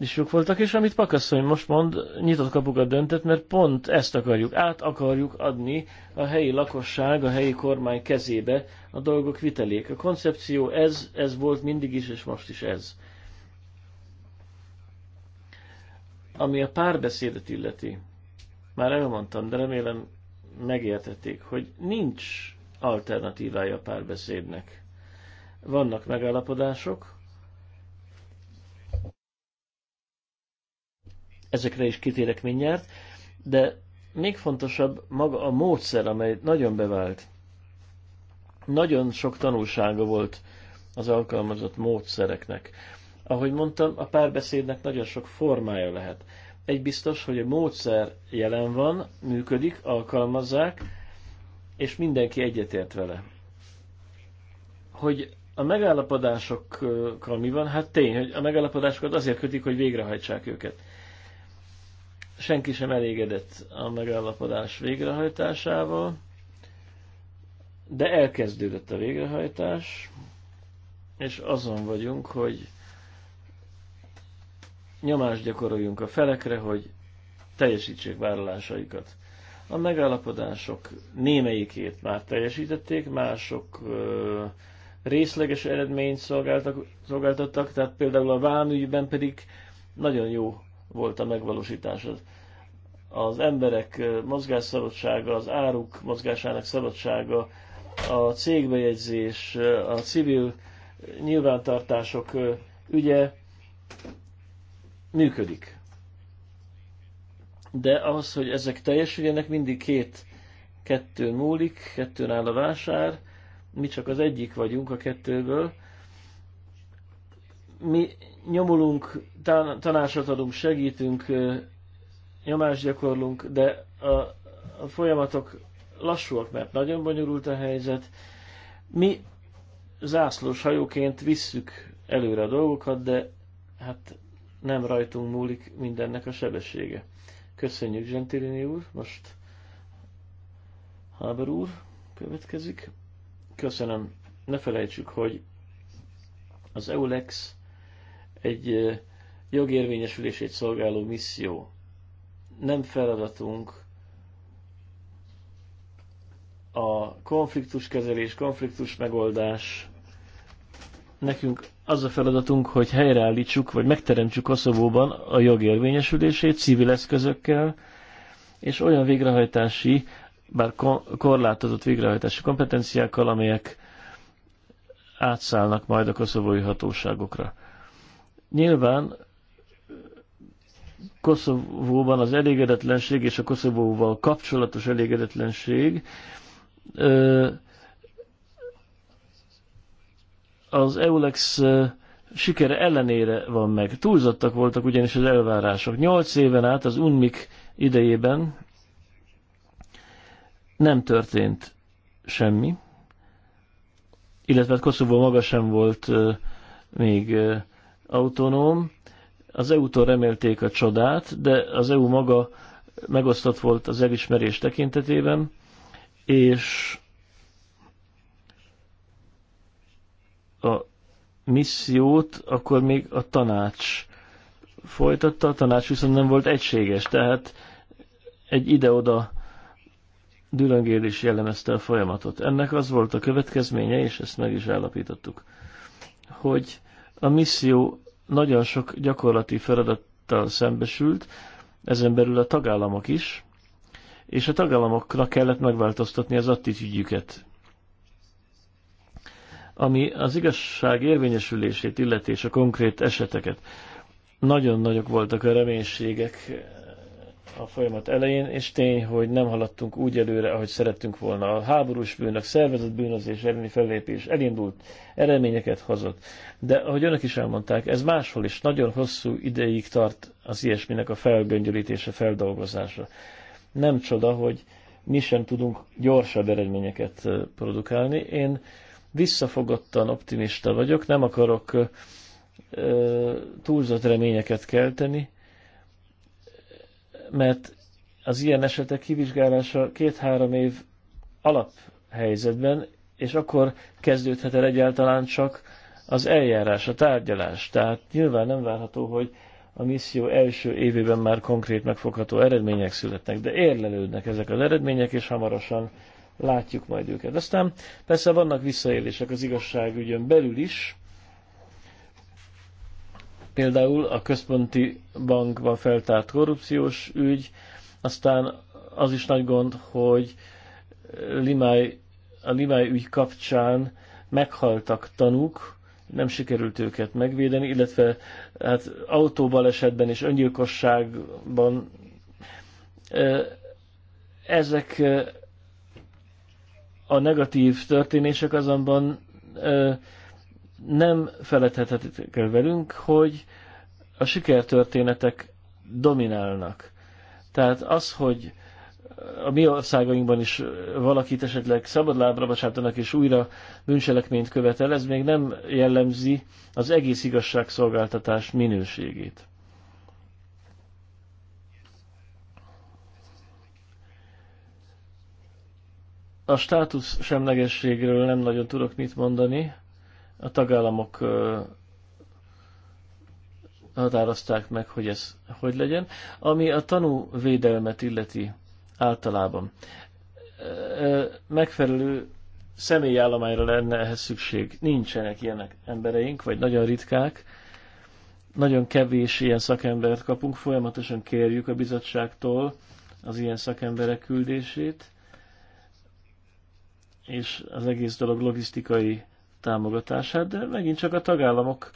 is sok voltak, és amit Pakasszony most mond, nyitott kapukat döntött, mert pont ezt akarjuk, át akarjuk adni a helyi lakosság, a helyi kormány kezébe a dolgok vitelék. A koncepció ez, ez volt mindig is, és most is ez. Ami a párbeszédet illeti, már elmondtam, de remélem megértették, hogy nincs alternatívája a párbeszédnek. Vannak megállapodások, ezekre is kitérek mindjárt, de még fontosabb maga a módszer, amely nagyon bevált. Nagyon sok tanulsága volt az alkalmazott módszereknek. Ahogy mondtam, a párbeszédnek nagyon sok formája lehet. Egy biztos, hogy a módszer jelen van, működik, alkalmazzák, és mindenki egyetért vele. Hogy a megállapodásokkal mi van? Hát tény, hogy a megállapodásokat azért kötik, hogy végrehajtsák őket senki sem elégedett a megállapodás végrehajtásával, de elkezdődött a végrehajtás, és azon vagyunk, hogy nyomást gyakoroljunk a felekre, hogy teljesítsék vállalásaikat. A megállapodások némelyikét már teljesítették, mások részleges eredményt szolgáltak, szolgáltattak, tehát például a vámügyben pedig nagyon jó volt a megvalósítás. Az emberek mozgásszabadsága, az áruk mozgásának szabadsága, a cégbejegyzés, a civil nyilvántartások ügye működik. De ahhoz, hogy ezek teljesüljenek, mindig két kettőn múlik, kettőn áll a vásár, mi csak az egyik vagyunk a kettőből, mi nyomulunk, tanácsot adunk, segítünk, nyomást gyakorlunk, de a, a folyamatok lassúak, mert nagyon bonyolult a helyzet. Mi zászlós hajóként visszük előre a dolgokat, de hát nem rajtunk múlik mindennek a sebessége. Köszönjük, Gentilini úr, most Haber úr következik. Köszönöm. Ne felejtsük, hogy az EULEX egy jogérvényesülését szolgáló misszió. Nem feladatunk a konfliktuskezelés, konfliktus megoldás. Nekünk az a feladatunk, hogy helyreállítsuk, vagy megteremtsük Koszovóban a jogérvényesülését civil eszközökkel, és olyan végrehajtási, bár korlátozott végrehajtási kompetenciákkal, amelyek átszállnak majd a koszovói hatóságokra. Nyilván Koszovóban az elégedetlenség és a Koszovóval kapcsolatos elégedetlenség az EULEX sikere ellenére van meg. Túlzottak voltak ugyanis az elvárások. Nyolc éven át az UNMIK idejében nem történt semmi, illetve hát Koszovó maga sem volt még autonóm. Az EU-tól remélték a csodát, de az EU maga megosztott volt az elismerés tekintetében, és a missziót akkor még a tanács folytatta, a tanács viszont nem volt egységes, tehát egy ide-oda dülöngélés jellemezte a folyamatot. Ennek az volt a következménye, és ezt meg is állapítottuk, hogy a misszió nagyon sok gyakorlati feladattal szembesült, ezen belül a tagállamok is, és a tagállamoknak kellett megváltoztatni az attitűdjüket. Ami az igazság érvényesülését illeti és a konkrét eseteket, nagyon nagyok voltak a reménységek a folyamat elején, és tény, hogy nem haladtunk úgy előre, ahogy szerettünk volna. A háborús bűnök, szervezett bűnözés elleni fellépés elindult, eredményeket hozott. De ahogy önök is elmondták, ez máshol is nagyon hosszú ideig tart az ilyesminek a felgöngyölítése, feldolgozása. Nem csoda, hogy mi sem tudunk gyorsabb eredményeket produkálni. Én visszafogottan optimista vagyok, nem akarok túlzott reményeket kelteni, mert az ilyen esetek kivizsgálása két-három év alaphelyzetben, és akkor kezdődhet el egyáltalán csak az eljárás, a tárgyalás. Tehát nyilván nem várható, hogy a misszió első évében már konkrét megfogható eredmények születnek, de érlelődnek ezek az eredmények, és hamarosan látjuk majd őket. Aztán persze vannak visszaélések az igazságügyön belül is, például a központi bankban feltárt korrupciós ügy, aztán az is nagy gond, hogy Limáj, a Limáj ügy kapcsán meghaltak tanúk, nem sikerült őket megvédeni, illetve hát autóbalesetben és öngyilkosságban ezek a negatív történések azonban nem feledhetetek el velünk, hogy a sikertörténetek dominálnak. Tehát az, hogy a mi országainkban is valakit esetleg szabadlábra bocsátanak és újra bűncselekményt követel, ez még nem jellemzi az egész igazságszolgáltatás minőségét. A státusz semlegességről nem nagyon tudok mit mondani. A tagállamok határozták meg, hogy ez hogy legyen. Ami a tanúvédelmet illeti általában, megfelelő személyállományra lenne ehhez szükség. Nincsenek ilyenek embereink, vagy nagyon ritkák. Nagyon kevés ilyen szakembert kapunk, folyamatosan kérjük a bizottságtól az ilyen szakemberek küldését, és az egész dolog logisztikai támogatását, de megint csak a tagállamok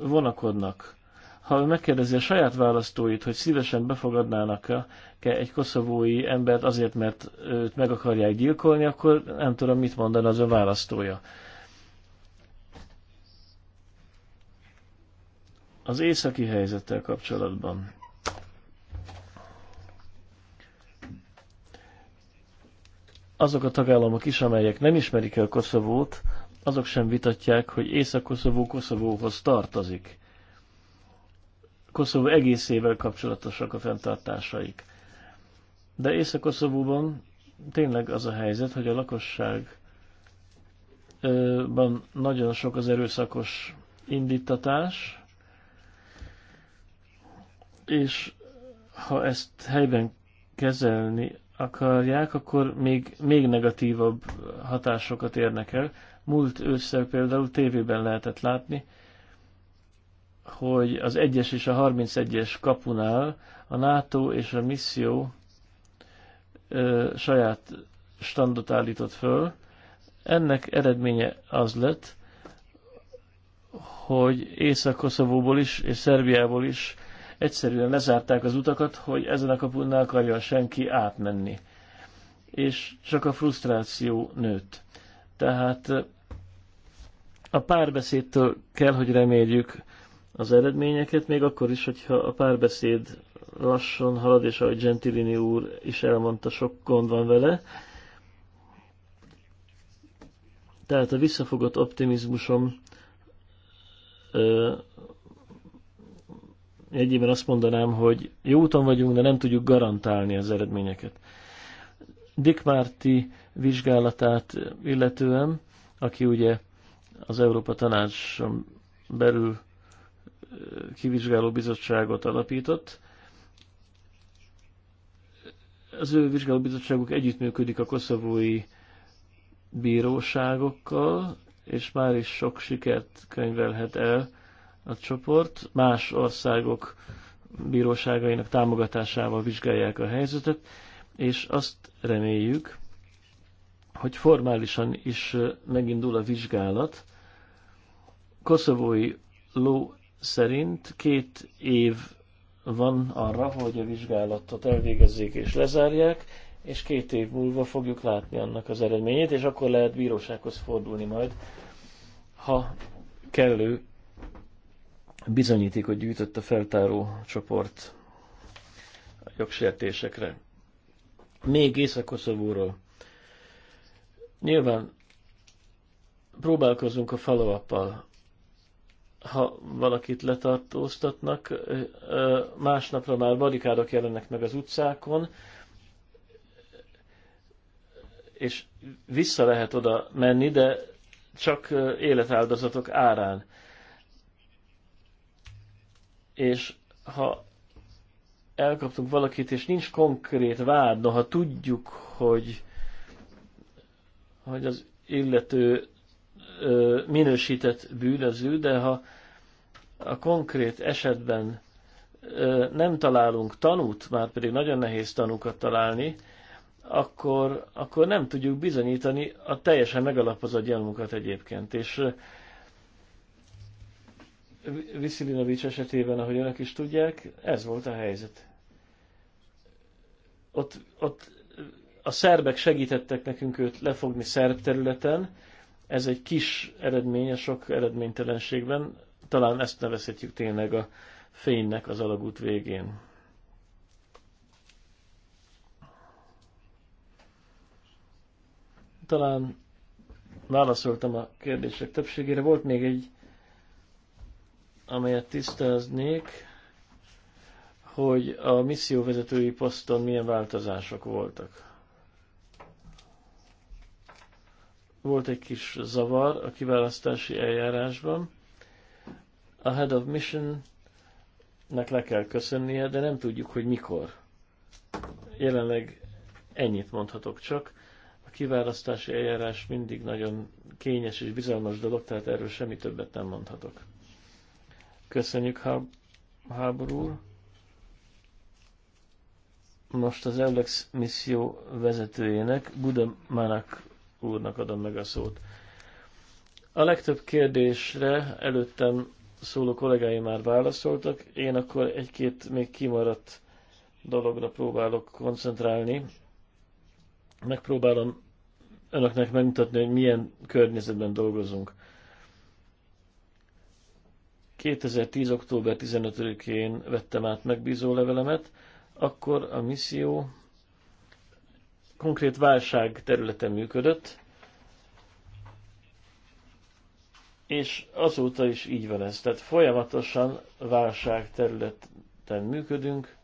vonakodnak. Ha ő megkérdezi a saját választóit, hogy szívesen befogadnának-e egy koszovói embert azért, mert őt meg akarják gyilkolni, akkor nem tudom, mit mondaná az a választója. Az északi helyzettel kapcsolatban. Azok a tagállamok is, amelyek nem ismerik el Koszovót, azok sem vitatják, hogy Észak-Koszovó Koszovóhoz tartozik. Koszovó egészével kapcsolatosak a fenntartásaik. De Észak-Koszovóban tényleg az a helyzet, hogy a lakosságban nagyon sok az erőszakos indítatás, és ha ezt helyben kezelni akarják, akkor még, még negatívabb hatásokat érnek el. Múlt ősszel például tévében lehetett látni, hogy az 1-es és a 31-es kapunál a NATO és a misszió ö, saját standot állított föl. Ennek eredménye az lett, hogy Észak-Koszovóból is és Szerbiából is egyszerűen lezárták az utakat, hogy ezen a kapun ne akarjon senki átmenni. És csak a frusztráció nőtt. Tehát a párbeszédtől kell, hogy reméljük az eredményeket, még akkor is, hogyha a párbeszéd lassan halad, és ahogy Gentilini úr is elmondta, sok gond van vele. Tehát a visszafogott optimizmusom egyében azt mondanám, hogy jó úton vagyunk, de nem tudjuk garantálni az eredményeket. Dick Márti vizsgálatát illetően, aki ugye az Európa Tanácson belül kivizsgáló bizottságot alapított, az ő bizottságuk együttműködik a koszovói bíróságokkal, és már is sok sikert könyvelhet el a csoport, más országok bíróságainak támogatásával vizsgálják a helyzetet, és azt reméljük, hogy formálisan is megindul a vizsgálat. Koszovói ló szerint két év van arra, hogy a vizsgálatot elvégezzék és lezárják, és két év múlva fogjuk látni annak az eredményét, és akkor lehet bírósághoz fordulni majd, ha kellő bizonyítékot gyűjtött a feltáró csoport a jogsértésekre. Még Észak-Koszovóról. Nyilván próbálkozunk a follow Ha valakit letartóztatnak, másnapra már barikádok jelennek meg az utcákon, és vissza lehet oda menni, de csak életáldozatok árán és ha elkaptunk valakit, és nincs konkrét vád, no, ha tudjuk, hogy, hogy az illető ö, minősített bűnöző, de ha a konkrét esetben ö, nem találunk tanút, már pedig nagyon nehéz tanúkat találni, akkor, akkor nem tudjuk bizonyítani a teljesen megalapozott gyanúkat egyébként. És Viszilinovics esetében, ahogy önök is tudják, ez volt a helyzet. Ott, ott a szerbek segítettek nekünk őt lefogni szerb területen, ez egy kis eredmény a sok eredménytelenségben, talán ezt nevezhetjük tényleg a fénynek az alagút végén. Talán válaszoltam a kérdések többségére. Volt még egy amelyet tisztáznék, hogy a misszióvezetői poszton milyen változások voltak. Volt egy kis zavar a kiválasztási eljárásban. A Head of Mission-nek le kell köszönnie, de nem tudjuk, hogy mikor. Jelenleg ennyit mondhatok csak. A kiválasztási eljárás mindig nagyon kényes és bizalmas dolog, tehát erről semmi többet nem mondhatok. Köszönjük, Háb úr. Most az Eulex misszió vezetőjének, Buda Manak úrnak adom meg a szót. A legtöbb kérdésre előttem szóló kollégáim már válaszoltak, én akkor egy-két még kimaradt dologra próbálok koncentrálni. Megpróbálom önöknek megmutatni, hogy milyen környezetben dolgozunk. 2010. október 15-én vettem át megbízó levelemet, akkor a misszió konkrét válság területen működött, és azóta is így van ez. Tehát folyamatosan válság területen működünk.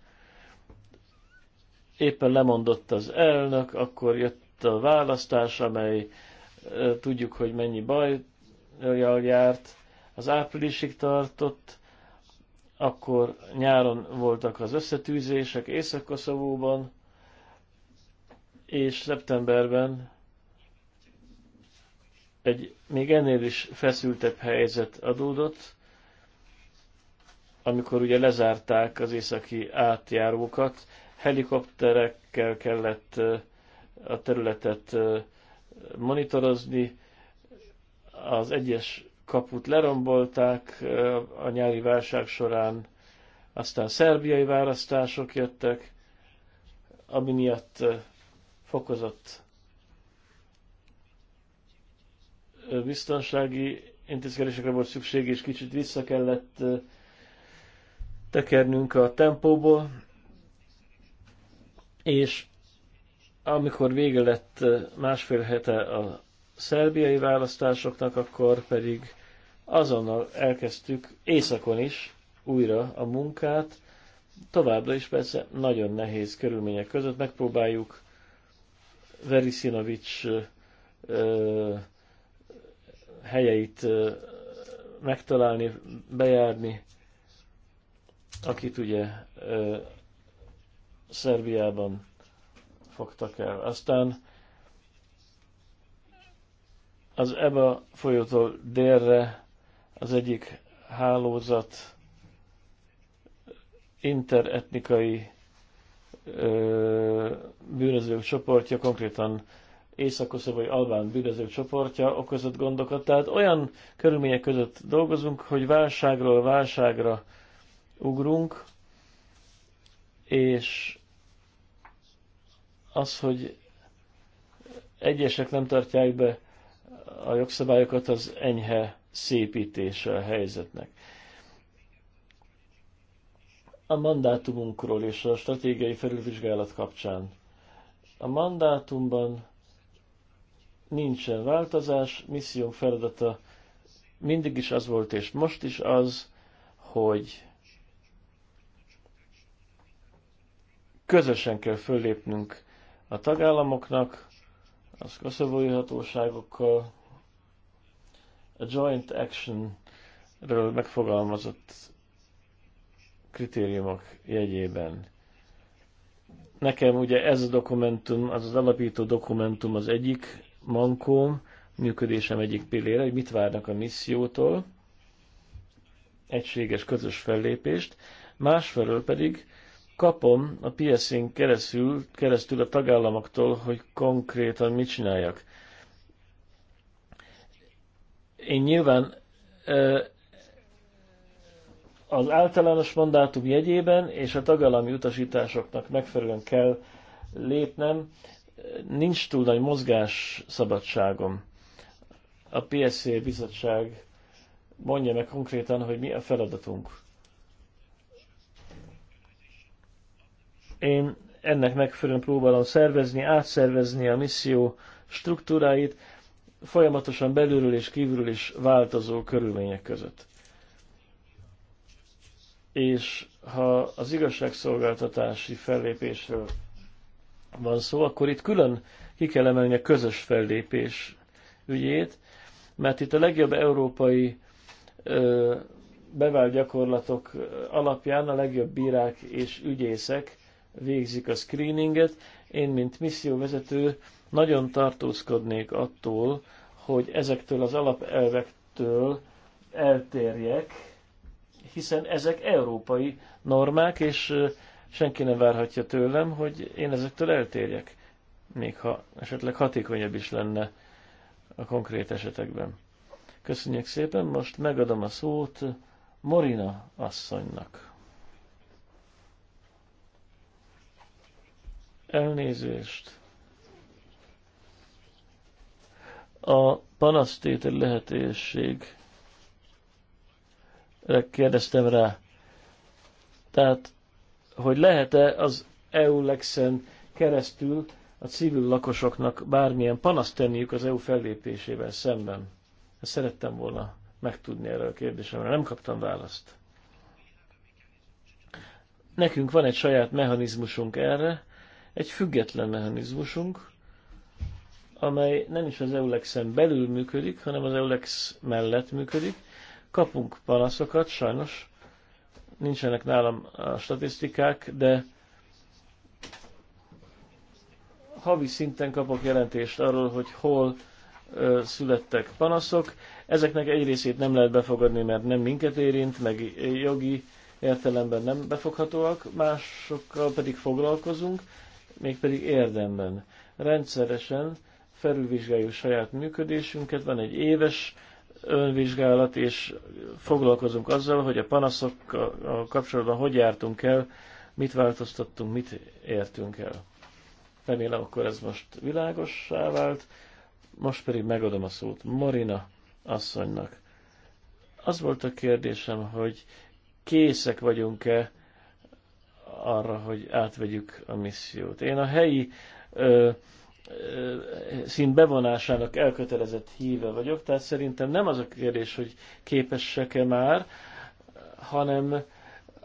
Éppen lemondott az elnök, akkor jött a választás, amely eh, tudjuk, hogy mennyi bajjal járt, az áprilisig tartott, akkor nyáron voltak az összetűzések Észak-Koszovóban, és szeptemberben egy még ennél is feszültebb helyzet adódott, amikor ugye lezárták az északi átjárókat, helikopterekkel kellett a területet monitorozni, az egyes kaput lerombolták a nyári válság során, aztán szerbiai választások jöttek, ami miatt fokozott biztonsági intézkedésekre volt szükség, és kicsit vissza kellett tekernünk a tempóból, és amikor vége lett másfél hete a szerbiai választásoknak, akkor pedig Azonnal elkezdtük éjszakon is újra a munkát, továbbra is persze nagyon nehéz körülmények között megpróbáljuk Verisinovics helyeit megtalálni, bejárni, akit ugye ö, Szerbiában fogtak el. Aztán az Eba folyótól délre az egyik hálózat interetnikai ö, bűnözők csoportja, konkrétan észak-koszovai albán bűnözők csoportja okozott gondokat. Tehát olyan körülmények között dolgozunk, hogy válságról válságra ugrunk, és az, hogy egyesek nem tartják be a jogszabályokat, az enyhe szépítése a helyzetnek. A mandátumunkról és a stratégiai felülvizsgálat kapcsán. A mandátumban nincsen változás, missziónk feladata mindig is az volt, és most is az, hogy közösen kell föllépnünk a tagállamoknak, az koszovói hatóságokkal, a joint actionről megfogalmazott kritériumok jegyében. Nekem ugye ez a dokumentum, az az alapító dokumentum az egyik mankóm, működésem egyik pillére, hogy mit várnak a missziótól, egységes közös fellépést, másfelől pedig kapom a PSZ-n keresztül, keresztül a tagállamoktól, hogy konkrétan mit csináljak. Én nyilván az általános mandátum jegyében és a tagállami utasításoknak megfelelően kell lépnem. Nincs túl nagy mozgás szabadságom. A PSC bizottság mondja meg konkrétan, hogy mi a feladatunk. Én ennek megfelelően próbálom szervezni, átszervezni a misszió struktúráit, folyamatosan belülről és kívülről is változó körülmények között. És ha az igazságszolgáltatási fellépésről van szó, akkor itt külön ki kell emelni a közös fellépés ügyét, mert itt a legjobb európai bevált gyakorlatok alapján a legjobb bírák és ügyészek végzik a screeninget. Én, mint misszióvezető, nagyon tartózkodnék attól, hogy ezektől az alapelvektől eltérjek, hiszen ezek európai normák, és senki nem várhatja tőlem, hogy én ezektől eltérjek, még ha esetleg hatékonyabb is lenne a konkrét esetekben. Köszönjük szépen, most megadom a szót Morina asszonynak. Elnézést. A panasztétel lehetőség kérdeztem rá. Tehát, hogy lehet-e az EU-lexen keresztül a civil lakosoknak bármilyen panaszt tenniük az EU fellépésével szemben? Ezt szerettem volna megtudni erre a kérdésemre. Nem kaptam választ. Nekünk van egy saját mechanizmusunk erre, egy független mechanizmusunk, amely nem is az EULEX-en belül működik, hanem az EULEX mellett működik. Kapunk panaszokat, sajnos nincsenek nálam a statisztikák, de havi szinten kapok jelentést arról, hogy hol ö, születtek panaszok. Ezeknek egy részét nem lehet befogadni, mert nem minket érint, meg jogi értelemben nem befoghatóak, másokkal pedig foglalkozunk, mégpedig érdemben. Rendszeresen felülvizsgáljuk saját működésünket, van egy éves önvizsgálat, és foglalkozunk azzal, hogy a panaszokkal kapcsolatban hogy jártunk el, mit változtattunk, mit értünk el. Remélem, akkor ez most világossá vált. Most pedig megadom a szót Marina asszonynak. Az volt a kérdésem, hogy készek vagyunk-e arra, hogy átvegyük a missziót. Én a helyi ö, szint bevonásának elkötelezett híve vagyok, tehát szerintem nem az a kérdés, hogy képesek-e már, hanem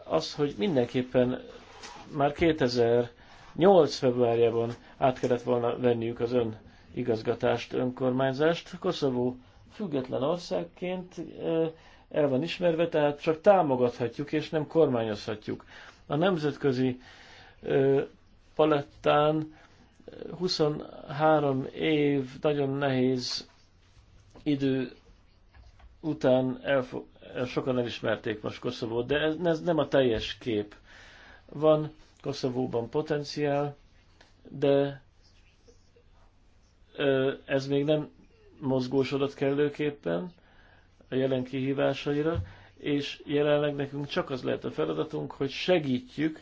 az, hogy mindenképpen már 2008 februárjában át kellett volna venniük az ön igazgatást, önkormányzást. Koszovó független országként el van ismerve, tehát csak támogathatjuk és nem kormányozhatjuk. A nemzetközi palettán 23 év nagyon nehéz idő után elfog, sokan elismerték most Koszovót, de ez, ez nem a teljes kép. Van Koszovóban potenciál, de ez még nem mozgósodott kellőképpen a jelen kihívásaira, és jelenleg nekünk csak az lehet a feladatunk, hogy segítjük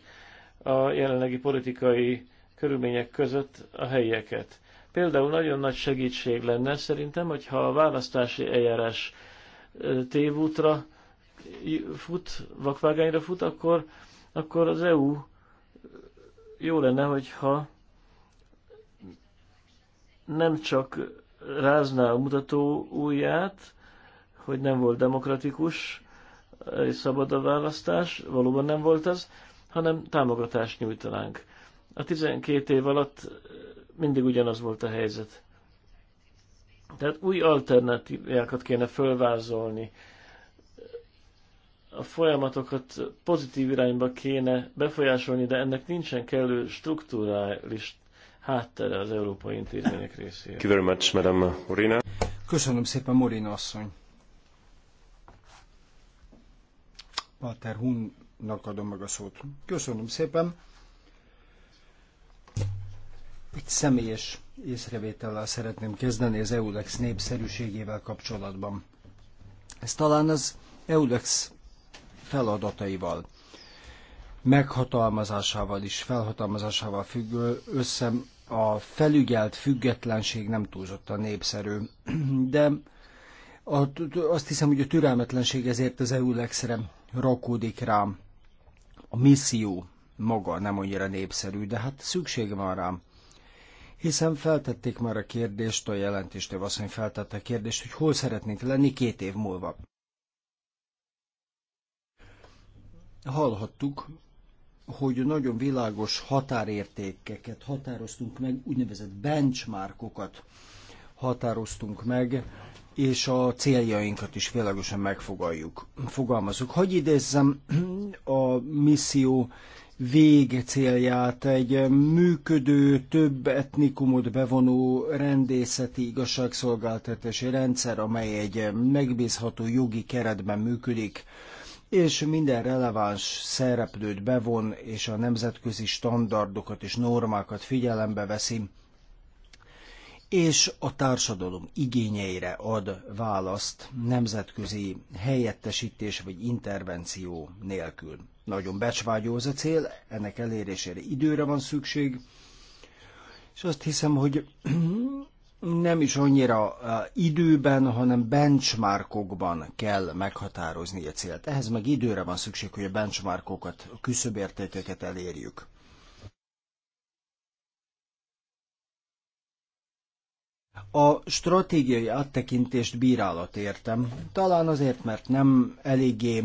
a jelenlegi politikai körülmények között a helyieket. Például nagyon nagy segítség lenne szerintem, hogyha a választási eljárás tévútra fut, vakvágányra fut, akkor, akkor az EU jó lenne, hogyha nem csak rázná a mutató ujját, hogy nem volt demokratikus és szabad a választás, valóban nem volt az, hanem támogatást nyújtanánk. A 12 év alatt eh, mindig ugyanaz volt a helyzet. Tehát új alternatívákat kéne fölvázolni. A folyamatokat pozitív irányba kéne befolyásolni, de ennek nincsen kellő struktúrális háttere az európai intézmények részére. Thank you very much, Madam Morina. Köszönöm szépen, Morina asszony. Walter Hunnak adom meg a szót. Köszönöm szépen. Egy személyes észrevétellel szeretném kezdeni az EULEX népszerűségével kapcsolatban. Ez talán az EULEX feladataival, meghatalmazásával is, felhatalmazásával függ össze. A felügyelt függetlenség nem a népszerű, de a, azt hiszem, hogy a türelmetlenség ezért az Eulexre rakódik rám. A misszió maga nem annyira népszerű, de hát szükség van rám hiszen feltették már a kérdést, a jelentéstől asszony feltette a kérdést, hogy hol szeretnénk lenni két év múlva. Hallhattuk, hogy nagyon világos határértékeket határoztunk meg, úgynevezett benchmarkokat határoztunk meg, és a céljainkat is világosan megfogaljuk, fogalmazunk. Hogy idézzem a misszió végcélját, egy működő, több etnikumot bevonó rendészeti igazságszolgáltatási rendszer, amely egy megbízható jogi keretben működik, és minden releváns szereplőt bevon, és a nemzetközi standardokat és normákat figyelembe veszi, és a társadalom igényeire ad választ nemzetközi helyettesítés vagy intervenció nélkül. Nagyon becsvágyó az a cél, ennek elérésére időre van szükség, és azt hiszem, hogy (clears throat) nem is annyira időben, hanem benchmarkokban kell meghatározni a célt. Ehhez meg időre van szükség, hogy a benchmarkokat, a küszöbértékeket elérjük. A stratégiai áttekintést bírálat értem, talán azért, mert nem eléggé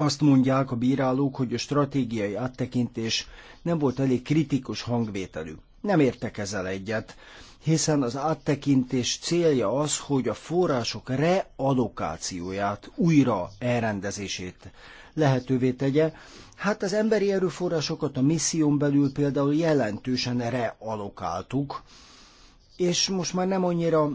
azt mondják a bírálók, hogy a stratégiai áttekintés nem volt elég kritikus hangvételű. Nem értek ezzel egyet, hiszen az áttekintés célja az, hogy a források realokációját, újra elrendezését lehetővé tegye. Hát az emberi erőforrásokat a misszión belül például jelentősen realokáltuk, és most már nem annyira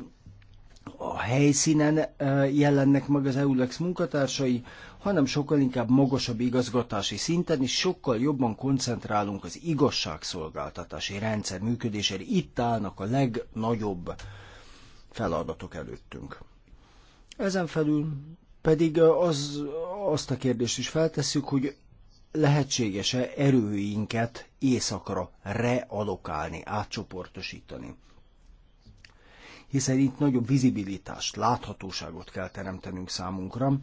a helyszínen eh, jelennek meg az EULEX munkatársai, hanem sokkal inkább magasabb igazgatási szinten, és sokkal jobban koncentrálunk az igazságszolgáltatási rendszer működésére. Itt állnak a legnagyobb feladatok előttünk. Ezen felül pedig az, azt a kérdést is feltesszük, hogy lehetséges-e erőinket éjszakra realokálni, átcsoportosítani. Hiszen itt nagyobb vizibilitást, láthatóságot kell teremtenünk számunkra,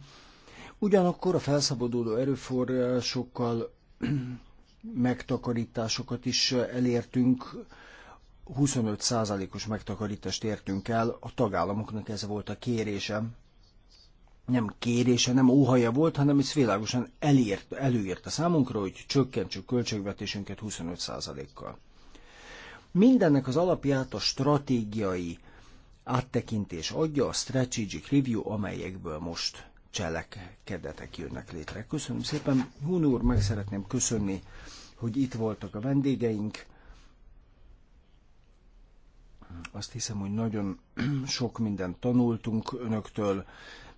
Ugyanakkor a felszabaduló erőforrásokkal (clears throat) megtakarításokat is elértünk, 25%-os megtakarítást értünk el, a tagállamoknak ez volt a kérése. Nem kérése, nem óhaja volt, hanem ez világosan elért, előírta számunkra, hogy csökkentsük költségvetésünket 25%-kal. Mindennek az alapját a stratégiai áttekintés adja, a strategic review, amelyekből most cselekedetek jönnek létre. Köszönöm szépen. Hun úr, meg szeretném köszönni, hogy itt voltak a vendégeink. Azt hiszem, hogy nagyon (clears throat) sok mindent tanultunk önöktől,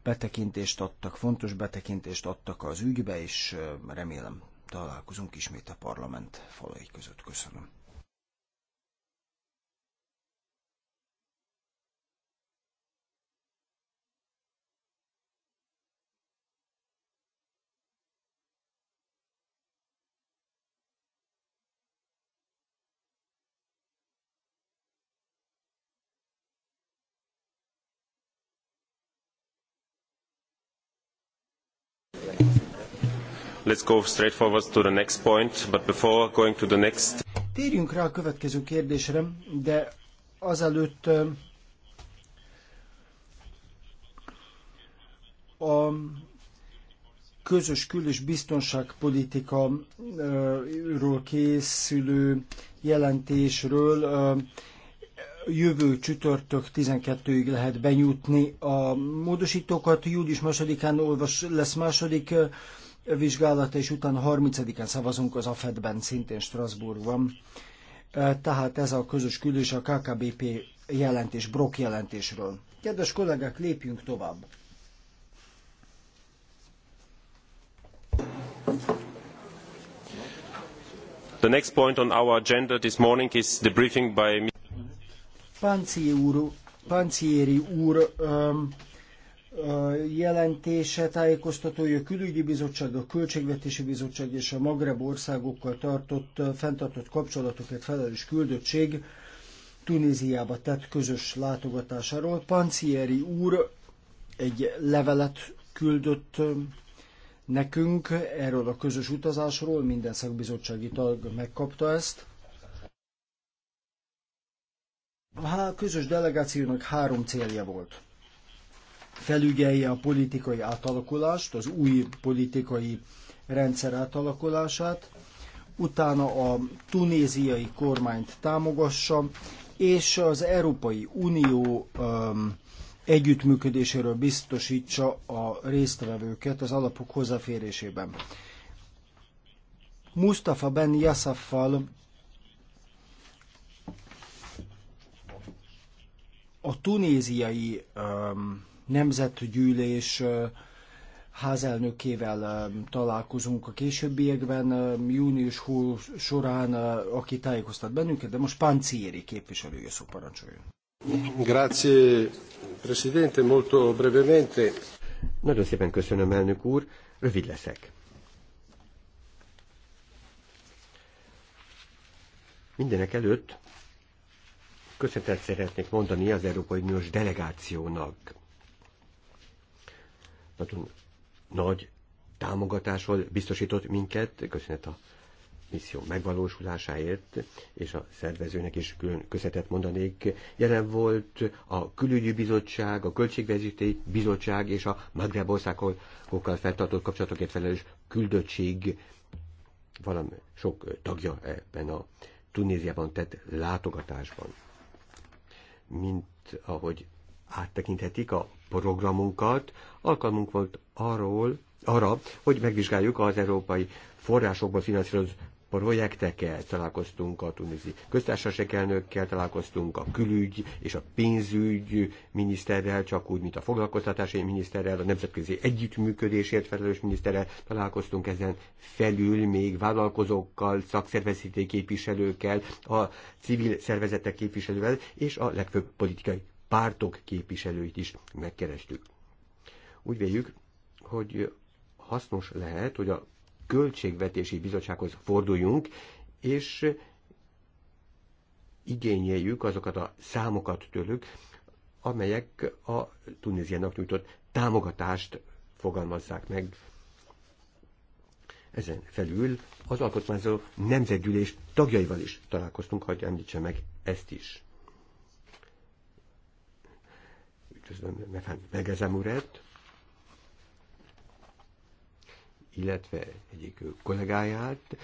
betekintést adtak, fontos betekintést adtak az ügybe, és remélem találkozunk ismét a parlament falai között. Köszönöm. Let's go straight to the next point, but before going to the next... Térjünk rá a következő kérdésre, de azelőtt a közös kül- és biztonságpolitikaról készülő jelentésről jövő csütörtök 12-ig lehet benyújtni a módosítókat. Július másodikán olvas, lesz második vizsgálata, és utána 30 en szavazunk az AFED-ben, szintén Strasbourgban. Tehát ez a közös küldés a KKBP jelentés, Brok jelentésről. Kedves kollégák, lépjünk tovább. The next point on our agenda this morning is the briefing by Pancieri úr, Pancieri úr um, jelentése tájékoztatója a külügyi bizottság, a költségvetési bizottság és a Magreb országokkal tartott, fenntartott kapcsolatokat felelős küldöttség Tunéziába tett közös látogatásáról. Pancieri úr egy levelet küldött nekünk erről a közös utazásról, minden szakbizottsági tag megkapta ezt. A közös delegációnak három célja volt felügyelje a politikai átalakulást, az új politikai rendszer átalakulását, utána a tunéziai kormányt támogassa, és az Európai Unió um, együttműködéséről biztosítsa a résztvevőket az alapok hozzáférésében. Mustafa Ben Yassaffal a tunéziai um, nemzetgyűlés házelnökével találkozunk a későbbiekben, június 20 során, aki tájékoztat bennünket, de most Pánciéri képviselője szó parancsoljon. Grazie, Presidente, molto brevemente. Nagyon szépen köszönöm, elnök úr, rövid leszek. Mindenek előtt köszönetet szeretnék mondani az Európai Uniós delegációnak nagyon nagy támogatásról biztosított minket, köszönet a misszió megvalósulásáért, és a szervezőnek is külön köszönetet mondanék. Jelen volt a külügyi bizottság, a költségvetési bizottság és a Magreb országokkal feltartott kapcsolatokért felelős küldöttség valami sok tagja ebben a Tunéziában tett látogatásban. Mint ahogy áttekinthetik a programunkat. Alkalmunk volt arról, arra, hogy megvizsgáljuk az európai forrásokból finanszírozott projektekkel találkoztunk a tunizi köztársaság elnökkel, találkoztunk a külügy és a pénzügy miniszterrel, csak úgy, mint a foglalkoztatási miniszterrel, a nemzetközi együttműködésért felelős miniszterrel, találkoztunk ezen felül még vállalkozókkal, szakszervezeti képviselőkkel, a civil szervezetek képviselővel és a legfőbb politikai pártok képviselőit is megkerestük. Úgy véljük, hogy hasznos lehet, hogy a Költségvetési Bizottsághoz forduljunk, és igényeljük azokat a számokat tőlük, amelyek a Tunéziának nyújtott támogatást fogalmazzák meg. Ezen felül az alkotmányzó nemzetgyűlés tagjaival is találkoztunk, hogy említse meg ezt is. Közben megezem hát urat, illetve egyik kollégáját,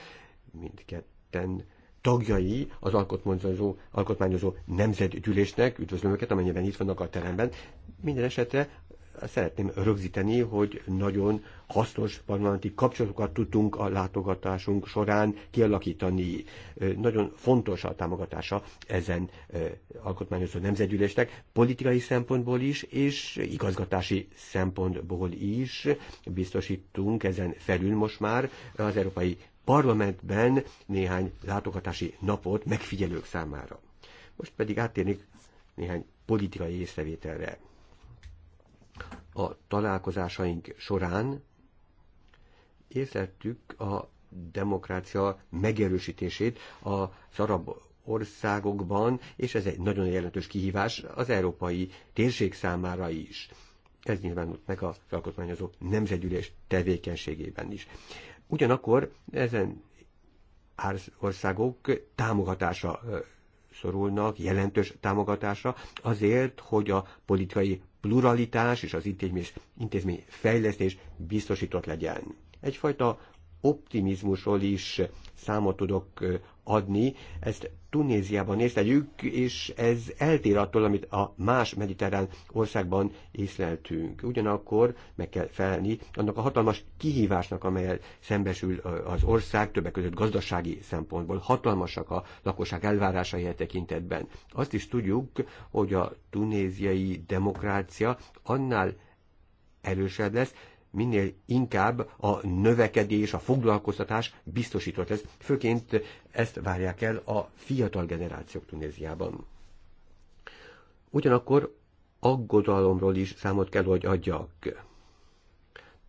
mindketten tagjai az alkotmányozó, alkotmányozó nemzetgyűlésnek, üdvözlöm őket, amennyiben itt vannak a teremben. Minden esetre szeretném rögzíteni, hogy nagyon hasznos parlamenti kapcsolatokat tudtunk a látogatásunk során kialakítani. Nagyon fontos a támogatása ezen alkotmányozó nemzetgyűlésnek, politikai szempontból is, és igazgatási szempontból is biztosítunk ezen felül most már az Európai Parlamentben néhány látogatási napot megfigyelők számára. Most pedig áttérnék néhány politikai észrevételre a találkozásaink során észleltük a demokrácia megerősítését az arab országokban, és ez egy nagyon jelentős kihívás az európai térség számára is. Ez nyilvánult meg a alkotmányozó nemzetgyűlés tevékenységében is. Ugyanakkor ezen országok támogatása szorulnak, jelentős támogatása azért, hogy a politikai pluralitás és az intézmény, intézmény fejlesztés biztosított legyen. Egyfajta optimizmusról is számot tudok adni. Ezt Tunéziában észleljük, és ez eltér attól, amit a más mediterrán országban észleltünk. Ugyanakkor meg kell felni annak a hatalmas kihívásnak, amelyel szembesül az ország, többek között gazdasági szempontból. Hatalmasak a lakosság elvárásai a e tekintetben. Azt is tudjuk, hogy a tunéziai demokrácia annál erősebb lesz, minél inkább a növekedés, a foglalkoztatás biztosított lesz. Főként ezt várják el a fiatal generációk Tunéziában. Ugyanakkor aggodalomról is számot kell, hogy adjak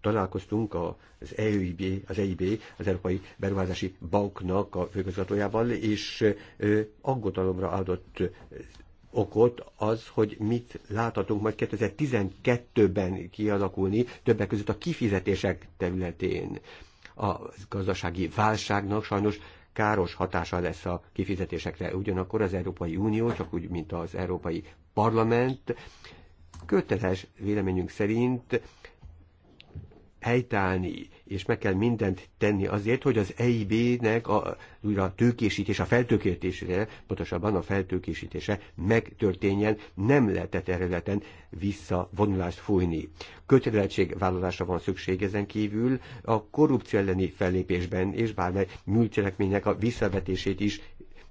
találkoztunk az EIB, az EIB, az Európai Beruházási Banknak a főközgatójával, és aggodalomra adott okot az, hogy mit láthatunk majd 2012-ben kialakulni, többek között a kifizetések területén. A gazdasági válságnak sajnos káros hatása lesz a kifizetésekre. Ugyanakkor az Európai Unió, csak úgy, mint az Európai Parlament, köteles véleményünk szerint helytállni és meg kell mindent tenni azért, hogy az EIB-nek a újra tőkésítés, a feltőkésítése, pontosabban a feltőkésítése megtörténjen, nem lehetett területen visszavonulást fújni. Kötelezettségvállalásra van szükség ezen kívül a korrupció elleni fellépésben, és bármely műcselekménynek a visszavetését is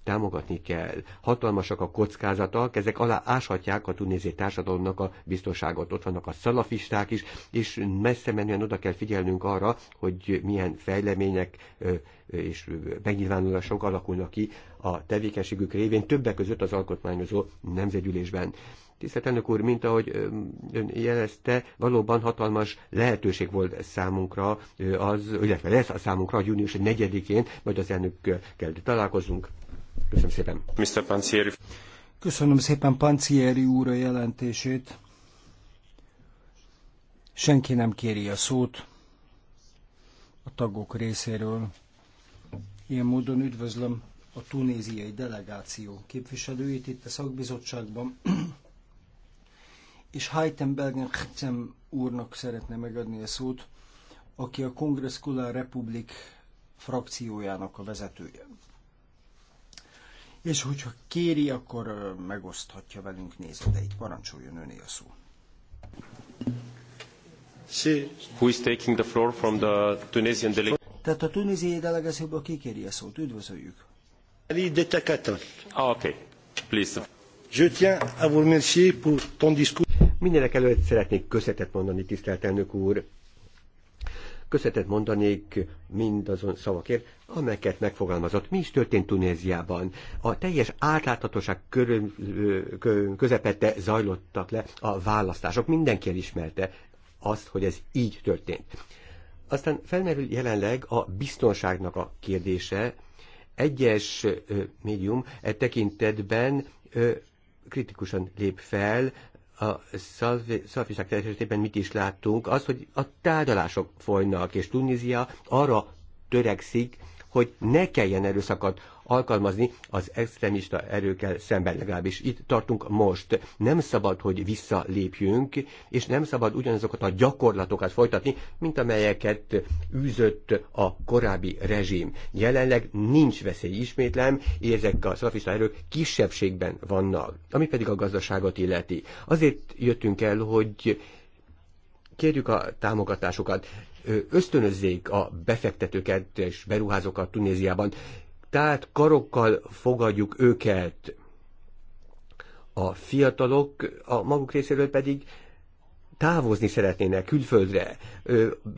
támogatni kell. Hatalmasak a kockázatok, ezek alá áshatják a tunézi társadalomnak a biztonságot. Ott vannak a szalafisták is, és messze menően oda kell figyelnünk arra, hogy milyen fejlemények és megnyilvánulások alakulnak ki a tevékenységük révén, többek között az alkotmányozó nemzetgyűlésben. Tisztelt elnök úr, mint ahogy ön jelezte, valóban hatalmas lehetőség volt számunkra az, illetve lesz a számunkra a június 4-én, majd az elnökkel találkozunk. Köszönöm szépen. Mr. Pancieri. Köszönöm szépen Pancieri úr a jelentését. Senki nem kéri a szót a tagok részéről. Ilyen módon üdvözlöm a tunéziai delegáció képviselőit itt a szakbizottságban, és Heitenbergen Hcem úrnak szeretne megadni a szót, aki a Kongresskular Republik frakciójának a vezetője és hogyha kéri, akkor megoszthatja velünk nézeteit. Parancsoljon öné a szó. Who is taking the floor from the Tunisian delegation? Tehát a tunéziai delegációból kikéri a szót. Üdvözöljük. Ali Detakata. Ah, okay. Please. Je tiens à vous remercier pour ton discours. Mindenek előtt szeretnék köszönetet mondani, tisztelt elnök úr, köszönetet mondanék mindazon szavakért, amelyeket megfogalmazott. Mi is történt Tunéziában? A teljes átláthatóság körül, közepette zajlottak le a választások. Mindenki elismerte azt, hogy ez így történt. Aztán felmerül jelenleg a biztonságnak a kérdése. Egyes médium e tekintetben kritikusan lép fel a szalfiság tekintetében mit is láttunk, az, hogy a tárgyalások folynak, és Tunézia arra törekszik, hogy ne kelljen erőszakot alkalmazni az extremista erőkkel szemben, legalábbis itt tartunk most. Nem szabad, hogy visszalépjünk, és nem szabad ugyanazokat a gyakorlatokat folytatni, mint amelyeket űzött a korábbi rezsim. Jelenleg nincs veszély, ismétlem, és ezek a szlafista erők kisebbségben vannak, ami pedig a gazdaságot illeti. Azért jöttünk el, hogy kérjük a támogatásokat, ösztönözzék a befektetőket és beruházókat Tunéziában, tehát karokkal fogadjuk őket. A fiatalok a maguk részéről pedig távozni szeretnének külföldre,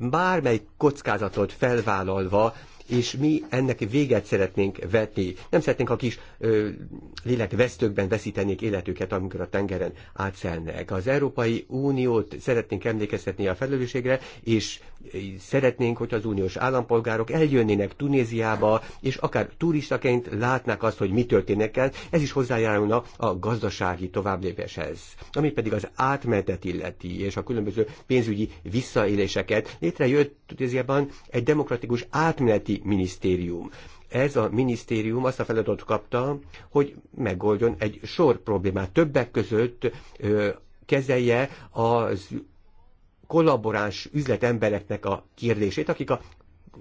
bármely kockázatot felvállalva, és mi ennek véget szeretnénk vetni. Nem szeretnénk, ha kis ö, lélekvesztőkben veszítenék életüket, amikor a tengeren átszelnek. Az Európai Uniót szeretnénk emlékeztetni a felelősségre, és szeretnénk, hogy az uniós állampolgárok eljönnének Tunéziába, és akár turistaként látnák azt, hogy mi történik el, ez is hozzájárulna a gazdasági továbblépéshez. Ami pedig az átmenetet illeti, és a különböző pénzügyi visszaéléseket, létrejött Tunéziában egy demokratikus átmeneti minisztérium ez a minisztérium azt a feladatot kapta, hogy megoldjon egy sor problémát. Többek között ö, kezelje az kollaboráns üzletembereknek a kérdését, akik a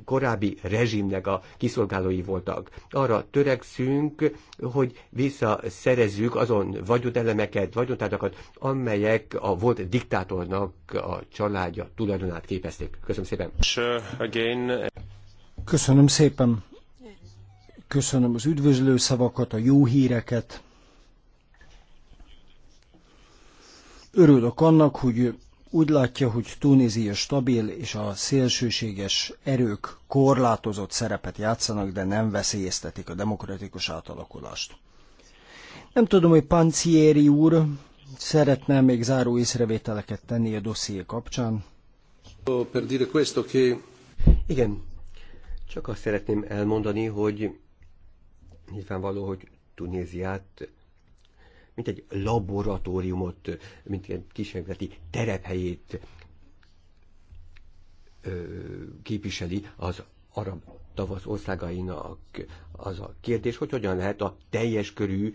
korábbi rezsimnek a kiszolgálói voltak. Arra törekszünk, hogy visszaszerezzük azon vagyonelemeket, vagyontárgyakat, amelyek a volt diktátornak a családja tulajdonát képezték. Köszönöm szépen. Köszönöm szépen. Köszönöm az üdvözlő szavakat, a jó híreket. Örülök annak, hogy úgy látja, hogy Tunézia stabil, és a szélsőséges erők korlátozott szerepet játszanak, de nem veszélyeztetik a demokratikus átalakulást. Nem tudom, hogy Pancieri úr szeretne még záró észrevételeket tenni a dosszié kapcsán. Igen, csak azt szeretném elmondani, hogy nyilvánvaló, hogy Tunéziát mint egy laboratóriumot, mint egy kísérleti terephelyét képviseli az arab tavasz országainak az a kérdés, hogy hogyan lehet a teljes körű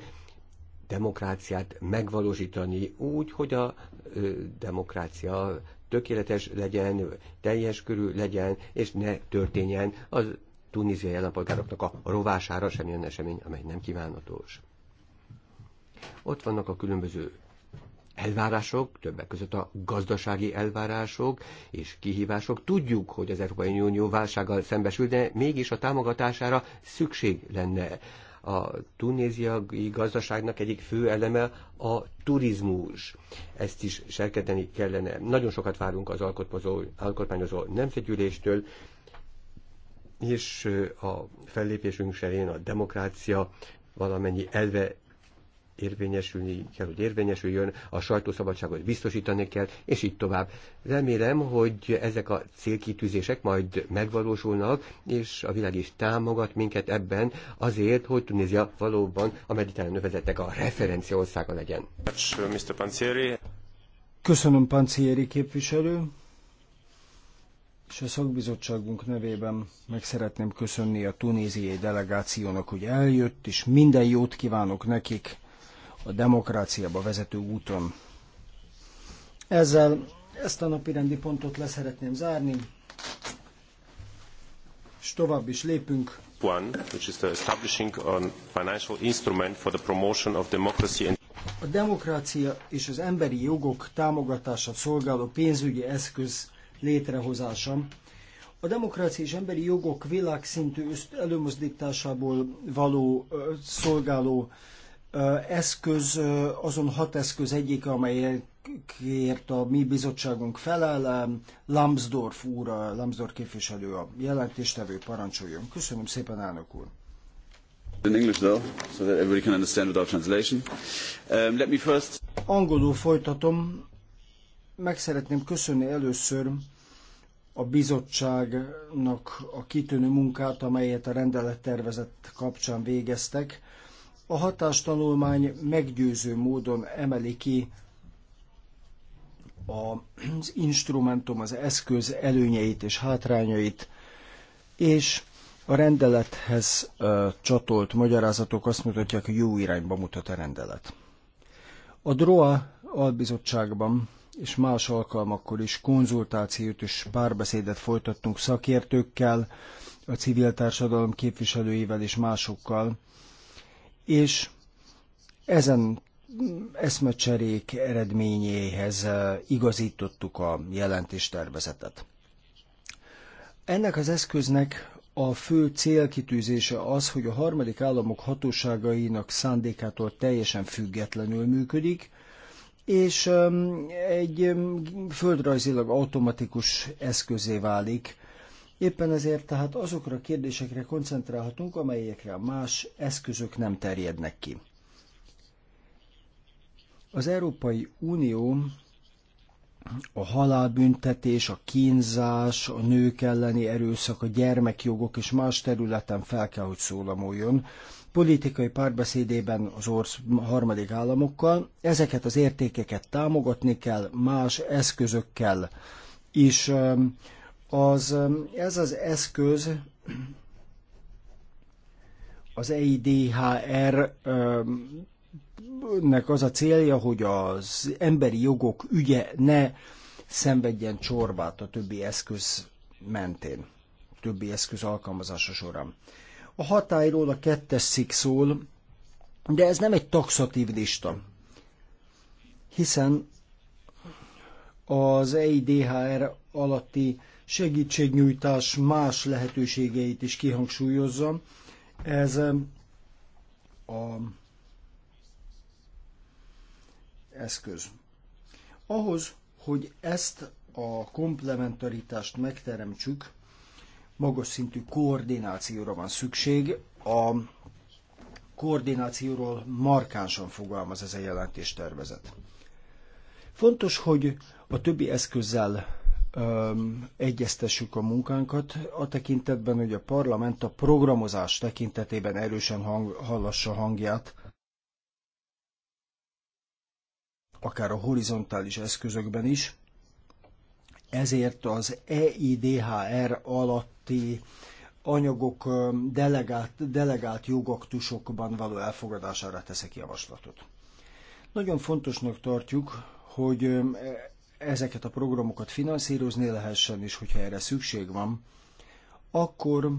demokráciát megvalósítani úgy, hogy a ö, demokrácia tökéletes legyen, teljes körül legyen, és ne történjen az tunéziai állampolgároknak a rovására semmilyen esemény, amely nem kívánatos. Ott vannak a különböző elvárások, többek között a gazdasági elvárások és kihívások. Tudjuk, hogy az Európai Unió válsággal szembesül, de mégis a támogatására szükség lenne. A tunéziai gazdaságnak egyik fő eleme a turizmus. Ezt is serkedeni kellene. Nagyon sokat várunk az alkotmazó alkotmányozó nemzetgyűléstől, és a fellépésünk serén a demokrácia valamennyi elve érvényesülni kell, hogy érvényesüljön, a sajtószabadságot biztosítani kell, és így tovább. Remélem, hogy ezek a célkitűzések majd megvalósulnak, és a világ is támogat minket ebben azért, hogy Tunézia valóban a mediterrán növezetek a referencia országa legyen. Köszönöm, Pancieri képviselő, és a szakbizottságunk nevében meg szeretném köszönni a tunéziai delegációnak, hogy eljött, és minden jót kívánok nekik a demokráciába vezető úton. Ezzel ezt a napi rendi pontot leszeretném zárni, és tovább is lépünk. One, which is the establishing a financial instrument for the promotion of democracy and a demokrácia és az emberi jogok támogatását szolgáló pénzügyi eszköz létrehozása. A demokrácia és emberi jogok világszintű előmozdításából való szolgáló eszköz, azon hat eszköz egyik, amelyekért a mi bizottságunk felel, Lambsdorff úr, a Lambsdorff képviselő a jelentéstevő, parancsoljon. Köszönöm szépen, elnök úr. In English though, so that everybody can understand without translation. Um, let me first... Angolul folytatom. Meg szeretném köszönni először a bizottságnak a kitűnő munkát, amelyet a rendelettervezet kapcsán végeztek a hatástanulmány meggyőző módon emeli ki az instrumentum, az eszköz előnyeit és hátrányait, és a rendelethez csatolt magyarázatok azt mutatják, hogy jó irányba mutat a rendelet. A DROA albizottságban és más alkalmakkor is konzultációt és párbeszédet folytattunk szakértőkkel, a civil társadalom képviselőivel és másokkal, és ezen eszmecserék eredményéhez igazítottuk a jelentéstervezetet. Ennek az eszköznek a fő célkitűzése az, hogy a harmadik államok hatóságainak szándékától teljesen függetlenül működik, és egy földrajzilag automatikus eszközé válik, Éppen ezért tehát azokra a kérdésekre koncentrálhatunk, amelyekre a más eszközök nem terjednek ki. Az Európai Unió a halálbüntetés, a kínzás, a nők elleni erőszak, a gyermekjogok és más területen fel kell, hogy szólamoljon. Politikai párbeszédében az orsz harmadik államokkal ezeket az értékeket támogatni kell, más eszközökkel is az, ez az eszköz az EIDHR nek az a célja, hogy az emberi jogok ügye ne szenvedjen csorbát a többi eszköz mentén, többi eszköz alkalmazása során. A hatályról a kettes szik szól, de ez nem egy taxatív lista, hiszen az EIDHR alatti segítségnyújtás más lehetőségeit is kihangsúlyozza. Ez a eszköz. Ahhoz, hogy ezt a komplementaritást megteremtsük, magas szintű koordinációra van szükség. A koordinációról markánsan fogalmaz ez a jelentéstervezet. Fontos, hogy a többi eszközzel öm, egyeztessük a munkánkat, a tekintetben, hogy a parlament a programozás tekintetében erősen hang, hallassa hangját, akár a horizontális eszközökben is. Ezért az EIDHR alatti anyagok delegált, delegált jogaktusokban való elfogadására teszek javaslatot. Nagyon fontosnak tartjuk, hogy ezeket a programokat finanszírozni lehessen, és hogyha erre szükség van, akkor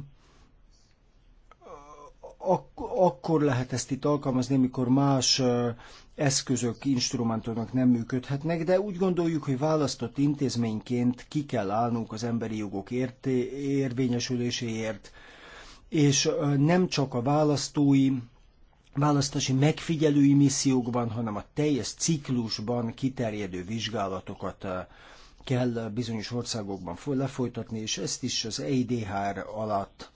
ak- akkor lehet ezt itt alkalmazni, amikor más eszközök, instrumentumok nem működhetnek, de úgy gondoljuk, hogy választott intézményként ki kell állnunk az emberi jogok érté- érvényesüléséért, és nem csak a választói választási megfigyelői missziókban, hanem a teljes ciklusban kiterjedő vizsgálatokat eh, kell bizonyos országokban lefolytatni, és ezt is az EIDHR alatt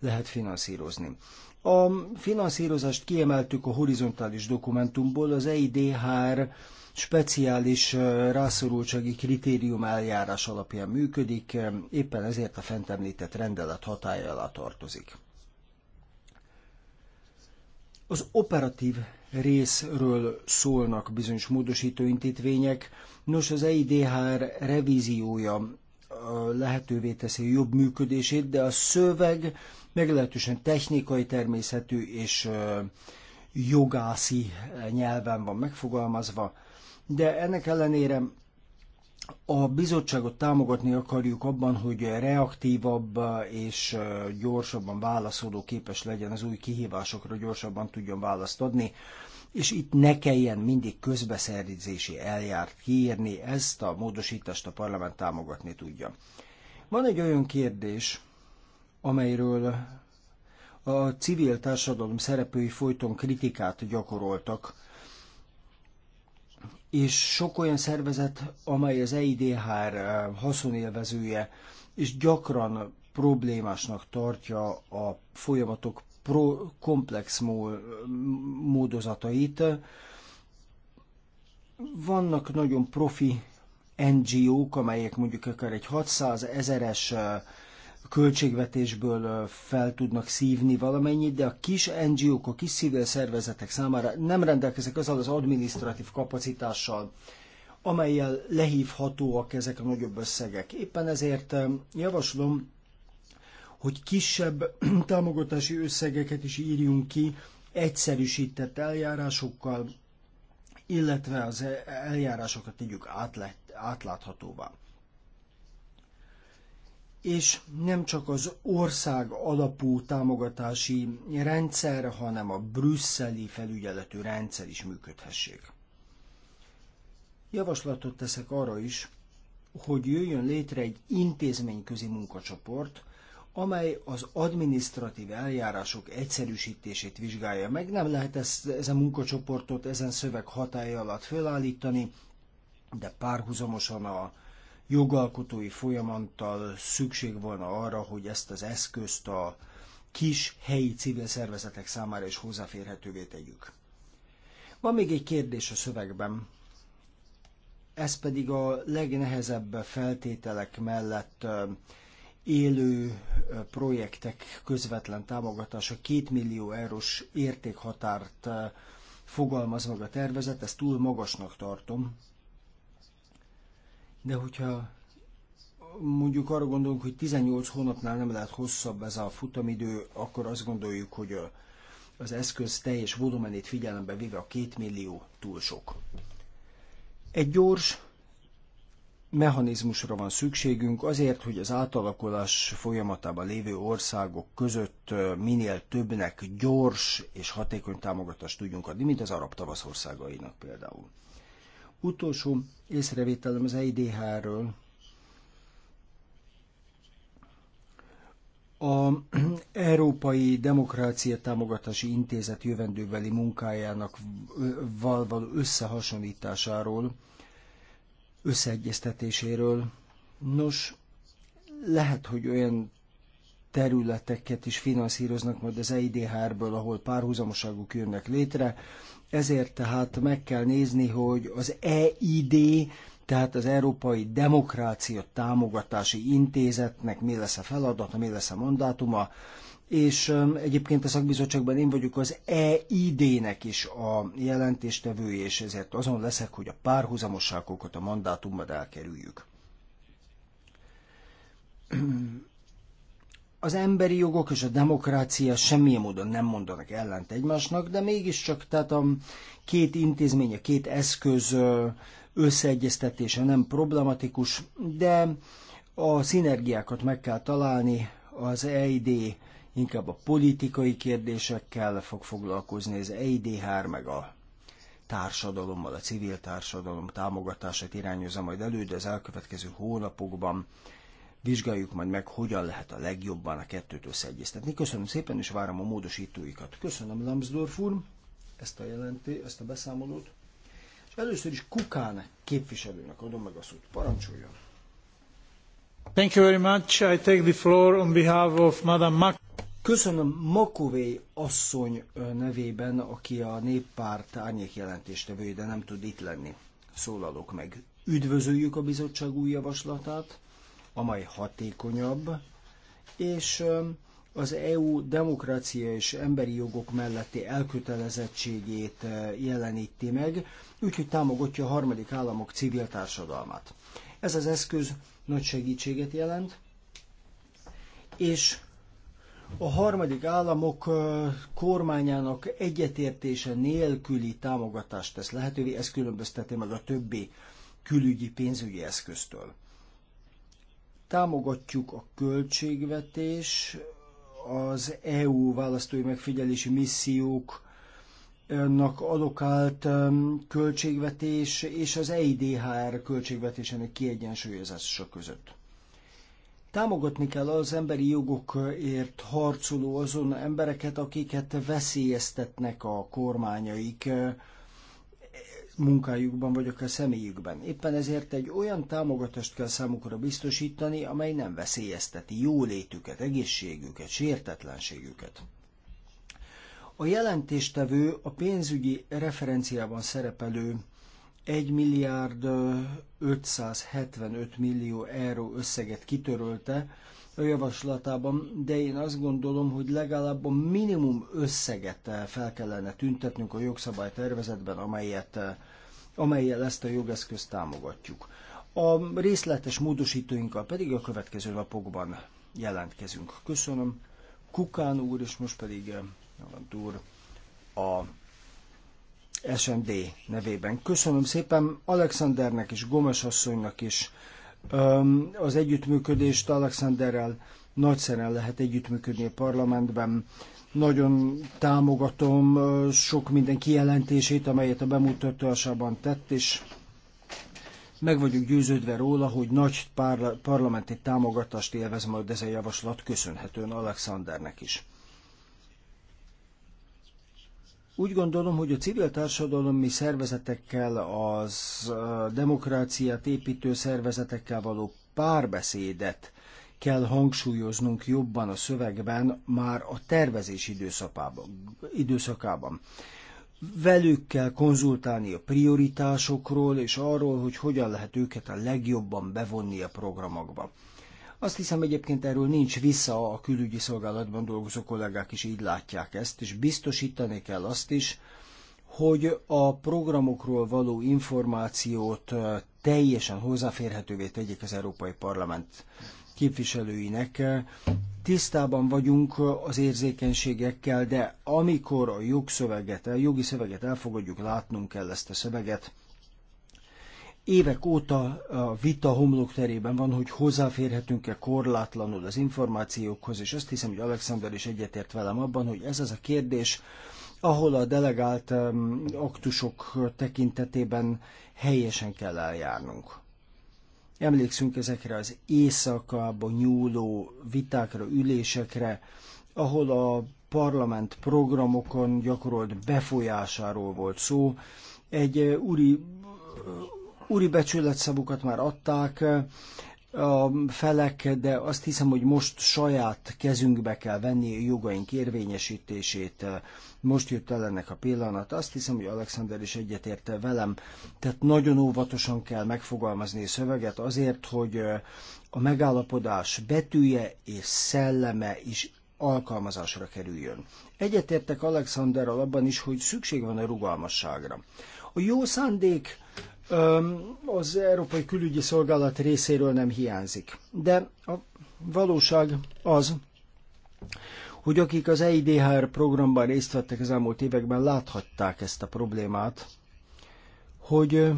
lehet finanszírozni. A finanszírozást kiemeltük a horizontális dokumentumból, az EIDHR speciális eh, rászorultsági kritérium eljárás alapján működik, eh, éppen ezért a fent említett rendelet hatája alá tartozik. Az operatív részről szólnak bizonyos módosító intézmények. Nos, az EIDHR revíziója lehetővé teszi a jobb működését, de a szöveg meglehetősen technikai természetű és jogászi nyelven van megfogalmazva, de ennek ellenére a bizottságot támogatni akarjuk abban, hogy reaktívabb és gyorsabban válaszoló képes legyen az új kihívásokra, gyorsabban tudjon választ adni, és itt ne kelljen mindig közbeszerzési eljárt kiírni, ezt a módosítást a parlament támogatni tudja. Van egy olyan kérdés, amelyről a civil társadalom szereplői folyton kritikát gyakoroltak, és sok olyan szervezet, amely az EIDHR eh, haszonélvezője, és gyakran problémásnak tartja a folyamatok pro komplex módozatait. Vannak nagyon profi NGO-k, amelyek mondjuk akár egy 600 ezeres eh, a költségvetésből fel tudnak szívni valamennyit, de a kis NGO-k, a kis civil szervezetek számára nem rendelkeznek azzal az administratív kapacitással, amelyel lehívhatóak ezek a nagyobb összegek. Éppen ezért javaslom, hogy kisebb (clears throat) támogatási összegeket is írjunk ki egyszerűsített eljárásokkal, illetve az e- eljárásokat tegyük átláthatóvá és nem csak az ország alapú támogatási rendszer, hanem a brüsszeli felügyeletű rendszer is működhessék. Javaslatot teszek arra is, hogy jöjjön létre egy intézményközi munkacsoport, amely az administratív eljárások egyszerűsítését vizsgálja meg. Nem lehet ezt, ezen munkacsoportot ezen szöveg hatája alatt felállítani, de párhuzamosan a jogalkotói folyamattal szükség volna arra, hogy ezt az eszközt a kis helyi civil szervezetek számára is hozzáférhetővé tegyük. Van még egy kérdés a szövegben, ez pedig a legnehezebb feltételek mellett élő projektek közvetlen támogatása 2 millió eurós értékhatárt fogalmaz meg a tervezet, ezt túl magasnak tartom. De hogyha mondjuk arra gondolunk, hogy 18 hónapnál nem lehet hosszabb ez a futamidő, akkor azt gondoljuk, hogy az eszköz teljes volumenét figyelembe véve a 2 millió túl sok. Egy gyors mechanizmusra van szükségünk azért, hogy az átalakulás folyamatában lévő országok között minél többnek gyors és hatékony támogatást tudjunk adni, mint az arab tavasz országainak például. Utolsó észrevételem az EIDH-ről. A Európai Demokrácia Támogatási Intézet jövendőbeli munkájának való összehasonlításáról, összeegyeztetéséről. Nos, lehet, hogy olyan területeket is finanszíroznak majd az EIDH-ből, ahol párhuzamoságok jönnek létre, ezért tehát meg kell nézni, hogy az EID, tehát az Európai Demokrácia Támogatási Intézetnek mi lesz a feladata, mi lesz a mandátuma, és egyébként a szakbizottságban én vagyok az EID-nek is a jelentéstevő, és ezért azon leszek, hogy a párhuzamosságokat a mandátumban elkerüljük az emberi jogok és a demokrácia semmilyen módon nem mondanak ellent egymásnak, de mégiscsak tehát a két intézmény, a két eszköz összeegyeztetése nem problematikus, de a szinergiákat meg kell találni, az EID inkább a politikai kérdésekkel fog foglalkozni, az EID3 meg a társadalommal, a civil társadalom támogatását irányozza majd elő, de az elkövetkező hónapokban vizsgáljuk majd meg, hogyan lehet a legjobban a kettőt összeegyeztetni. Köszönöm szépen, és várom a módosítóikat. Köszönöm Lambsdorff úr ezt a jelenti, ezt a beszámolót. És először is Kukán képviselőnek adom meg a szót. Parancsoljon! Thank you very much. I take the floor on behalf of Madame Mac Köszönöm Makové asszony nevében, aki a néppárt árnyék jelentéstevője, de nem tud itt lenni. Szólalok meg. Üdvözöljük a bizottság új javaslatát, amely hatékonyabb, és az EU demokrácia és emberi jogok melletti elkötelezettségét jeleníti meg, úgyhogy támogatja a harmadik államok civil társadalmát. Ez az eszköz nagy segítséget jelent, és a harmadik államok kormányának egyetértése nélküli támogatást tesz lehetővé, ez különbözteti meg a többi külügyi pénzügyi eszköztől. Támogatjuk a költségvetés, az EU választói megfigyelési missziók nak adokált um, költségvetés és az EIDHR költségvetésének kiegyensúlyozása között. Támogatni kell az emberi jogokért harcoló azon embereket, akiket veszélyeztetnek a kormányaik, munkájukban, vagy akár személyükben. Éppen ezért egy olyan támogatást kell számukra biztosítani, amely nem veszélyezteti jólétüket, egészségüket, sértetlenségüket. A jelentéstevő a pénzügyi referenciában szerepelő 1 milliárd 575 millió euró összeget kitörölte, javaslatában, de én azt gondolom, hogy legalább a minimum összeget eh, fel kellene tüntetnünk a jogszabálytervezetben, amelyet, eh, amelyel ezt a jogeszközt támogatjuk. A részletes módosítóinkkal pedig a következő napokban jelentkezünk. Köszönöm Kukán úr, és most pedig eh, úr a SMD nevében. Köszönöm szépen Alexandernek és Gomes asszonynak is az együttműködést Alexanderrel nagyszerűen lehet együttműködni a parlamentben. Nagyon támogatom sok minden kijelentését, amelyet a bemutatásában tett, és meg vagyunk győződve róla, hogy nagy parlamenti támogatást élvez majd ez a javaslat, köszönhetően Alexandernek is. Úgy gondolom, hogy a civil társadalomi szervezetekkel, az demokráciát építő szervezetekkel való párbeszédet kell hangsúlyoznunk jobban a szövegben, már a tervezés időszakában. időszakában. Velük kell konzultálni a prioritásokról és arról, hogy hogyan lehet őket a legjobban bevonni a programokba. Azt hiszem egyébként erről nincs vissza, a külügyi szolgálatban dolgozó kollégák is így látják ezt, és biztosítani kell azt is, hogy a programokról való információt teljesen hozzáférhetővé tegyék az Európai Parlament képviselőinek. Tisztában vagyunk az érzékenységekkel, de amikor a jogszöveget, a jogi szöveget elfogadjuk, látnunk kell ezt a szöveget, Évek óta a vita homlok terében van, hogy hozzáférhetünk-e korlátlanul az információkhoz, és azt hiszem, hogy Alexander is egyetért velem abban, hogy ez az a kérdés, ahol a delegált aktusok tekintetében helyesen kell eljárnunk. Emlékszünk ezekre az éjszakába nyúló vitákra, ülésekre, ahol a parlament programokon gyakorolt befolyásáról volt szó. Egy eh, úri úri becsületszavukat már adták a felek, de azt hiszem, hogy most saját kezünkbe kell venni a jogaink érvényesítését. Most jött el ennek a pillanat. Azt hiszem, hogy Alexander is egyetérte velem. Tehát nagyon óvatosan kell megfogalmazni a szöveget azért, hogy a megállapodás betűje és szelleme is alkalmazásra kerüljön. Egyetértek Alexanderral abban is, hogy szükség van a rugalmasságra. A jó szándék az Európai Külügyi Szolgálat részéről nem hiányzik. De a valóság az, hogy akik az EIDHR programban részt vettek az elmúlt években, láthatták ezt a problémát, hogy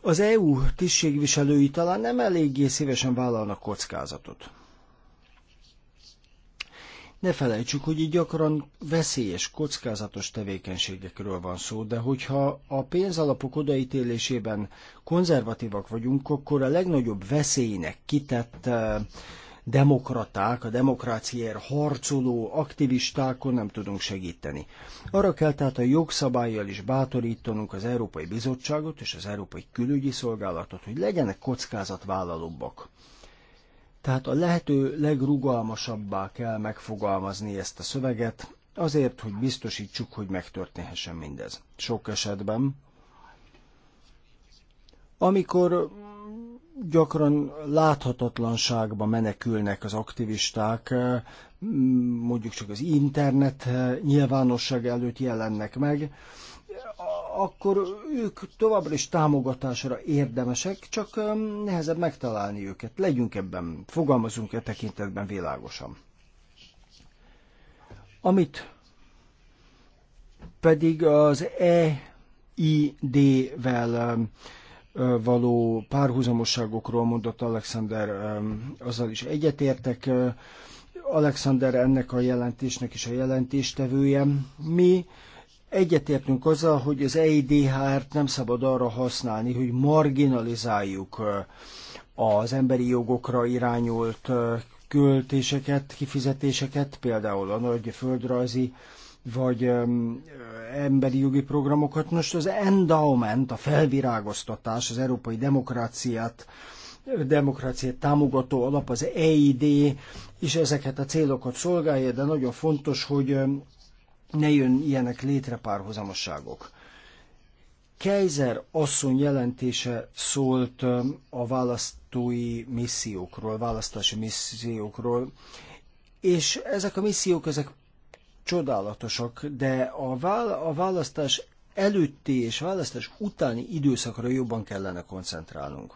az EU tisztségviselői talán nem eléggé szívesen vállalnak kockázatot. Ne felejtsük, hogy így gyakran veszélyes, kockázatos tevékenységekről van szó, de hogyha a pénzalapok odaítélésében konzervatívak vagyunk, akkor a legnagyobb veszélynek kitett eh, demokraták, a demokráciáért harcoló aktivistákon nem tudunk segíteni. Arra kell tehát a jogszabályjal is bátorítanunk az Európai Bizottságot és az Európai Külügyi Szolgálatot, hogy legyenek kockázatvállalóbbak. Tehát a lehető legrugalmasabbá kell megfogalmazni ezt a szöveget, azért, hogy biztosítsuk, hogy megtörténhessen mindez. Sok esetben, amikor gyakran láthatatlanságba menekülnek az aktivisták, mondjuk csak az internet nyilvánosság előtt jelennek meg, akkor ők továbbra is támogatásra érdemesek, csak nehezebb megtalálni őket. Legyünk ebben, fogalmazunk e tekintetben világosan. Amit pedig az EID-vel való párhuzamosságokról mondott Alexander, azzal is egyetértek. Alexander ennek a jelentésnek is a jelentéstevője. Mi Egyetértünk azzal, hogy az eidh t nem szabad arra használni, hogy marginalizáljuk az emberi jogokra irányult költéseket, kifizetéseket, például a nagy földrajzi vagy emberi jogi programokat. Most az endowment, a felvirágoztatás, az európai demokráciát, demokráciát támogató alap, az EID, és ezeket a célokat szolgálja, de nagyon fontos, hogy ne jön ilyenek létre párhuzamosságok. Kaiser asszony jelentése szólt a választói missziókról, választási missziókról, és ezek a missziók, ezek csodálatosak, de a, vála- a választás előtti és választás utáni időszakra jobban kellene koncentrálnunk.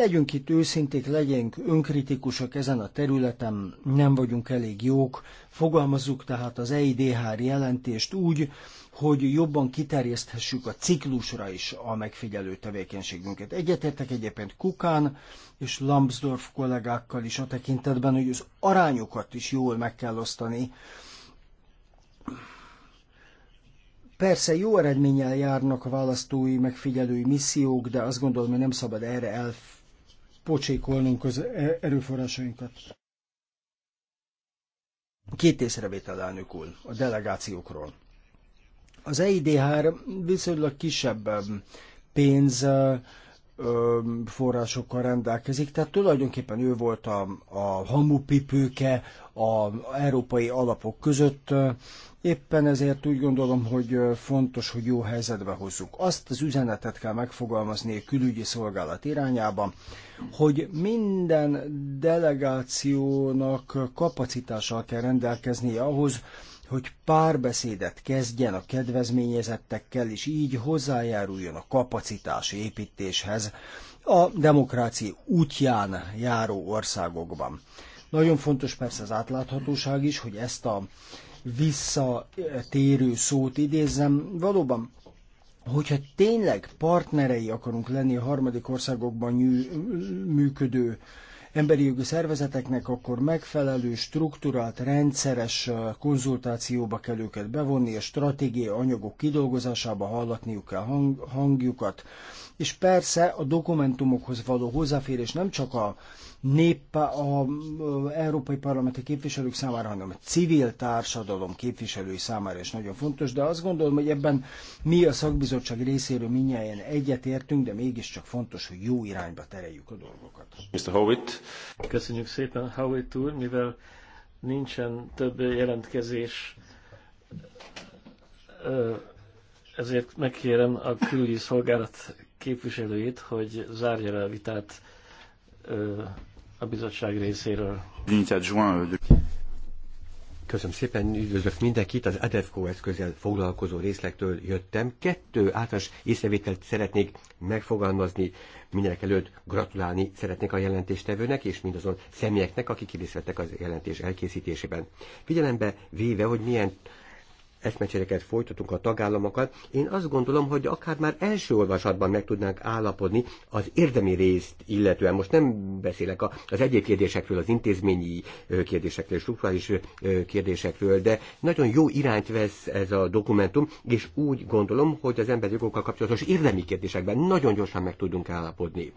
Legyünk itt őszinték, legyünk önkritikusak ezen a területen, nem vagyunk elég jók. Fogalmazzuk tehát az EIDH jelentést úgy, hogy jobban kiterjeszthessük a ciklusra is a megfigyelő tevékenységünket. Egyetértek egyébként Kukán és Lambsdorff kollégákkal is a tekintetben, hogy az arányokat is jól meg kell osztani. Persze jó eredménnyel járnak a választói megfigyelői missziók, de azt gondolom, hogy nem szabad erre elfelejteni pocsékolnunk az e- erőforrásainkat. Két észrevétel, elnök úr, a delegációkról. Az EIDH viszonylag kisebb pénz forrásokkal rendelkezik, tehát tulajdonképpen ő volt a, a hamupipőke a európai alapok között, Éppen ezért úgy gondolom, hogy fontos, hogy jó helyzetbe hozzuk. Azt az üzenetet kell megfogalmazni a külügyi szolgálat irányában, hogy minden delegációnak kapacitással kell rendelkeznie ahhoz, hogy párbeszédet kezdjen a kedvezményezettekkel, és így hozzájáruljon a kapacitás építéshez a demokrácia útján járó országokban. Nagyon fontos persze az átláthatóság is, hogy ezt a visszatérő szót idézem. Valóban, hogyha tényleg partnerei akarunk lenni a harmadik országokban működő emberi jogi szervezeteknek, akkor megfelelő, strukturált, rendszeres uh, konzultációba kell őket bevonni, és stratégiai anyagok kidolgozásába hallatniuk kell hang, hangjukat. És persze a dokumentumokhoz való hozzáférés nem csak a nép a európai parlamenti képviselők számára, hanem a civil társadalom képviselői számára is nagyon fontos, de azt gondolom, hogy ebben mi a szakbizottság részéről minnyáján egyetértünk, de mégiscsak fontos, hogy jó irányba tereljük a dolgokat. Mr. Howitt. Köszönjük szépen, Howitt úr, mivel nincsen több jelentkezés, ezért megkérem a külügyi szolgálat képviselőjét, hogy zárja le a vitát a bizottság részéről. Köszönöm szépen, üdvözlök mindenkit, az ADEFCO eszközzel foglalkozó részlektől jöttem. Kettő általános észrevételt szeretnék megfogalmazni, mindenek előtt gratulálni szeretnék a jelentéstevőnek, és mindazon személyeknek, akik részt vettek az jelentés elkészítésében. Figyelembe véve, hogy milyen eszmecsereket folytatunk a tagállamokat. Én azt gondolom, hogy akár már első olvasatban meg tudnánk állapodni az érdemi részt illetően. Most nem beszélek az egyéb kérdésekről, az intézményi kérdésekről, struktúrális kérdésekről, de nagyon jó irányt vesz ez a dokumentum, és úgy gondolom, hogy az emberi jogokkal kapcsolatos érdemi kérdésekben nagyon gyorsan meg tudunk állapodni.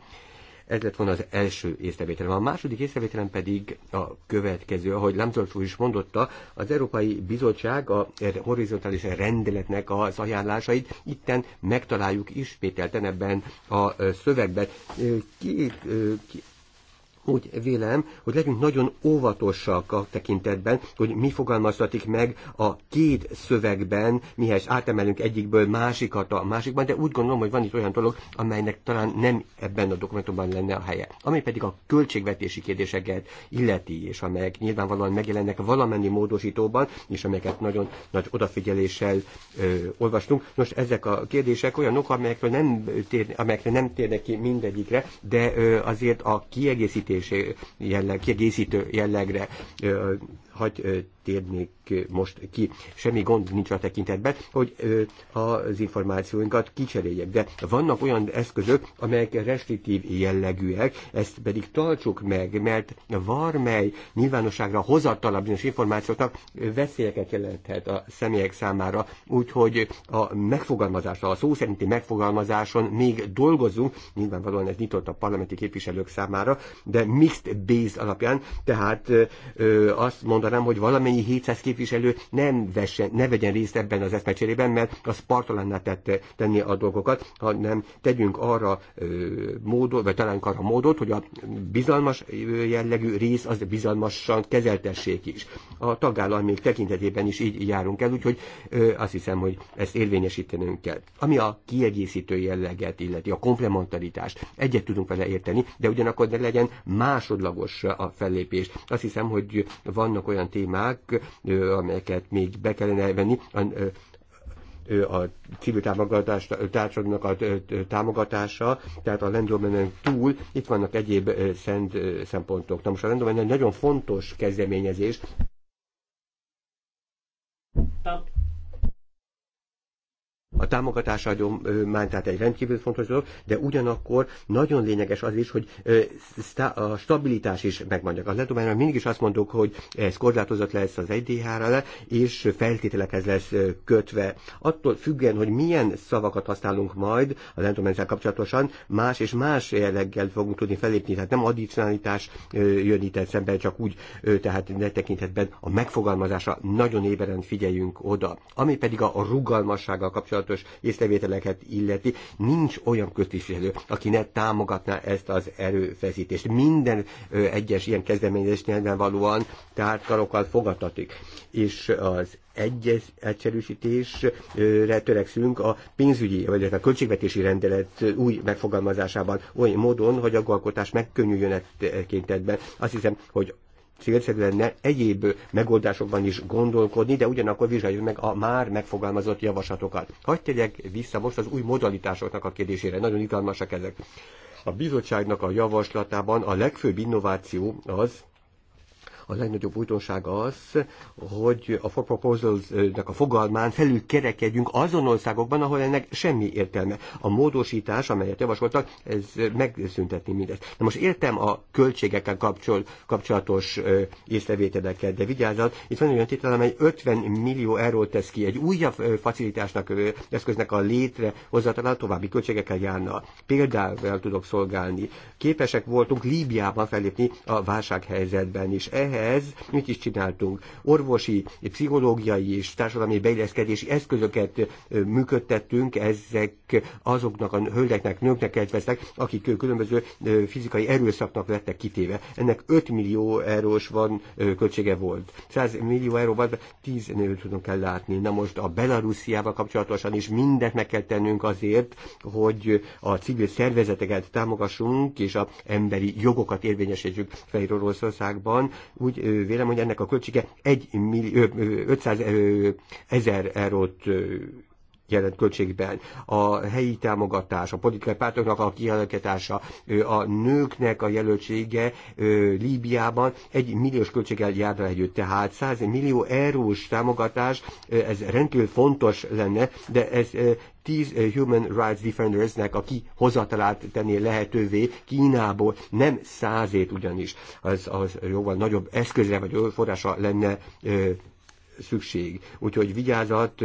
Ez lett volna az első észrevételem. A második észrevételem pedig a következő, ahogy Lamzolt is mondotta, az Európai Bizottság a horizontális rendeletnek az ajánlásait itten megtaláljuk ismételten ebben a szövegben. Két, úgy vélem, hogy legyünk nagyon óvatosak a tekintetben, hogy mi fogalmaztatik meg a két szövegben, mihez átemelünk egyikből másikat a másikban, de úgy gondolom, hogy van itt olyan dolog, amelynek talán nem ebben a dokumentumban lenne a helye. Ami pedig a költségvetési kérdéseket illeti, és amelyek nyilvánvalóan megjelennek valamennyi módosítóban, és amelyeket nagyon nagy odafigyeléssel ö, olvastunk. Nos, ezek a kérdések olyanok, amelyekre nem, tér, amelyekre nem térnek ki mindegyikre, de ö, azért a kiegészítés kiegészítő jellegre hagy térnék most ki. Semmi gond nincs a tekintetben, hogy az információinkat kicseréljek. De vannak olyan eszközök, amelyek restriktív jellegűek, ezt pedig tartsuk meg, mert varmely nyilvánosságra hozatala bizonyos információknak veszélyeket jelenthet a személyek számára. Úgyhogy a megfogalmazásra, a szó szerinti megfogalmazáson még dolgozunk, nyilvánvalóan ez nyitott a parlamenti képviselők számára, de mixed base alapján, tehát ö, azt mondanám, mondanám, hogy valamennyi 700 képviselő nem vesse ne vegyen részt ebben az eszmecserében, mert az partalanná tette, tenni a dolgokat, hanem tegyünk arra módot, vagy talán arra módot, hogy a bizalmas jellegű rész az bizalmasan kezeltessék is. A tagállamok tekintetében is így járunk el, úgyhogy azt hiszem, hogy ezt érvényesítenünk kell. Ami a kiegészítő jelleget illeti, a komplementaritást, egyet tudunk vele érteni, de ugyanakkor ne legyen másodlagos a fellépés. Azt hiszem, hogy vannak olyan témák, amelyeket még be kellene venni a civil társadalomnak a támogatása, tehát a landdomainen túl itt vannak egyéb szent szempontok. Na most a landdomainen nagyon fontos kezdeményezés, a támogatás adomány, tehát egy rendkívül fontos dolog, de ugyanakkor nagyon lényeges az is, hogy a stabilitás is megmondjak. Az adományra mindig is azt mondok, hogy ez korlátozott lesz az 1 ra le, és feltételekhez lesz kötve. Attól függően, hogy milyen szavakat használunk majd a lentományzál kapcsolatosan, más és más jelleggel fogunk tudni felépni, tehát nem addicionalitás jön itt szemben, csak úgy, tehát ne tekintetben a megfogalmazása nagyon éberen figyeljünk oda. Ami pedig a rugalmassággal kapcsolatos kapcsolatos észrevételeket illeti, nincs olyan köztisztviselő, aki ne támogatná ezt az erőfeszítést. Minden ö, egyes ilyen kezdeményezés valóan tárgykarokkal fogadtatik. És az egyes egyszerűsítésre törekszünk a pénzügyi, vagy a költségvetési rendelet új megfogalmazásában, oly módon, hogy a gondolkodás megkönnyüljön e tekintetben. Azt hiszem, hogy szükségesek lenne egyéb megoldásokban is gondolkodni, de ugyanakkor vizsgáljuk meg a már megfogalmazott javaslatokat. Hagyj tegyek vissza most az új modalitásoknak a kérdésére, nagyon izgalmasak ezek. A bizottságnak a javaslatában a legfőbb innováció az, a legnagyobb újdonság az, hogy a for proposals-nek a fogalmán felül kerekedjünk azon országokban, ahol ennek semmi értelme. A módosítás, amelyet javasoltak, ez megszüntetni mindezt. Na most értem a költségekkel kapcsol, kapcsolatos észrevételeket, de vigyázzat, itt van olyan tétel, amely 50 millió eurót tesz ki. Egy újabb facilitásnak, eszköznek a létre hozzátalál, további költségekkel járna. Példával tudok szolgálni. Képesek voltunk Líbiában felépni a válsághelyzetben is. Ehhez ez, mit is csináltunk? Orvosi, pszichológiai és társadalmi beilleszkedési eszközöket működtettünk, ezek azoknak a hölgyeknek, nőknek kedveznek, akik különböző fizikai erőszaknak lettek kitéve. Ennek 5 millió eurós van költsége volt. 100 millió euró van, 10 nőt tudunk kell látni. Na most a Belarusziával kapcsolatosan is mindent meg kell tennünk azért, hogy a civil szervezeteket támogassunk, és a emberi jogokat érvényesítsük Fehér Oroszországban úgy vélem, hogy ennek a költsége 1 millió, 500 ezer eurót jelent költségben, a helyi támogatás, a politikai pártoknak a kialakítása, a nőknek a jelöltsége Líbiában egy milliós költséggel járna együtt. Tehát 100 millió eurós támogatás, ez rendkívül fontos lenne, de ez 10 Human Rights Defendersnek a kihozatalát tenni lehetővé Kínából, nem százét ugyanis, az, az jóval nagyobb eszközre vagy forrása lenne szükség. Úgyhogy vigyázat,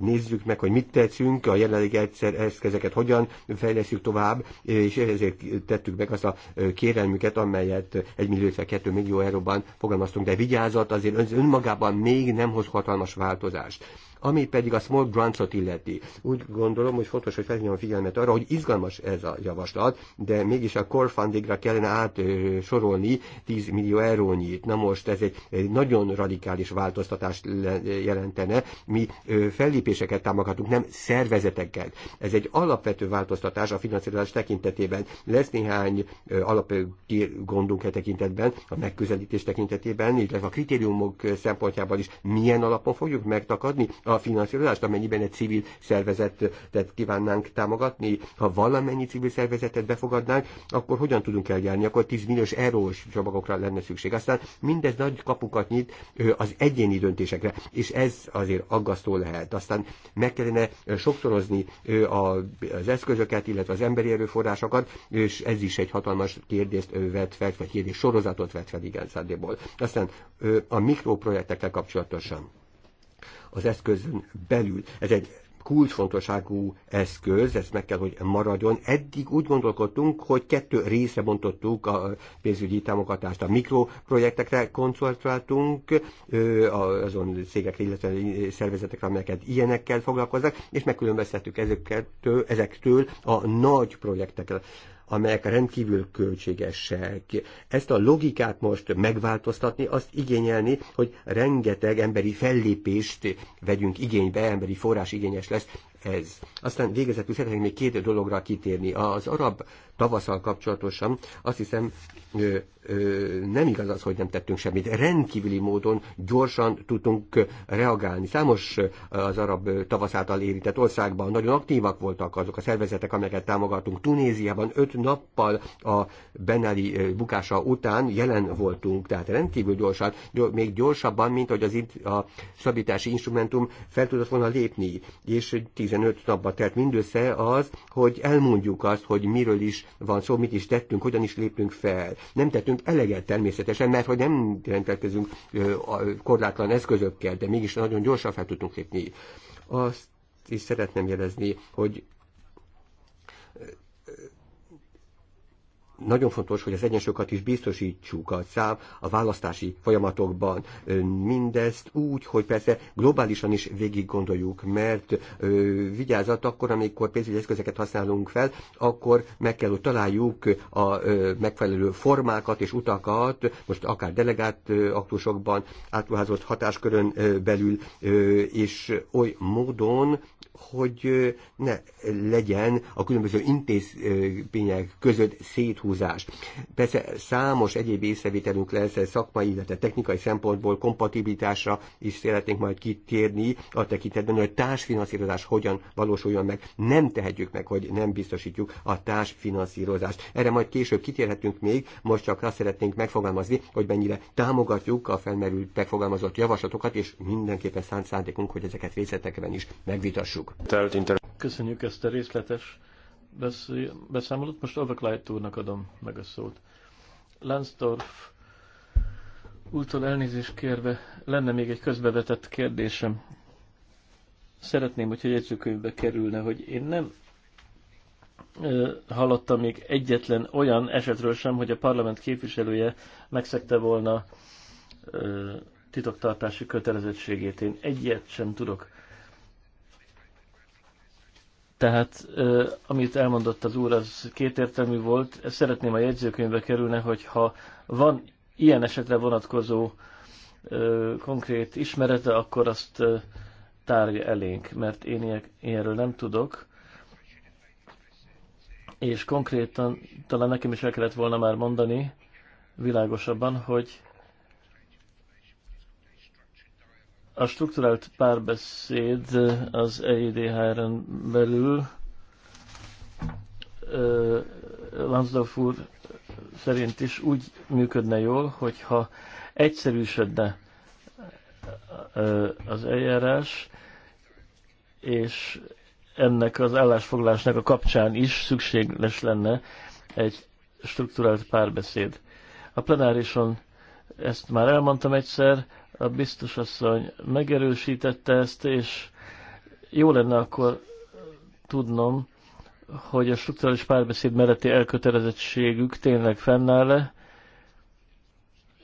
nézzük meg, hogy mit tetszünk, a jelenlegi egyszer eszközeket hogyan fejleszünk tovább, és ezért tettük meg azt a kérelmüket, amelyet 1 millió 2 millió euróban fogalmaztunk, de vigyázat azért önmagában még nem hoz hatalmas változást ami pedig a small grantsot illeti. Úgy gondolom, hogy fontos, hogy felhívjam a figyelmet arra, hogy izgalmas ez a javaslat, de mégis a core fundingra kellene átsorolni 10 millió eurónyit. Na most ez egy, egy nagyon radikális változtatást jelentene. Mi fellépéseket támogatunk, nem szervezeteket. Ez egy alapvető változtatás a finanszírozás tekintetében. Lesz néhány gondunk e tekintetben, a megközelítés tekintetében, illetve a kritériumok szempontjából is milyen alapon fogjuk megtakadni a a finanszírozást, amennyiben egy civil szervezetet kívánnánk támogatni. Ha valamennyi civil szervezetet befogadnánk, akkor hogyan tudunk eljárni? Akkor 10 milliós eurós csomagokra lenne szükség. Aztán mindez nagy kapukat nyit az egyéni döntésekre, és ez azért aggasztó lehet. Aztán meg kellene sokszorozni az eszközöket, illetve az emberi erőforrásokat, és ez is egy hatalmas kérdést vett fel, vagy kérdés sorozatot vett fel, igen, szándéból. Aztán a mikroprojektekkel kapcsolatosan az eszközön belül. Ez egy kulcsfontosságú eszköz, ezt meg kell, hogy maradjon. Eddig úgy gondolkodtunk, hogy kettő részre bontottuk a pénzügyi támogatást. A mikroprojektekre koncentráltunk, azon cégekre, illetve szervezetekre, amelyeket ilyenekkel foglalkoznak, és megkülönböztettük ezeket, ezektől a nagy projektekre amelyek rendkívül költségesek. Ezt a logikát most megváltoztatni, azt igényelni, hogy rengeteg emberi fellépést vegyünk igénybe, emberi forrás igényes lesz ez. Aztán végezetül szeretnék még két dologra kitérni. Az arab tavaszal kapcsolatosan azt hiszem nem igaz az, hogy nem tettünk semmit. Rendkívüli módon gyorsan tudtunk reagálni. Számos az arab tavasz által érintett országban nagyon aktívak voltak azok a szervezetek, amelyeket támogatunk. Tunéziában öt nappal a Benali bukása után jelen voltunk, tehát rendkívül gyorsan, még gyorsabban, mint hogy az a szabítási instrumentum fel tudott volna lépni, és 15 napba telt mindössze az, hogy elmondjuk azt, hogy miről is van szó, mit is tettünk, hogyan is léptünk fel. Nem tettünk nekünk eleget természetesen, mert hogy nem rendelkezünk korlátlan eszközökkel, de mégis nagyon gyorsan fel tudunk lépni. Azt is szeretném jelezni, hogy nagyon fontos, hogy az egyensúlyokat is biztosítsuk a szám a választási folyamatokban. Mindezt úgy, hogy persze globálisan is végig gondoljuk, mert vigyázat akkor, amikor pénzügyi eszközeket használunk fel, akkor meg kell, hogy találjuk a megfelelő formákat és utakat, most akár delegált aktusokban, átruházott hatáskörön belül, és oly módon, hogy ne legyen a különböző intézmények között széthúzás. Persze számos egyéb észrevételünk lesz szakmai, illetve technikai szempontból kompatibilitásra is szeretnénk majd kitérni a tekintetben, hogy a társfinanszírozás hogyan valósuljon meg. Nem tehetjük meg, hogy nem biztosítjuk a társfinanszírozást. Erre majd később kitérhetünk még, most csak azt szeretnénk megfogalmazni, hogy mennyire támogatjuk a felmerült megfogalmazott javaslatokat, és mindenképpen szánt szándékunk, hogy ezeket részletekben is megvitassuk megvitassuk. Köszönjük ezt a részletes beszámolót. Most Overclight úrnak adom meg a szót. Lansdorf úrtól elnézést kérve, lenne még egy közbevetett kérdésem. Szeretném, hogyha jegyzőkönyvbe kerülne, hogy én nem hallottam még egyetlen olyan esetről sem, hogy a parlament képviselője megszegte volna titoktartási kötelezettségét. Én egyet sem tudok. Tehát amit elmondott az úr, az kétértelmű volt. Szeretném a jegyzőkönyvbe kerülne, hogyha van ilyen esetre vonatkozó konkrét ismerete, akkor azt tárja elénk, mert én ilyenről nem tudok. És konkrétan talán nekem is el kellett volna már mondani világosabban, hogy A strukturált párbeszéd az EIDHR-en belül Lanzdorf úr szerint is úgy működne jól, hogyha egyszerűsödne az eljárás, és ennek az állásfoglalásnak a kapcsán is szükséges lenne egy strukturált párbeszéd. A plenárison ezt már elmondtam egyszer, a biztos asszony megerősítette ezt, és jó lenne akkor tudnom, hogy a strukturális párbeszéd melletti elkötelezettségük tényleg fennáll-e.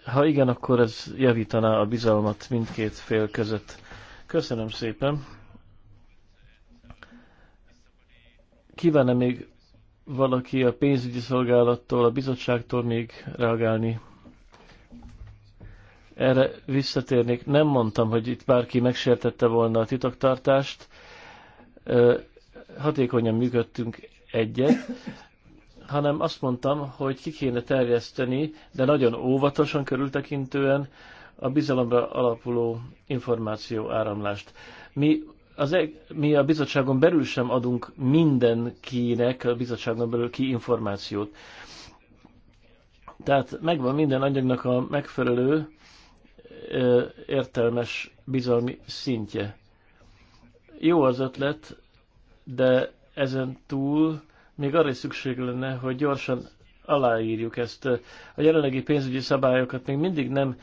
Ha igen, akkor ez javítaná a bizalmat mindkét fél között. Köszönöm szépen. Kívánne még valaki a pénzügyi szolgálattól, a bizottságtól még reagálni? erre visszatérnék. Nem mondtam, hogy itt bárki megsértette volna a titoktartást. Hatékonyan működtünk egyet, hanem azt mondtam, hogy ki kéne terjeszteni, de nagyon óvatosan, körültekintően a bizalomra alapuló információ áramlást. Mi az, e- mi a bizottságon belül sem adunk mindenkinek a bizottságon belül ki információt. Tehát megvan minden anyagnak a megfelelő értelmes bizalmi szintje. Jó az ötlet, de ezen túl még arra is szükség lenne, hogy gyorsan aláírjuk ezt. A jelenlegi pénzügyi szabályokat még mindig nem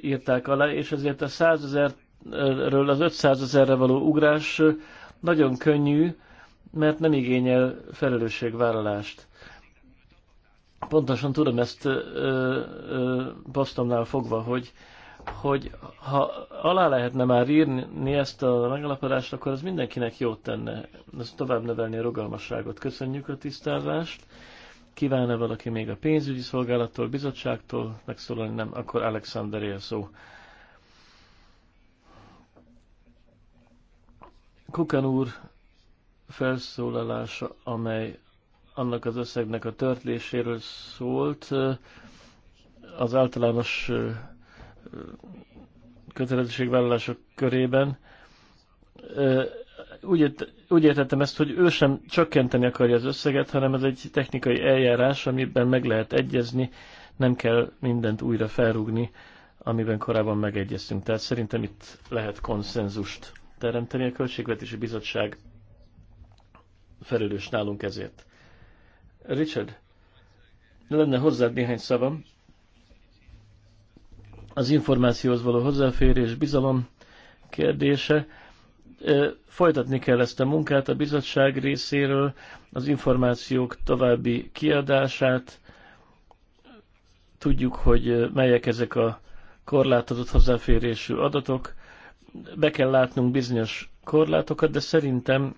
írták alá, és ezért a 100 ezerről az 500 ezerre való ugrás nagyon könnyű, mert nem igényel felelősségvállalást pontosan tudom ezt basztomnál fogva, hogy, hogy ha alá lehetne már írni ezt a megalapodást, akkor az mindenkinek jót tenne. Ez tovább növelni a rugalmasságot. Köszönjük a tisztázást. Kívánna valaki még a pénzügyi szolgálattól, bizottságtól megszólalni? Nem, akkor Alexander él szó. Kukan úr felszólalása, amely annak az összegnek a törtléséről szólt, az általános kötelezettségvállalások körében. Úgy, úgy értettem ezt, hogy ő sem csökkenteni akarja az összeget, hanem ez egy technikai eljárás, amiben meg lehet egyezni, nem kell mindent újra felrúgni, amiben korábban megegyeztünk. Tehát szerintem itt lehet konszenzust teremteni. A Költségvetési Bizottság felelős nálunk ezért. Richard, lenne hozzád néhány szavam. Az információhoz való hozzáférés, bizalom kérdése. Folytatni kell ezt a munkát a bizottság részéről, az információk további kiadását. Tudjuk, hogy melyek ezek a korlátozott hozzáférésű adatok. Be kell látnunk bizonyos korlátokat, de szerintem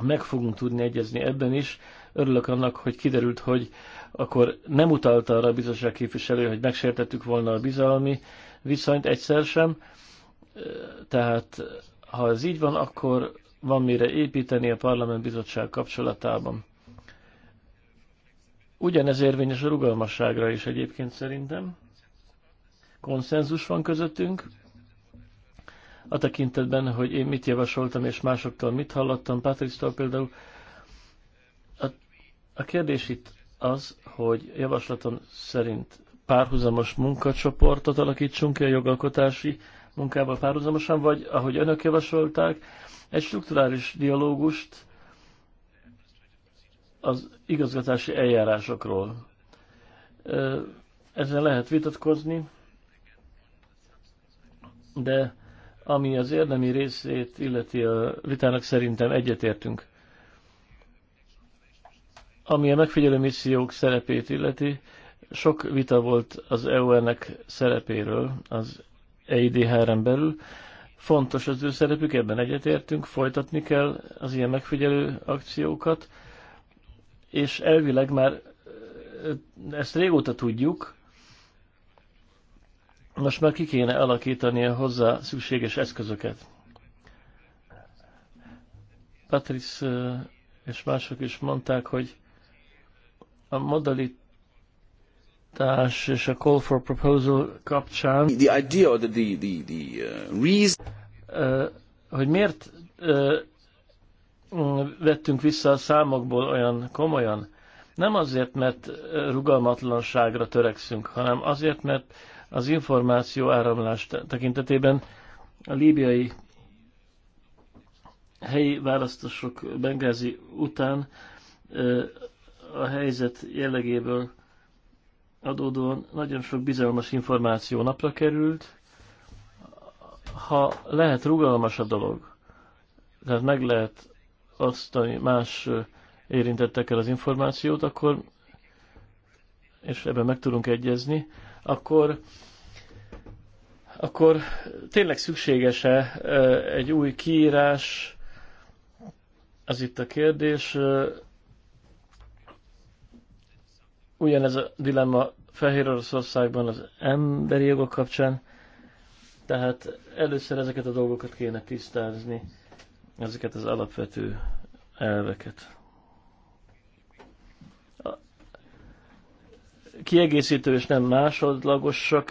meg fogunk tudni egyezni ebben is, Örülök annak, hogy kiderült, hogy akkor nem utalta arra a bizottság képviselő, hogy megsértettük volna a bizalmi viszonyt egyszer sem. Tehát ha ez így van, akkor van mire építeni a parlament bizottság kapcsolatában. Ugyanez érvényes a rugalmasságra is egyébként szerintem. Konszenzus van közöttünk. A tekintetben, hogy én mit javasoltam és másoktól mit hallottam, Patrisztól például, a kérdés itt az, hogy javaslaton szerint párhuzamos munkacsoportot alakítsunk ki a jogalkotási munkával párhuzamosan, vagy ahogy önök javasolták, egy strukturális dialógust az igazgatási eljárásokról. Ezzel lehet vitatkozni, de ami az érdemi részét illeti a vitának szerintem egyetértünk. Ami a megfigyelő missziók szerepét illeti, sok vita volt az EU-nek szerepéről az EIDHR-en belül. Fontos az ő szerepük, ebben egyetértünk, folytatni kell az ilyen megfigyelő akciókat, és elvileg már ezt régóta tudjuk, most már ki kéne alakítani a hozzá szükséges eszközöket. Patrice és mások is mondták, hogy a modalitás és a call for proposal kapcsán the idea or the, the, the, the uh, reason uh, hogy miért uh, vettünk vissza a számokból olyan komolyan. Nem azért, mert rugalmatlanságra törekszünk, hanem azért, mert az információ áramlás tekintetében a líbiai helyi választások Bengázi után a helyzet jellegéből adódóan nagyon sok bizalmas információ napra került. Ha lehet rugalmas a dolog, tehát meg lehet azt, ami más el az információt, akkor, és ebben meg tudunk egyezni, akkor, akkor tényleg szükséges-e egy új kiírás, az itt a kérdés, ugyanez a dilemma Fehér Oroszországban az emberi jogok kapcsán, tehát először ezeket a dolgokat kéne tisztázni, ezeket az alapvető elveket. A kiegészítő és nem másodlagosak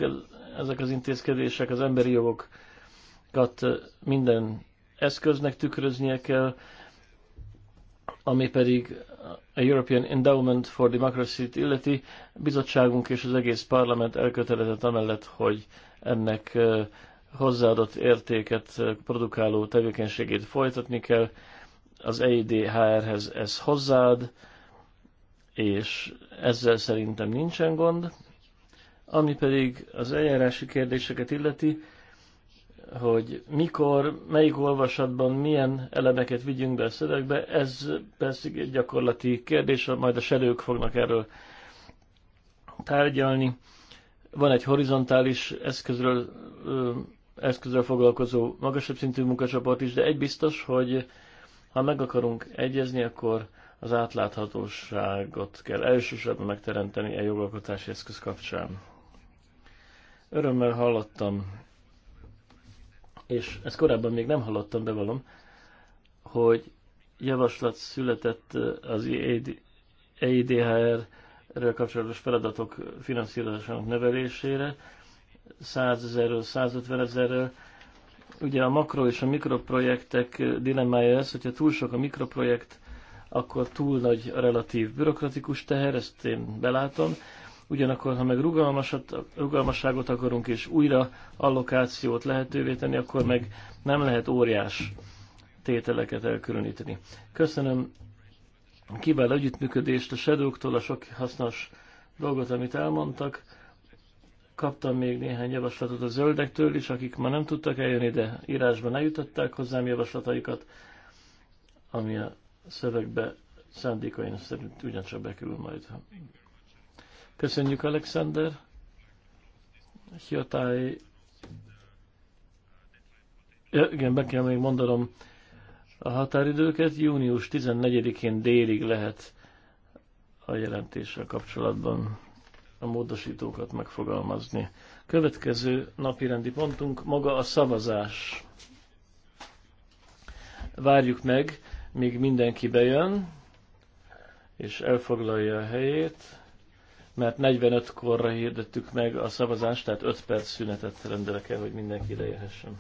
ezek az intézkedések, az emberi jogokat minden eszköznek tükröznie kell, ami pedig a European Endowment for Democracy-t illeti, bizottságunk és az egész parlament elkötelezett amellett, hogy ennek hozzáadott értéket produkáló tevékenységét folytatni kell. Az EIDHR-hez ez hozzáad, és ezzel szerintem nincsen gond. Ami pedig az eljárási kérdéseket illeti, hogy mikor, melyik olvasatban milyen elemeket vigyünk be a szövegbe, ez persze egy gyakorlati kérdés, majd a serők fognak erről tárgyalni. Van egy horizontális eszközről, eszközről foglalkozó magasabb szintű munkacsoport is, de egy biztos, hogy ha meg akarunk egyezni, akkor az átláthatóságot kell elsősorban megteremteni a jogalkotási eszköz kapcsán. Örömmel hallottam és ezt korábban még nem hallottam, bevallom, hogy javaslat született az EIDHR-ről e kapcsolatos feladatok finanszírozásának nevelésére 100 ezerről, 150 ezerről. Ugye a makro és a mikroprojektek dilemmája ez, hogyha túl sok a mikroprojekt, akkor túl nagy a relatív bürokratikus teher, ezt én belátom, Ugyanakkor, ha meg rugalmasat, rugalmasságot akarunk és újra allokációt lehetővé tenni, akkor meg nem lehet óriás tételeket elkülöníteni. Köszönöm a kiváló együttműködést a Shadowktól, a sok hasznos dolgot, amit elmondtak. Kaptam még néhány javaslatot a zöldektől is, akik már nem tudtak eljönni, de írásban eljutották hozzám javaslataikat, ami a szövegbe szándékaim szerint ugyancsak bekerül majd, Köszönjük, Alexander. Hiatály. Ja, igen, be kell még mondanom a határidőket. Június 14-én délig lehet a jelentéssel kapcsolatban a módosítókat megfogalmazni. Következő napirendi pontunk maga a szavazás. Várjuk meg, míg mindenki bejön, és elfoglalja a helyét mert 45-korra hirdettük meg a szavazást, tehát 5 perc szünetet rendelek el, hogy mindenki idejehessen.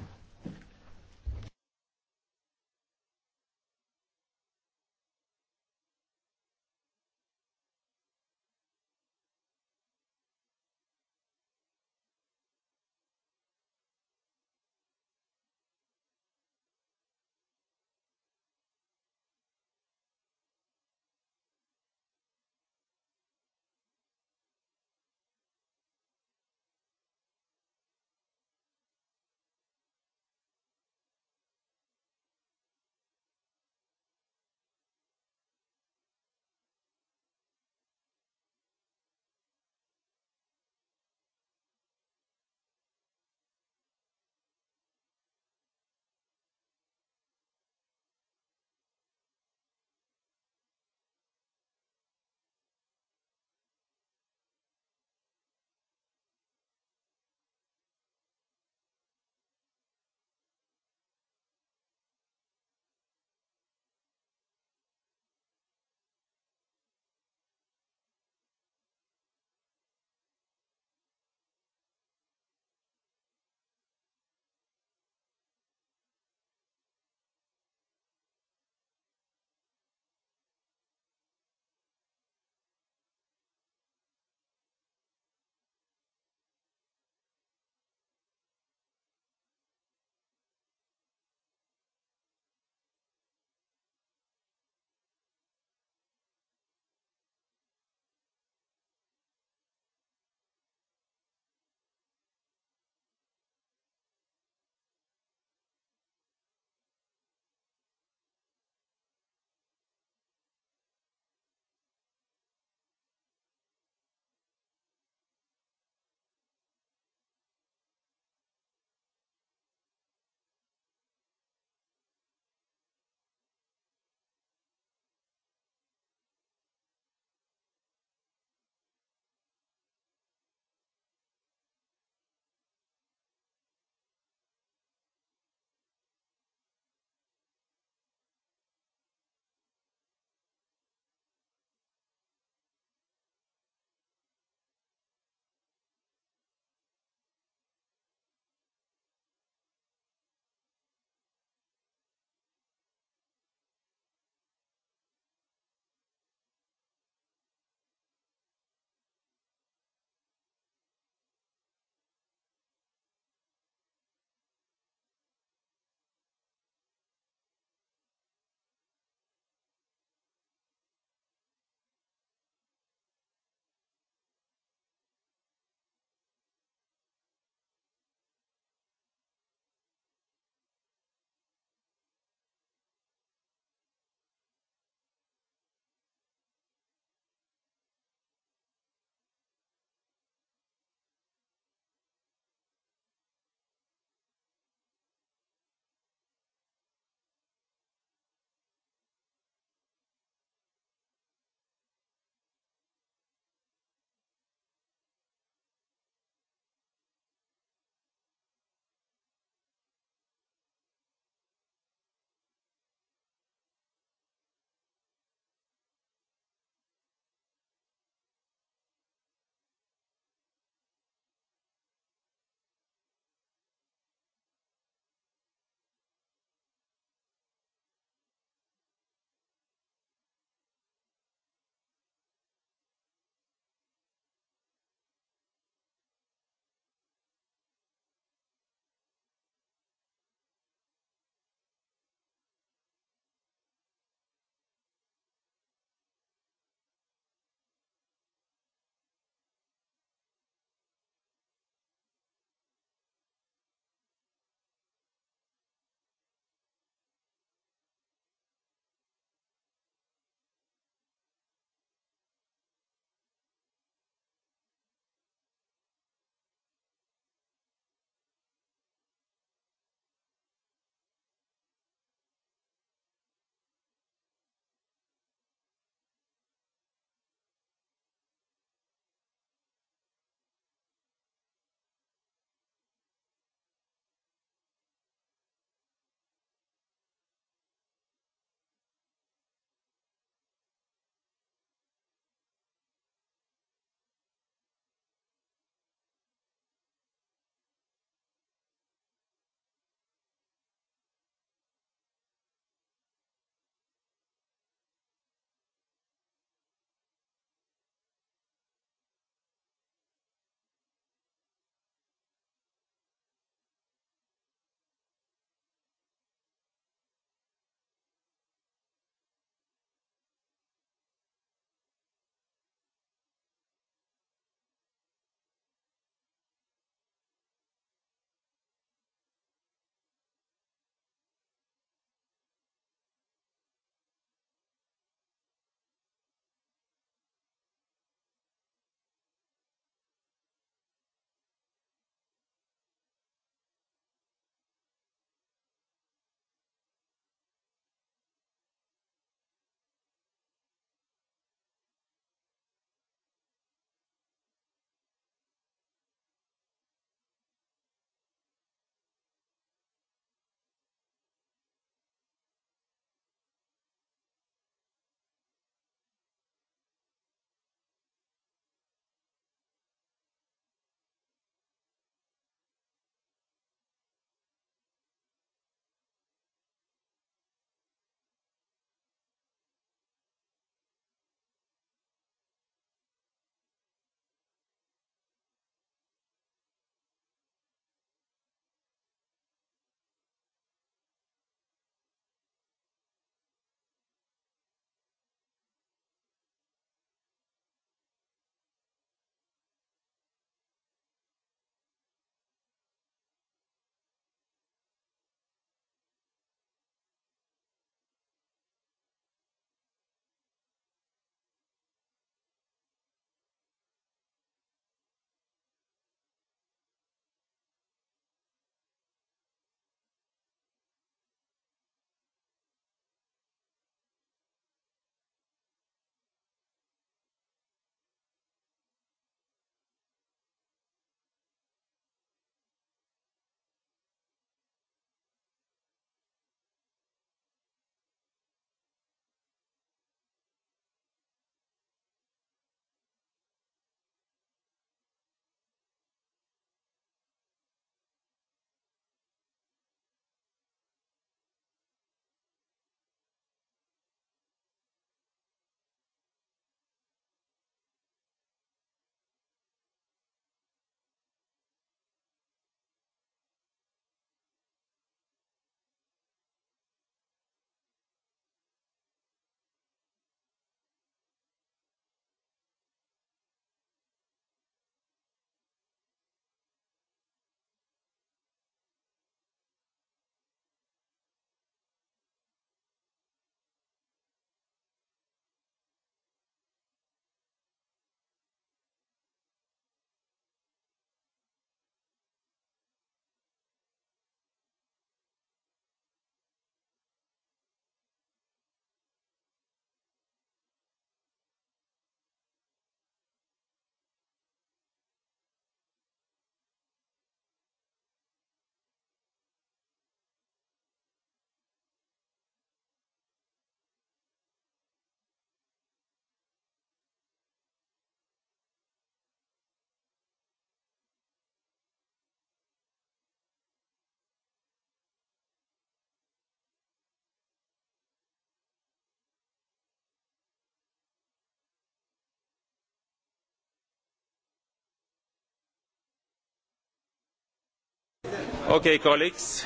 Okay, colleagues.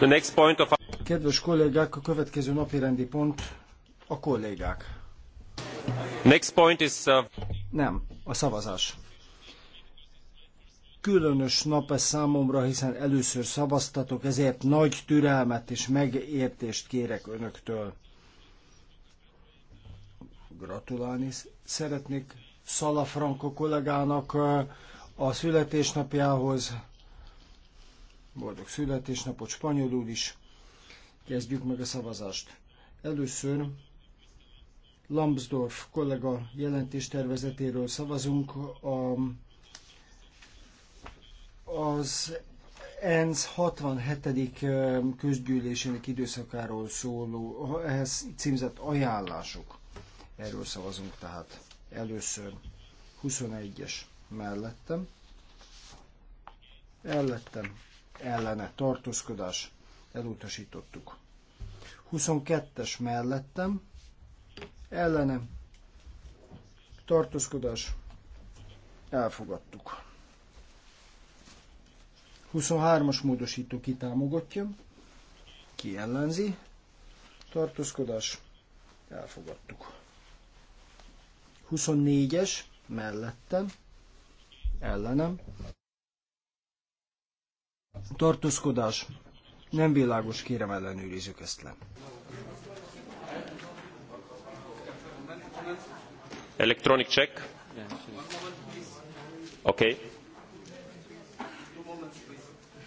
The next point of... Kedves kollégák, a következő napi rendi pont a kollégák. Next point is... Uh, Nem, a szavazás. Különös nap ez számomra, hiszen először szavaztatok, ezért nagy türelmet és megértést kérek önöktől. Gratulálni szeretnék Szalafranko kollégának uh, a születésnapjához boldog születésnapot spanyolul is. Kezdjük meg a szavazást. Először Lambsdorff kollega jelentéstervezetéről szavazunk. A, az ENSZ 67. közgyűlésének időszakáról szóló, ehhez címzett ajánlások. Erről szavazunk tehát először 21-es mellettem, ellettem, ellene tartózkodás elutasítottuk. 22-es mellettem ellenem tartózkodás elfogadtuk. 23-as módosító kitámogatja, ki ellenzi, tartózkodás elfogadtuk. 24-es mellettem ellenem Tartózkodás. Nem világos, kérem ellenőrizzük ezt le. Electronic check. Okay.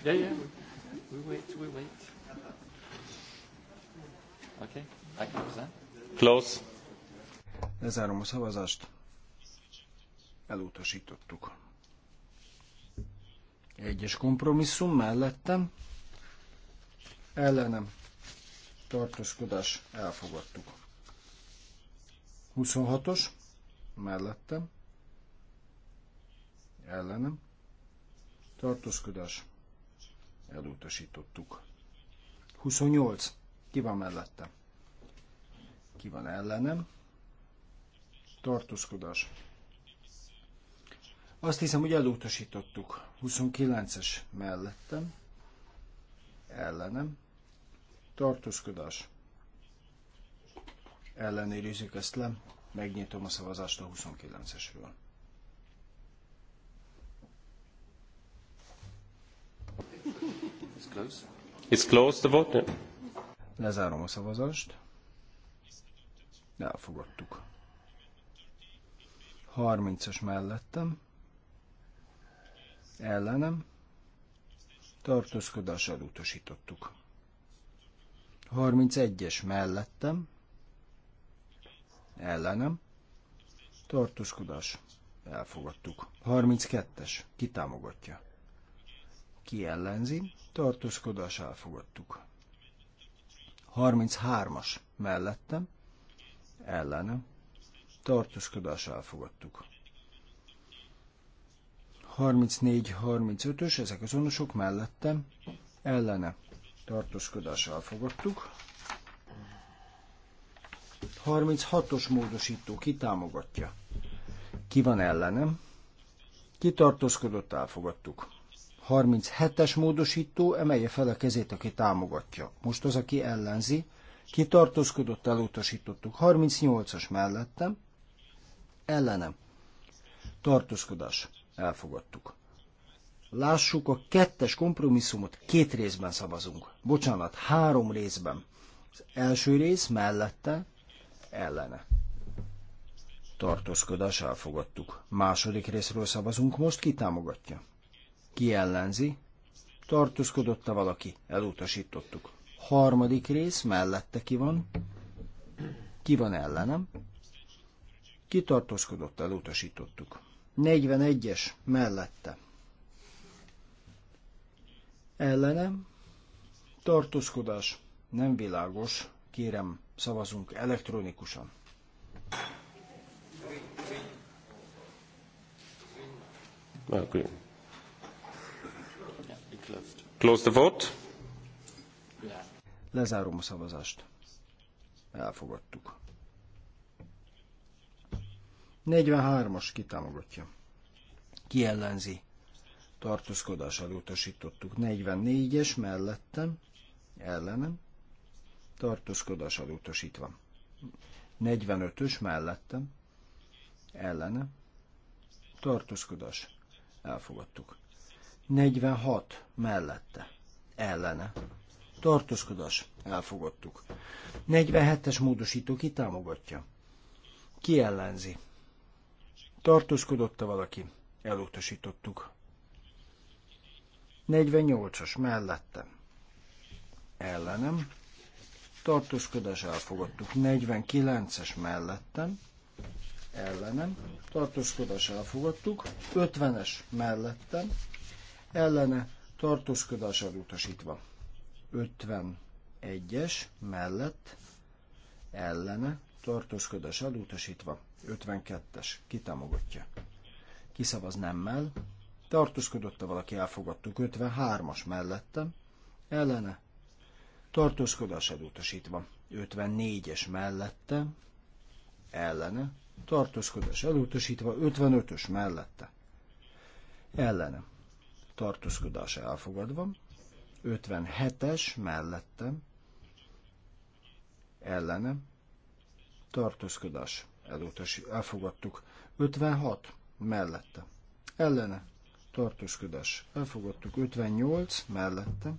Yeah, yeah. We wait, we wait. Okay. I close Close. Lezárom a szavazást. Elutasítottuk. Egyes kompromisszum mellettem, ellenem, tartózkodás, elfogadtuk. 26-os, mellettem, ellenem, tartózkodás, elutasítottuk. 28, ki van mellettem? Ki van ellenem? Tartózkodás, azt hiszem, hogy elutasítottuk. 29-es mellettem. Ellenem. Tartózkodás. Ellenőrizzük ezt le. Megnyitom a szavazást a 29-esről. It's closed. It's closed the vote. Lezárom a szavazást. Elfogadtuk. 30-as mellettem ellenem, tartózkodással utasítottuk. 31-es mellettem, ellenem, tartózkodás, elfogadtuk. 32-es, kitámogatja. Ki ellenzi, tartózkodás, elfogadtuk. 33-as, mellettem, ellenem, tartózkodás, elfogadtuk. 34-35-ös, ezek azonosok mellette, ellene tartózkodással fogadtuk. 36-os módosító ki támogatja? Ki van ellenem? Ki tartózkodott, elfogadtuk. 37-es módosító emelje fel a kezét, aki támogatja. Most az, aki ellenzi, ki tartózkodott, elutasítottuk. 38-as mellettem, ellenem. Tartózkodás. Elfogadtuk. Lássuk a kettes kompromisszumot, két részben szavazunk. Bocsánat, három részben. Az első rész mellette, ellene. Tartózkodás elfogadtuk. Második részről szavazunk, most ki támogatja? Ki ellenzi? Tartózkodott-e valaki? Elutasítottuk. Harmadik rész, mellette ki van? Ki van ellenem? Ki tartózkodott? Elutasítottuk. 41-es mellette. Ellenem. Tartózkodás. Nem világos. Kérem, szavazunk elektronikusan. Okay. Close the vote. Lezárom a szavazást. Elfogadtuk. 43-as kitámogatja. Ki ellenzi? Tartózkodás elutasítottuk. 44-es mellettem, ellenem. Tartózkodás elutasítva. 45-ös mellettem, ellene. Tartózkodás. Elfogadtuk. 46 mellette, ellene. Tartózkodás. Elfogadtuk. 47-es módosító kitámogatja. Ki ellenzi? Tartózkodott-e valaki? Elutasítottuk. 48-as mellette. Ellenem. Tartózkodás elfogadtuk. 49-es mellettem. Ellenem. Tartózkodás elfogadtuk. 50-es mellettem. Ellene. Tartózkodás elutasítva. 51-es mellett. Ellene. Tartózkodás elutasítva. 52-es. kitámogatja. Kiszavaz nemmel. Tartózkodott-e valaki? Elfogadtuk. 53-as mellettem. Ellene. Tartózkodás elutasítva. 54-es mellette. Ellene. Tartózkodás elutasítva. 55-ös mellette. Ellene. Tartózkodás elfogadva. 57-es mellettem. Ellene. Tartózkodás is elfogadtuk. 56 mellette. Ellene tartózkodás. Elfogadtuk 58 mellette.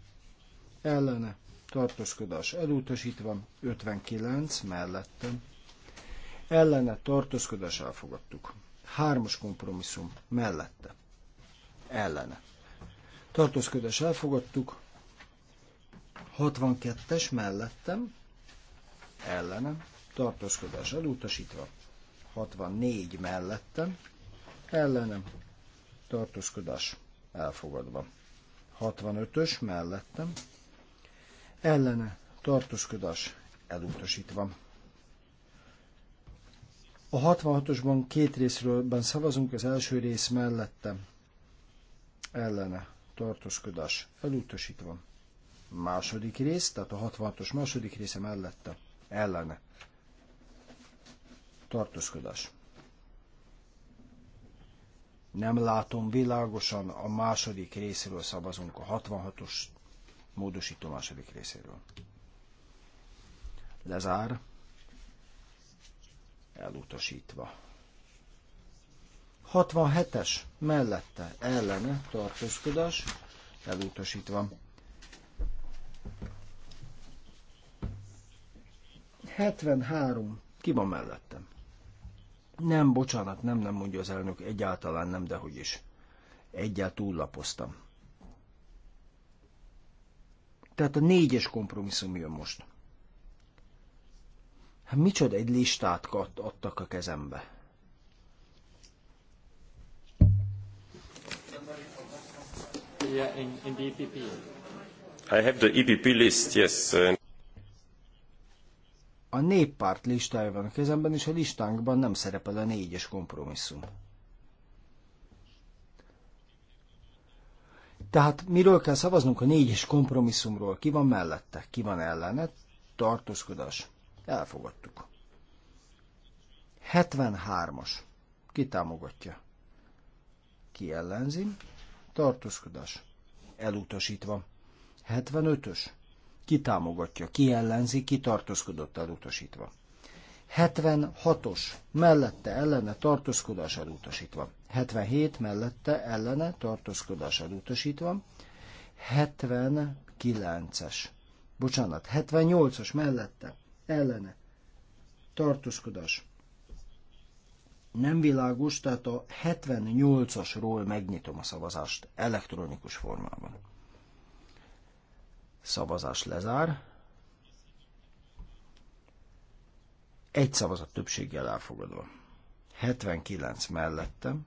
Ellene tartózkodás elutasítva, 59 mellette. Ellene tartózkodás elfogadtuk. Hármas kompromisszum mellette. Ellene. Tartózkodás elfogadtuk. 62-es mellettem. Ellenem. Tartózkodás elutasítva. 64 mellettem, ellenem, tartózkodás elfogadva. 65-ös mellettem, ellene, tartózkodás elutasítva. A 66-osban két részről szavazunk, az első rész mellettem, ellene, tartózkodás elutasítva. Második rész, tehát a 66-os második része mellette, ellene, tartózkodás. Nem látom világosan, a második részéről szavazunk, a 66-os módosító második részéről. Lezár, elutasítva. 67-es mellette ellene tartózkodás, elutasítva. 73. Ki van mellettem? Nem, bocsánat, nem, nem mondja az elnök, egyáltalán nem, dehogy is. Egyáltalán túllapoztam. Tehát a négyes kompromisszum jön most. Hát micsoda egy listát adtak a kezembe. Yeah, in, in the EPP. I have the EPP list, yes. Uh, a néppárt listája van a kezemben, és a listánkban nem szerepel a négyes kompromisszum. Tehát miről kell szavaznunk? A négyes kompromisszumról. Ki van mellette? Ki van ellene? Tartózkodás. Elfogadtuk. 73-as. Ki támogatja? Ki ellenzi? Tartózkodás. Elutasítva. 75-ös ki támogatja, ki ellenzi, ki tartózkodott elutasítva. 76-os mellette ellene tartózkodás elutasítva. 77 mellette ellene tartózkodás elutasítva. 79-es. Bocsánat, 78-as mellette ellene tartózkodás. Nem világos, tehát a 78-asról megnyitom a szavazást elektronikus formában. Szavazás lezár. Egy szavazat többséggel elfogadva. 79 mellettem,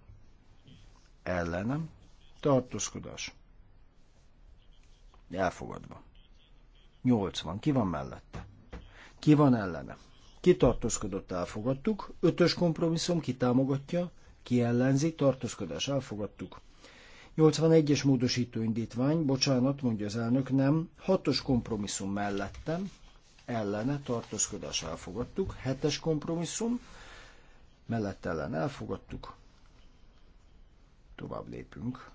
ellenem, tartózkodás. Elfogadva. 80. Ki van mellette? Ki van ellene? Ki tartózkodott, elfogadtuk. Ötös kompromisszum, ki támogatja, ki ellenzi, tartózkodás, elfogadtuk. 81-es módosító bocsánat, mondja az elnök, nem, 6-os kompromisszum mellettem, ellene tartózkodás elfogadtuk, 7-es kompromisszum, mellett ellen elfogadtuk, tovább lépünk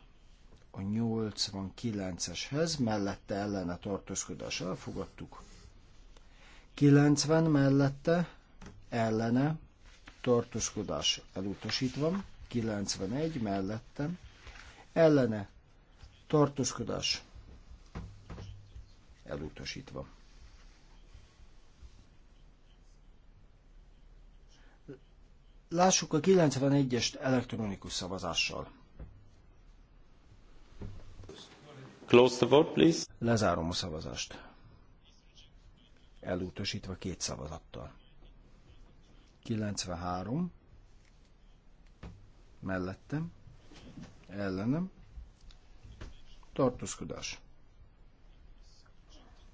a 89-eshez, mellette ellene tartózkodás elfogadtuk, 90 mellette ellene tartózkodás elutasítva, 91 mellettem ellene tartózkodás elutasítva. Lássuk a 91-est elektronikus szavazással. Close the vote, please. Lezárom a szavazást. Elutasítva két szavazattal. 93 mellettem ellenem, tartózkodás.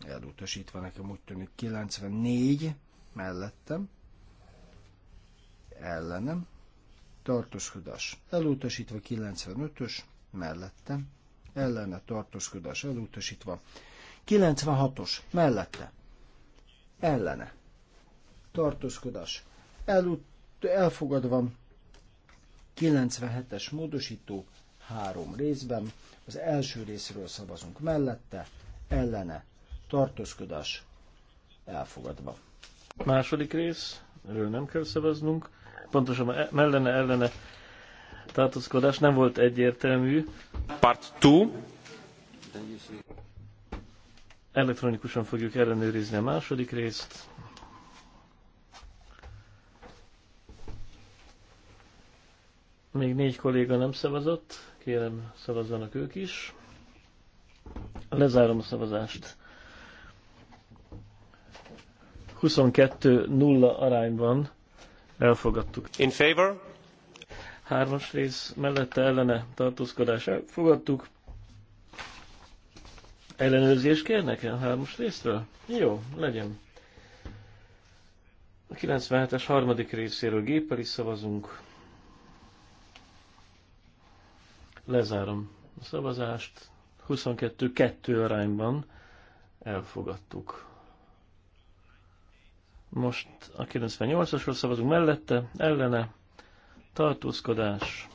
Elutasítva nekem úgy tűnik 94 mellettem, ellenem, tartózkodás. Elutasítva 95-ös mellettem, ellene tartózkodás elutasítva. 96-os mellette, ellene, tartózkodás elut, elfogadva. 97-es módosító három részben. Az első részről szavazunk mellette, ellene, tartózkodás elfogadva. Második rész, erről nem kell szavaznunk. Pontosan e- mellene, ellene tartózkodás nem volt egyértelmű. Part 2. Elektronikusan fogjuk ellenőrizni a második részt. Még négy kolléga nem szavazott. Kérem, szavazzanak ők is. Lezárom a szavazást. 22-0 arányban elfogadtuk. In favor? Hármas rész mellette ellene tartózkodás elfogadtuk. Ellenőrzés kérnek el hármas részről? Jó, legyen. A 97-es harmadik részéről géppel is szavazunk. Lezárom a szavazást. 22-2 arányban elfogadtuk. Most a 98-asról szavazunk mellette, ellene, tartózkodás,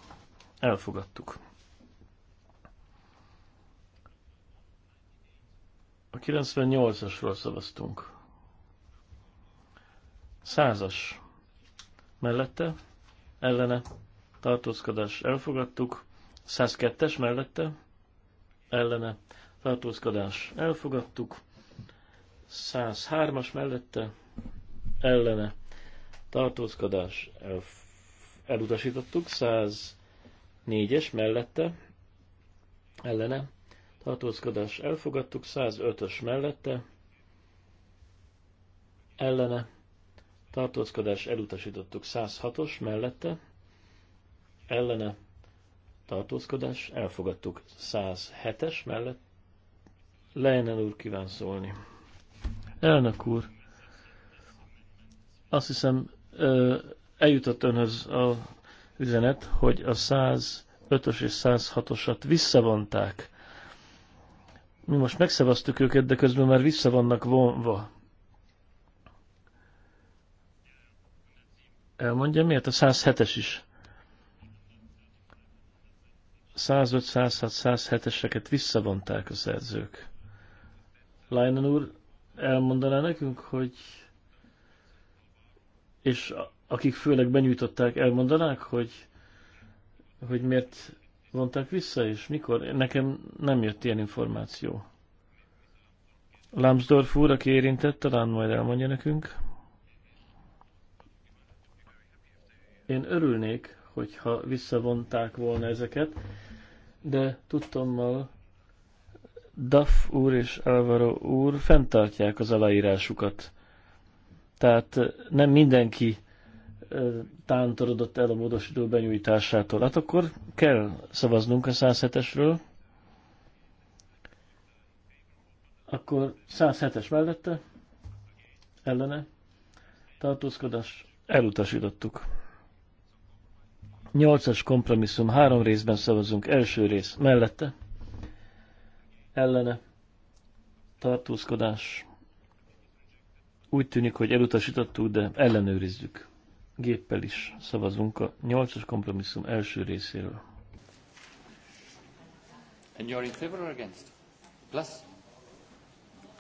elfogadtuk. A 98-asról szavaztunk. Százas mellette, ellene, tartózkodás, elfogadtuk. 102-es mellette ellene tartózkodás elfogadtuk. 103-as mellette ellene tartózkodás el, elutasítottuk, 104-es mellette ellene tartózkodás elfogadtuk, 105-ös mellette ellene tartózkodás elutasítottuk, 106-os mellette ellene tartózkodás, elfogadtuk. 107-es mellett Lejnen úr kíván szólni. Elnök úr, azt hiszem eljutott önhöz a üzenet, hogy a 105-ös és 106-osat visszavonták. Mi most megszavaztuk őket, de közben már vissza vannak vonva. Elmondja miért? A 107-es is 105, 106, 107-eseket visszavonták a szerzők. Leinen úr elmondaná nekünk, hogy és akik főleg benyújtották, elmondanák, hogy, hogy miért vonták vissza, és mikor? Nekem nem jött ilyen információ. Lambsdorff úr, aki érintett, talán majd elmondja nekünk. Én örülnék, hogyha visszavonták volna ezeket, de tudtommal Duff úr és Alvaro úr fenntartják az aláírásukat. Tehát eh, nem mindenki eh, tántorodott el a módosító benyújtásától. Hát akkor kell szavaznunk a 107-esről. Akkor 107-es mellette, ellene, tartózkodás, elutasítottuk. Nyolcas kompromisszum, három részben szavazunk. Első rész mellette, ellene, tartózkodás. Úgy tűnik, hogy elutasítottuk, de ellenőrizzük. Géppel is szavazunk a nyolcas kompromisszum első részéről. And you're in favor or against? Plus?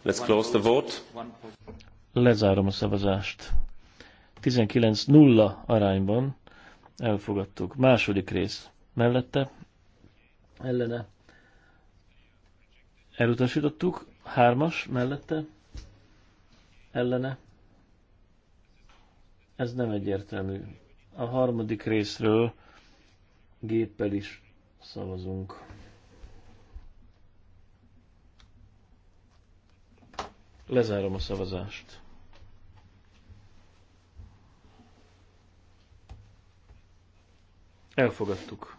Let's close the vote. Lezárom a szavazást. 19-0 arányban Elfogadtuk. Második rész. Mellette. Ellene. Elutasítottuk. Hármas. Mellette. Ellene. Ez nem egyértelmű. A harmadik részről géppel is szavazunk. Lezárom a szavazást. Elfogadtuk.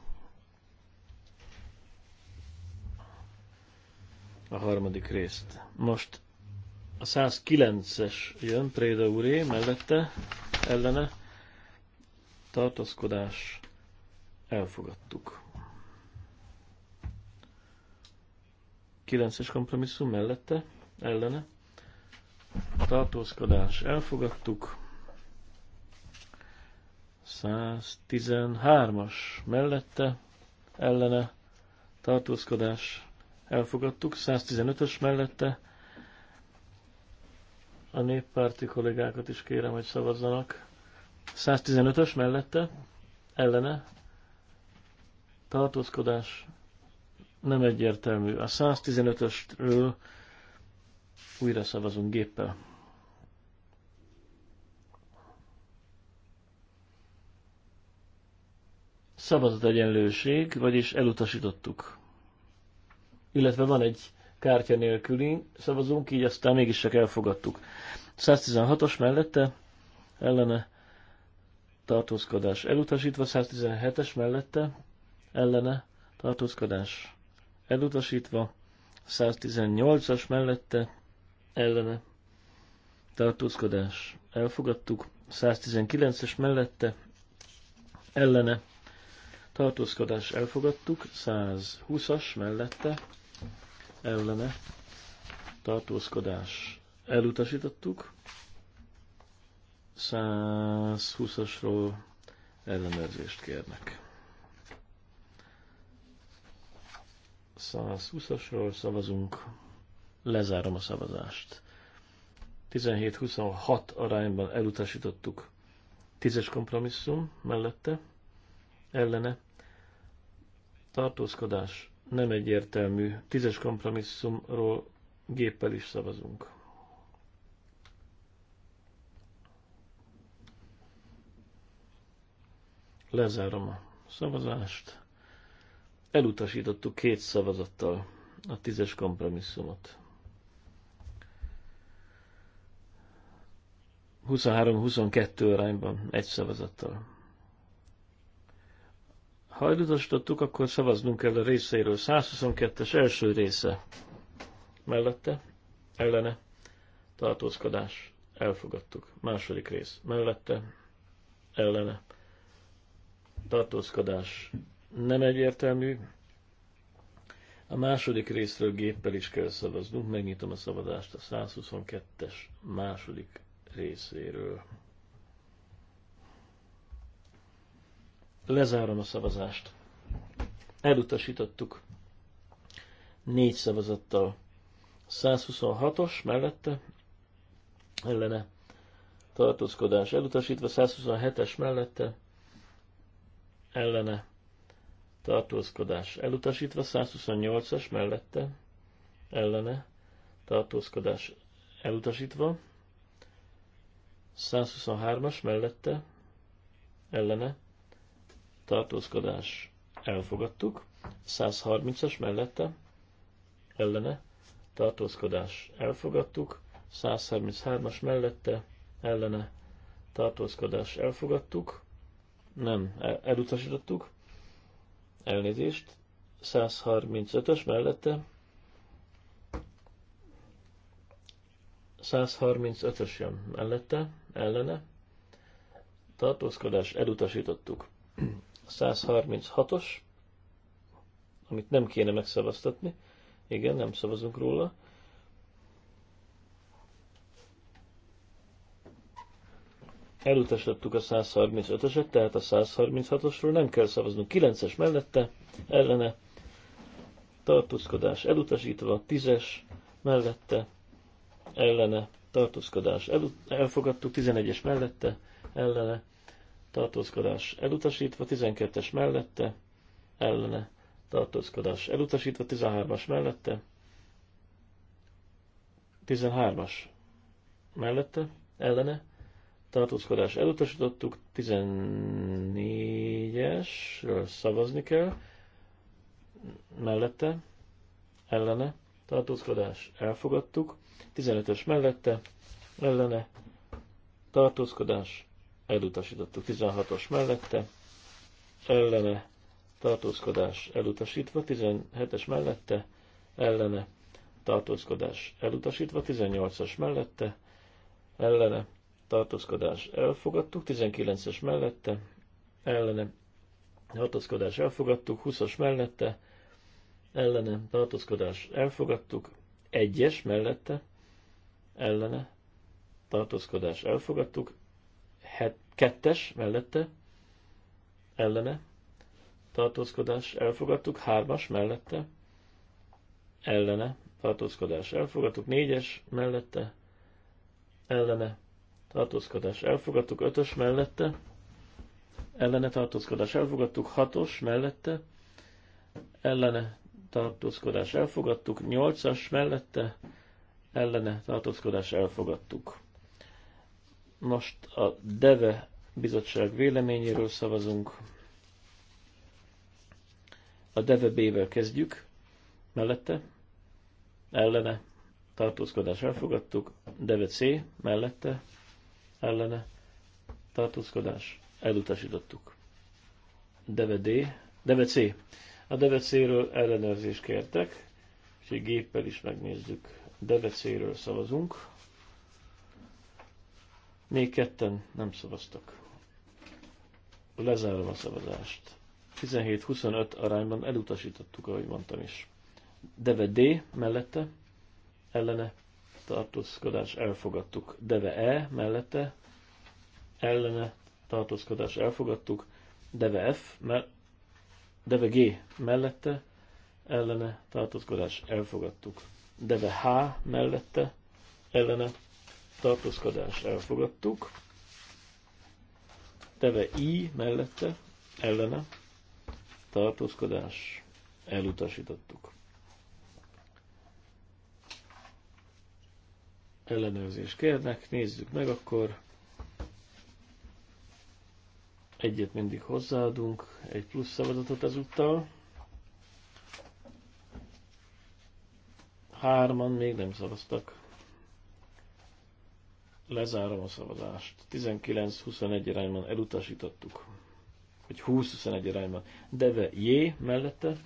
A harmadik részt. Most a 109-es jön, Préda úré, mellette, ellene, tartózkodás, elfogadtuk. 9-es kompromisszum mellette, ellene, tartózkodás, elfogadtuk. 113-as mellette ellene tartózkodás elfogadtuk, 115-ös mellette a néppárti kollégákat is kérem, hogy szavazzanak. 115-ös mellette ellene tartózkodás nem egyértelmű. A 115-ösről újra szavazunk géppel. szavazat egyenlőség, vagyis elutasítottuk. Illetve van egy kártya nélküli szavazunk, így aztán mégis csak elfogadtuk. 116-os mellette ellene tartózkodás elutasítva, 117-es mellette ellene tartózkodás elutasítva, 118-as mellette ellene tartózkodás elfogadtuk, 119-es mellette ellene tartózkodás elfogadtuk, 120-as mellette ellene tartózkodás elutasítottuk, 120-asról ellenőrzést kérnek. 120-asról szavazunk, lezárom a szavazást. 17-26 arányban elutasítottuk 10-es kompromisszum mellette, ellene tartózkodás nem egyértelmű. Tízes kompromisszumról géppel is szavazunk. Lezárom a szavazást. Elutasítottuk két szavazattal a tízes kompromisszumot. 23-22 arányban egy szavazattal. Ha elutasítottuk, akkor szavaznunk kell a részeiről. 122-es első része. Mellette, ellene, tartózkodás, elfogadtuk. Második rész. Mellette, ellene, tartózkodás nem egyértelmű. A második részről géppel is kell szavaznunk. Megnyitom a szavazást a 122-es második részéről. Lezárom a szavazást. Elutasítottuk. Négy szavazattal. 126-os mellette ellene tartózkodás elutasítva, 127-es mellette ellene tartózkodás elutasítva, 128-as mellette ellene tartózkodás elutasítva, 123-as mellette ellene tartózkodás elfogadtuk, 130-as mellette ellene tartózkodás elfogadtuk, 133-as mellette ellene tartózkodás elfogadtuk, nem, elutasítottuk, elnézést, 135-ös mellette, 135-ös jön mellette, ellene, tartózkodás elutasítottuk. 136-os, amit nem kéne megszavaztatni. Igen, nem szavazunk róla. Elutasítottuk a 135-öset, tehát a 136-osról nem kell szavaznunk. 9-es mellette, ellene, tartózkodás elutasítva, 10-es mellette, ellene, tartózkodás elfogadtuk, 11-es mellette, ellene, tartózkodás elutasítva, 12-es mellette, ellene, tartózkodás elutasítva, 13-as mellette, 13-as mellette, ellene, tartózkodás elutasítottuk, 14-esről szavazni kell, mellette, ellene, tartózkodás elfogadtuk, 15-ös mellette, ellene, tartózkodás elutasítottuk 16-os mellette, ellene tartózkodás elutasítva, 17-es mellette, ellene tartózkodás elutasítva, 18-as mellette, ellene tartózkodás elfogadtuk, 19-es mellette, ellene tartózkodás elfogadtuk, 20-as mellette, ellene tartózkodás elfogadtuk, 1-es mellette, ellene tartózkodás elfogadtuk, kettes mellette, ellene, tartózkodás elfogadtuk, hármas mellette, ellene, tartózkodás elfogadtuk, négyes mellette, ellene, tartózkodás elfogadtuk, ötös mellette, ellene tartózkodás elfogadtuk, hatos mellette, ellene tartózkodás elfogadtuk, nyolcas mellette, ellene tartózkodás elfogadtuk. Most a DEVE bizottság véleményéről szavazunk. A DEVE B-vel kezdjük. Mellette. Ellene. Tartózkodás elfogadtuk. DEVE C. Mellette. Ellene. Tartózkodás elutasítottuk. DEVE D. DEVE C. A DEVE C-ről ellenőrzést kértek, és egy géppel is megnézzük. DEVE C-ről szavazunk. Még ketten nem szavaztak. Lezárom a szavazást. 17-25 arányban elutasítottuk, ahogy mondtam is. Deve D mellette, ellene tartózkodás elfogadtuk. Deve E mellette, ellene tartózkodás elfogadtuk. Deve F, mell- Deve G mellette, ellene tartózkodás elfogadtuk. Deve H mellette, ellene tartózkodás elfogadtuk. Teve I mellette, ellene, tartózkodás elutasítottuk. Ellenőrzés kérnek, nézzük meg akkor. Egyet mindig hozzáadunk, egy plusz szavazatot ezúttal. Hárman még nem szavaztak. Lezárom a szavazást. 19-21 irányban elutasítottuk. Vagy 20-21 irányban. Deve J mellette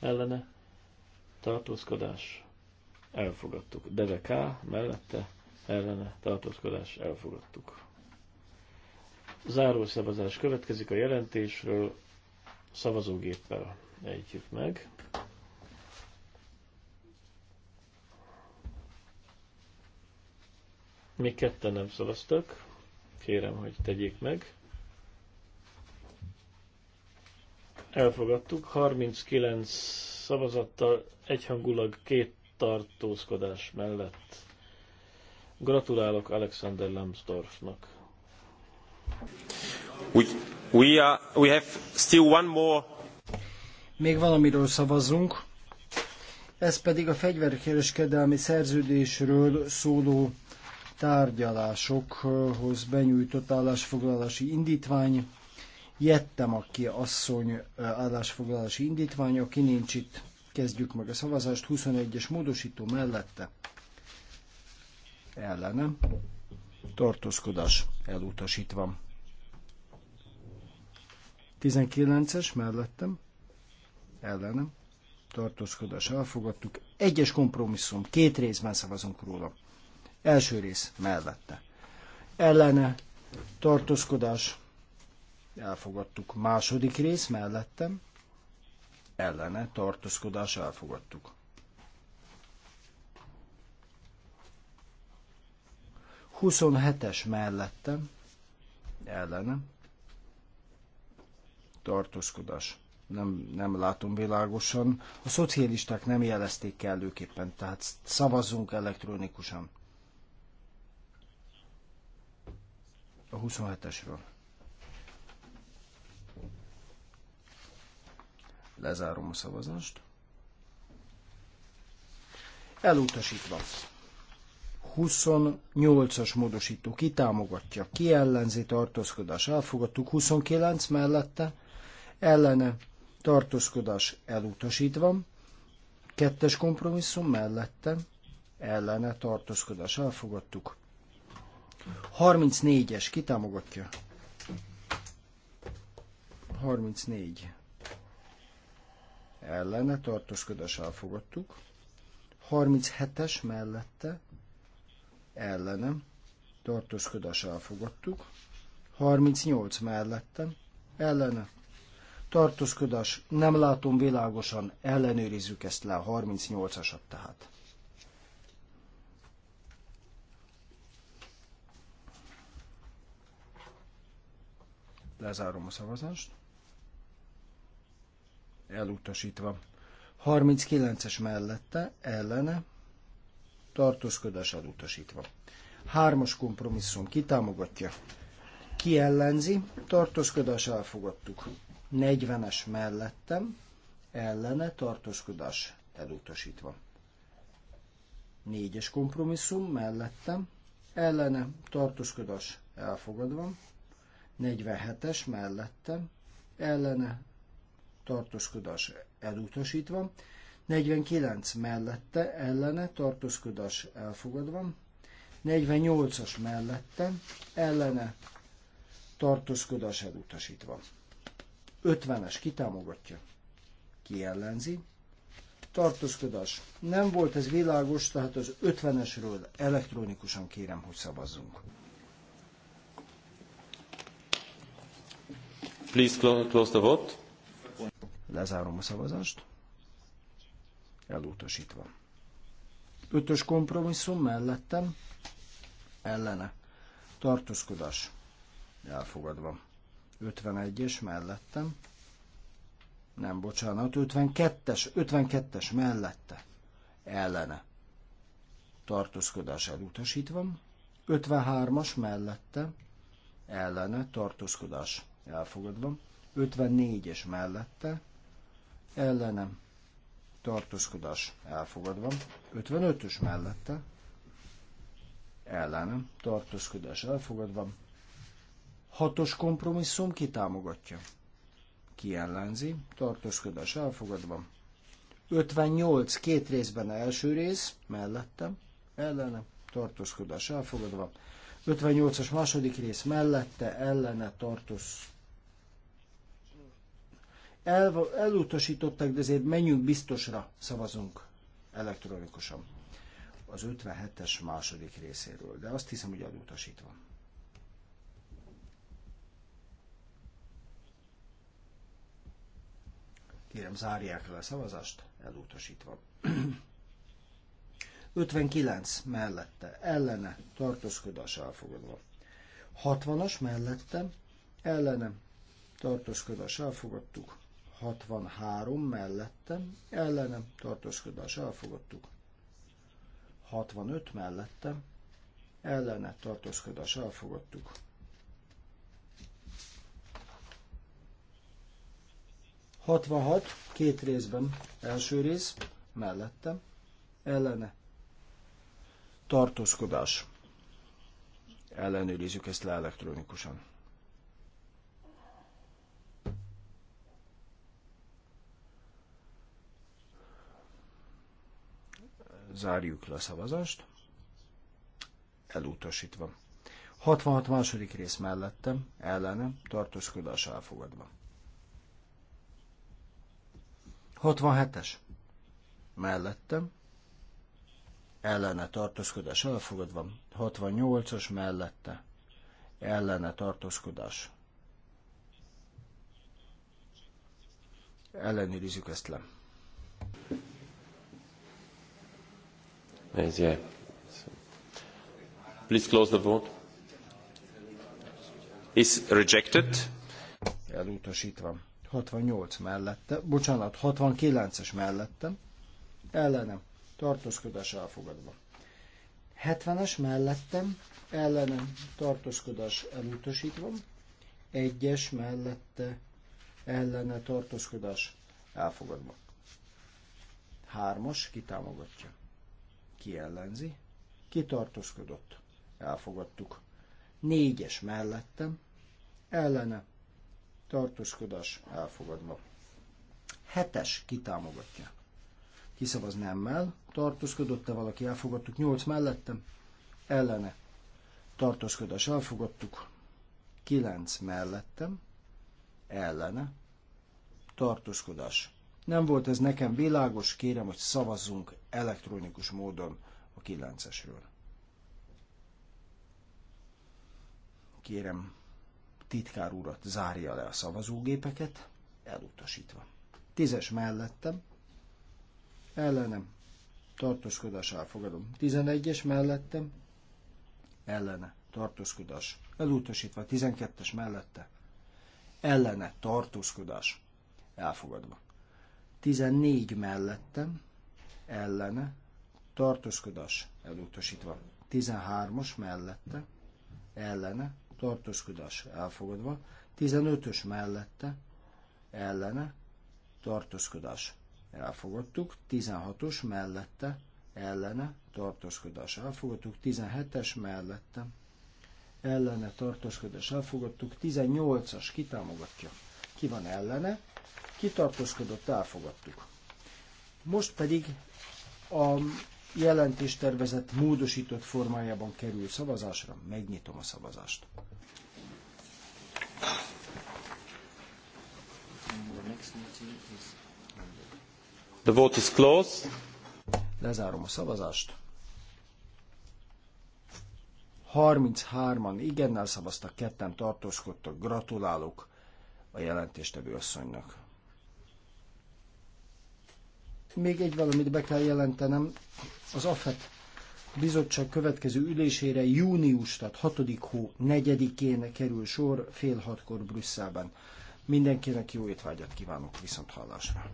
ellene tartózkodás elfogadtuk. Deve K mellette ellene tartózkodás elfogadtuk. Záró szavazás következik a jelentésről, szavazógéppel ejtjük meg. Még ketten nem szavaztak. Kérem, hogy tegyék meg. Elfogadtuk. 39 szavazattal egyhangulag két tartózkodás mellett. Gratulálok Alexander Lambsdorffnak. We, we, are, we have still one more. Még valamiről szavazunk. Ez pedig a fegyverkereskedelmi szerződésről szóló tárgyalásokhoz benyújtott állásfoglalási indítvány. Jettem, aki asszony állásfoglalási indítvány, aki nincs itt. Kezdjük meg a szavazást. 21-es módosító mellette. Ellenem. Tartózkodás elutasítva. 19-es mellettem. Ellenem. Tartózkodás elfogadtuk. Egyes kompromisszum. Két részben szavazunk róla Első rész mellette. Ellene tartózkodás. Elfogadtuk. Második rész mellettem. Ellene tartózkodás. Elfogadtuk. Huszonhetes mellettem, ellene tartózkodás. Nem, nem látom világosan. A szocialisták nem jelezték kellőképpen, tehát szavazzunk elektronikusan. a 27-esről. Lezárom a szavazást. Elutasítva. 28-as módosító kitámogatja, ki ellenzi tartózkodás elfogadtuk, 29 mellette ellene tartózkodás elutasítva, kettes kompromisszum mellette ellene tartózkodás elfogadtuk, 34-es, ki támogatja? 34. Ellene tartózkodás elfogadtuk. 37-es mellette ellene tartózkodás elfogadtuk. 38 mellette ellene tartózkodás, nem látom világosan, ellenőrizzük ezt le, 38-asat tehát. Lezárom a szavazást. Elutasítva. 39-es mellette, ellene, tartózkodás elutasítva. Hármas kompromisszum kitámogatja, ki ellenzi, tartózkodás elfogadtuk. 40-es mellettem, ellene, tartózkodás elutasítva. Négyes kompromisszum mellettem, ellene, tartózkodás elfogadva. 47-es mellette ellene tartózkodás elutasítva, 49 mellette ellene tartózkodás elfogadva, 48-as mellette ellene tartózkodás elutasítva. 50-es kitámogatja, kiellenzi, tartózkodás. Nem volt ez világos, tehát az 50-esről elektronikusan kérem, hogy szavazzunk. Please close the vote. Lezárom a szavazást. Elutasítva. Ötös kompromisszum mellettem. Ellene. Tartózkodás. Elfogadva. 51-es mellettem. Nem, bocsánat, 52-es, 52-es mellette. Ellene. Tartózkodás elutasítva. 53-as mellette. Ellene. Tartózkodás elfogadva, 54-es mellette, ellenem, tartózkodás elfogadva, 55-ös mellette, ellenem, tartózkodás elfogadva, 6-os kompromisszum kitámogatja, kiellenzi, tartózkodás elfogadva, 58 két részben első rész, mellettem, ellene, tartózkodás elfogadva, 58-as második rész mellette, ellene tartózkodás el, elutasították, de azért menjünk biztosra, szavazunk elektronikusan az 57-es második részéről, de azt hiszem, hogy elutasítva. Kérem, zárják le a szavazást, elutasítva. 59 (clears throat) mellette, ellene, tartózkodás elfogadva. 60-as mellette, ellene, tartózkodás elfogadtuk. 63 mellettem, ellenem tartózkodás elfogadtuk. 65 mellettem, ellene tartózkodás elfogadtuk. 66, két részben, első rész, mellettem, ellene, tartózkodás. Ellenőrizzük ezt le elektronikusan. Zárjuk le a szavazást. Elutasítva. 66 második rész mellettem, ellenem, tartózkodás elfogadva. 67-es. Mellettem. Ellene tartózkodás elfogadva. 68-as mellette. Ellene tartózkodás. Ellenőrizzük ezt le. Yes, yeah. Please close the vote. Is rejected. Elutasítva. 68 mellette, bocsánat, 69-es mellettem, ellenem, tartózkodás elfogadva. 70-es mellettem, ellenem, tartózkodás elutasítva, 1-es mellette, ellene, tartózkodás elfogadva. 3-as kitámogatja ki ellenzi, ki elfogadtuk. Négyes mellettem, ellene, tartózkodás, elfogadva. Hetes kitámogatja. Kiszavaz nemmel, tartózkodott-e valaki, elfogadtuk. Nyolc mellettem, ellene, tartózkodás, elfogadtuk. Kilenc mellettem, ellene, tartózkodás, nem volt ez nekem világos, kérem, hogy szavazzunk elektronikus módon a 9-esről. Kérem, titkár urat zárja le a szavazógépeket, elutasítva. Tízes mellettem, ellenem, tartózkodás elfogadom. Tizenegyes mellettem, ellene, tartózkodás elutasítva. Tizenkettes mellette, ellene, tartózkodás elfogadva. 14 mellettem, ellene, tartózkodás elutasítva. 13 os mellette, ellene, tartózkodás elfogadva. 15-ös mellette, ellene, tartózkodás elfogadtuk. 16-os mellette, ellene, tartózkodás elfogadtuk. 17-es mellette, ellene, tartózkodás elfogadtuk. 18-as kitámogatja, ki van ellene, kitartoskodott, elfogadtuk. Most pedig a jelentéstervezet módosított formájában kerül szavazásra, megnyitom a szavazást. The vote is closed. Lezárom a szavazást. 33-an igennel szavaztak, ketten tartózkodtak. Gratulálok a jelentéstevő asszonynak. Még egy valamit be kell jelentenem. Az AFET bizottság következő ülésére június, tehát 6. hó 4-én kerül sor fél hatkor Brüsszelben. Mindenkinek jó étvágyat kívánok, viszont hallásra.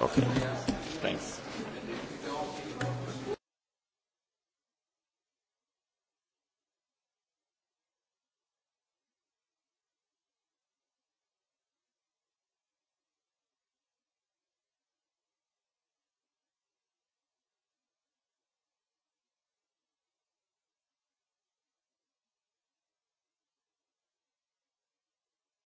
Okay. Thanks.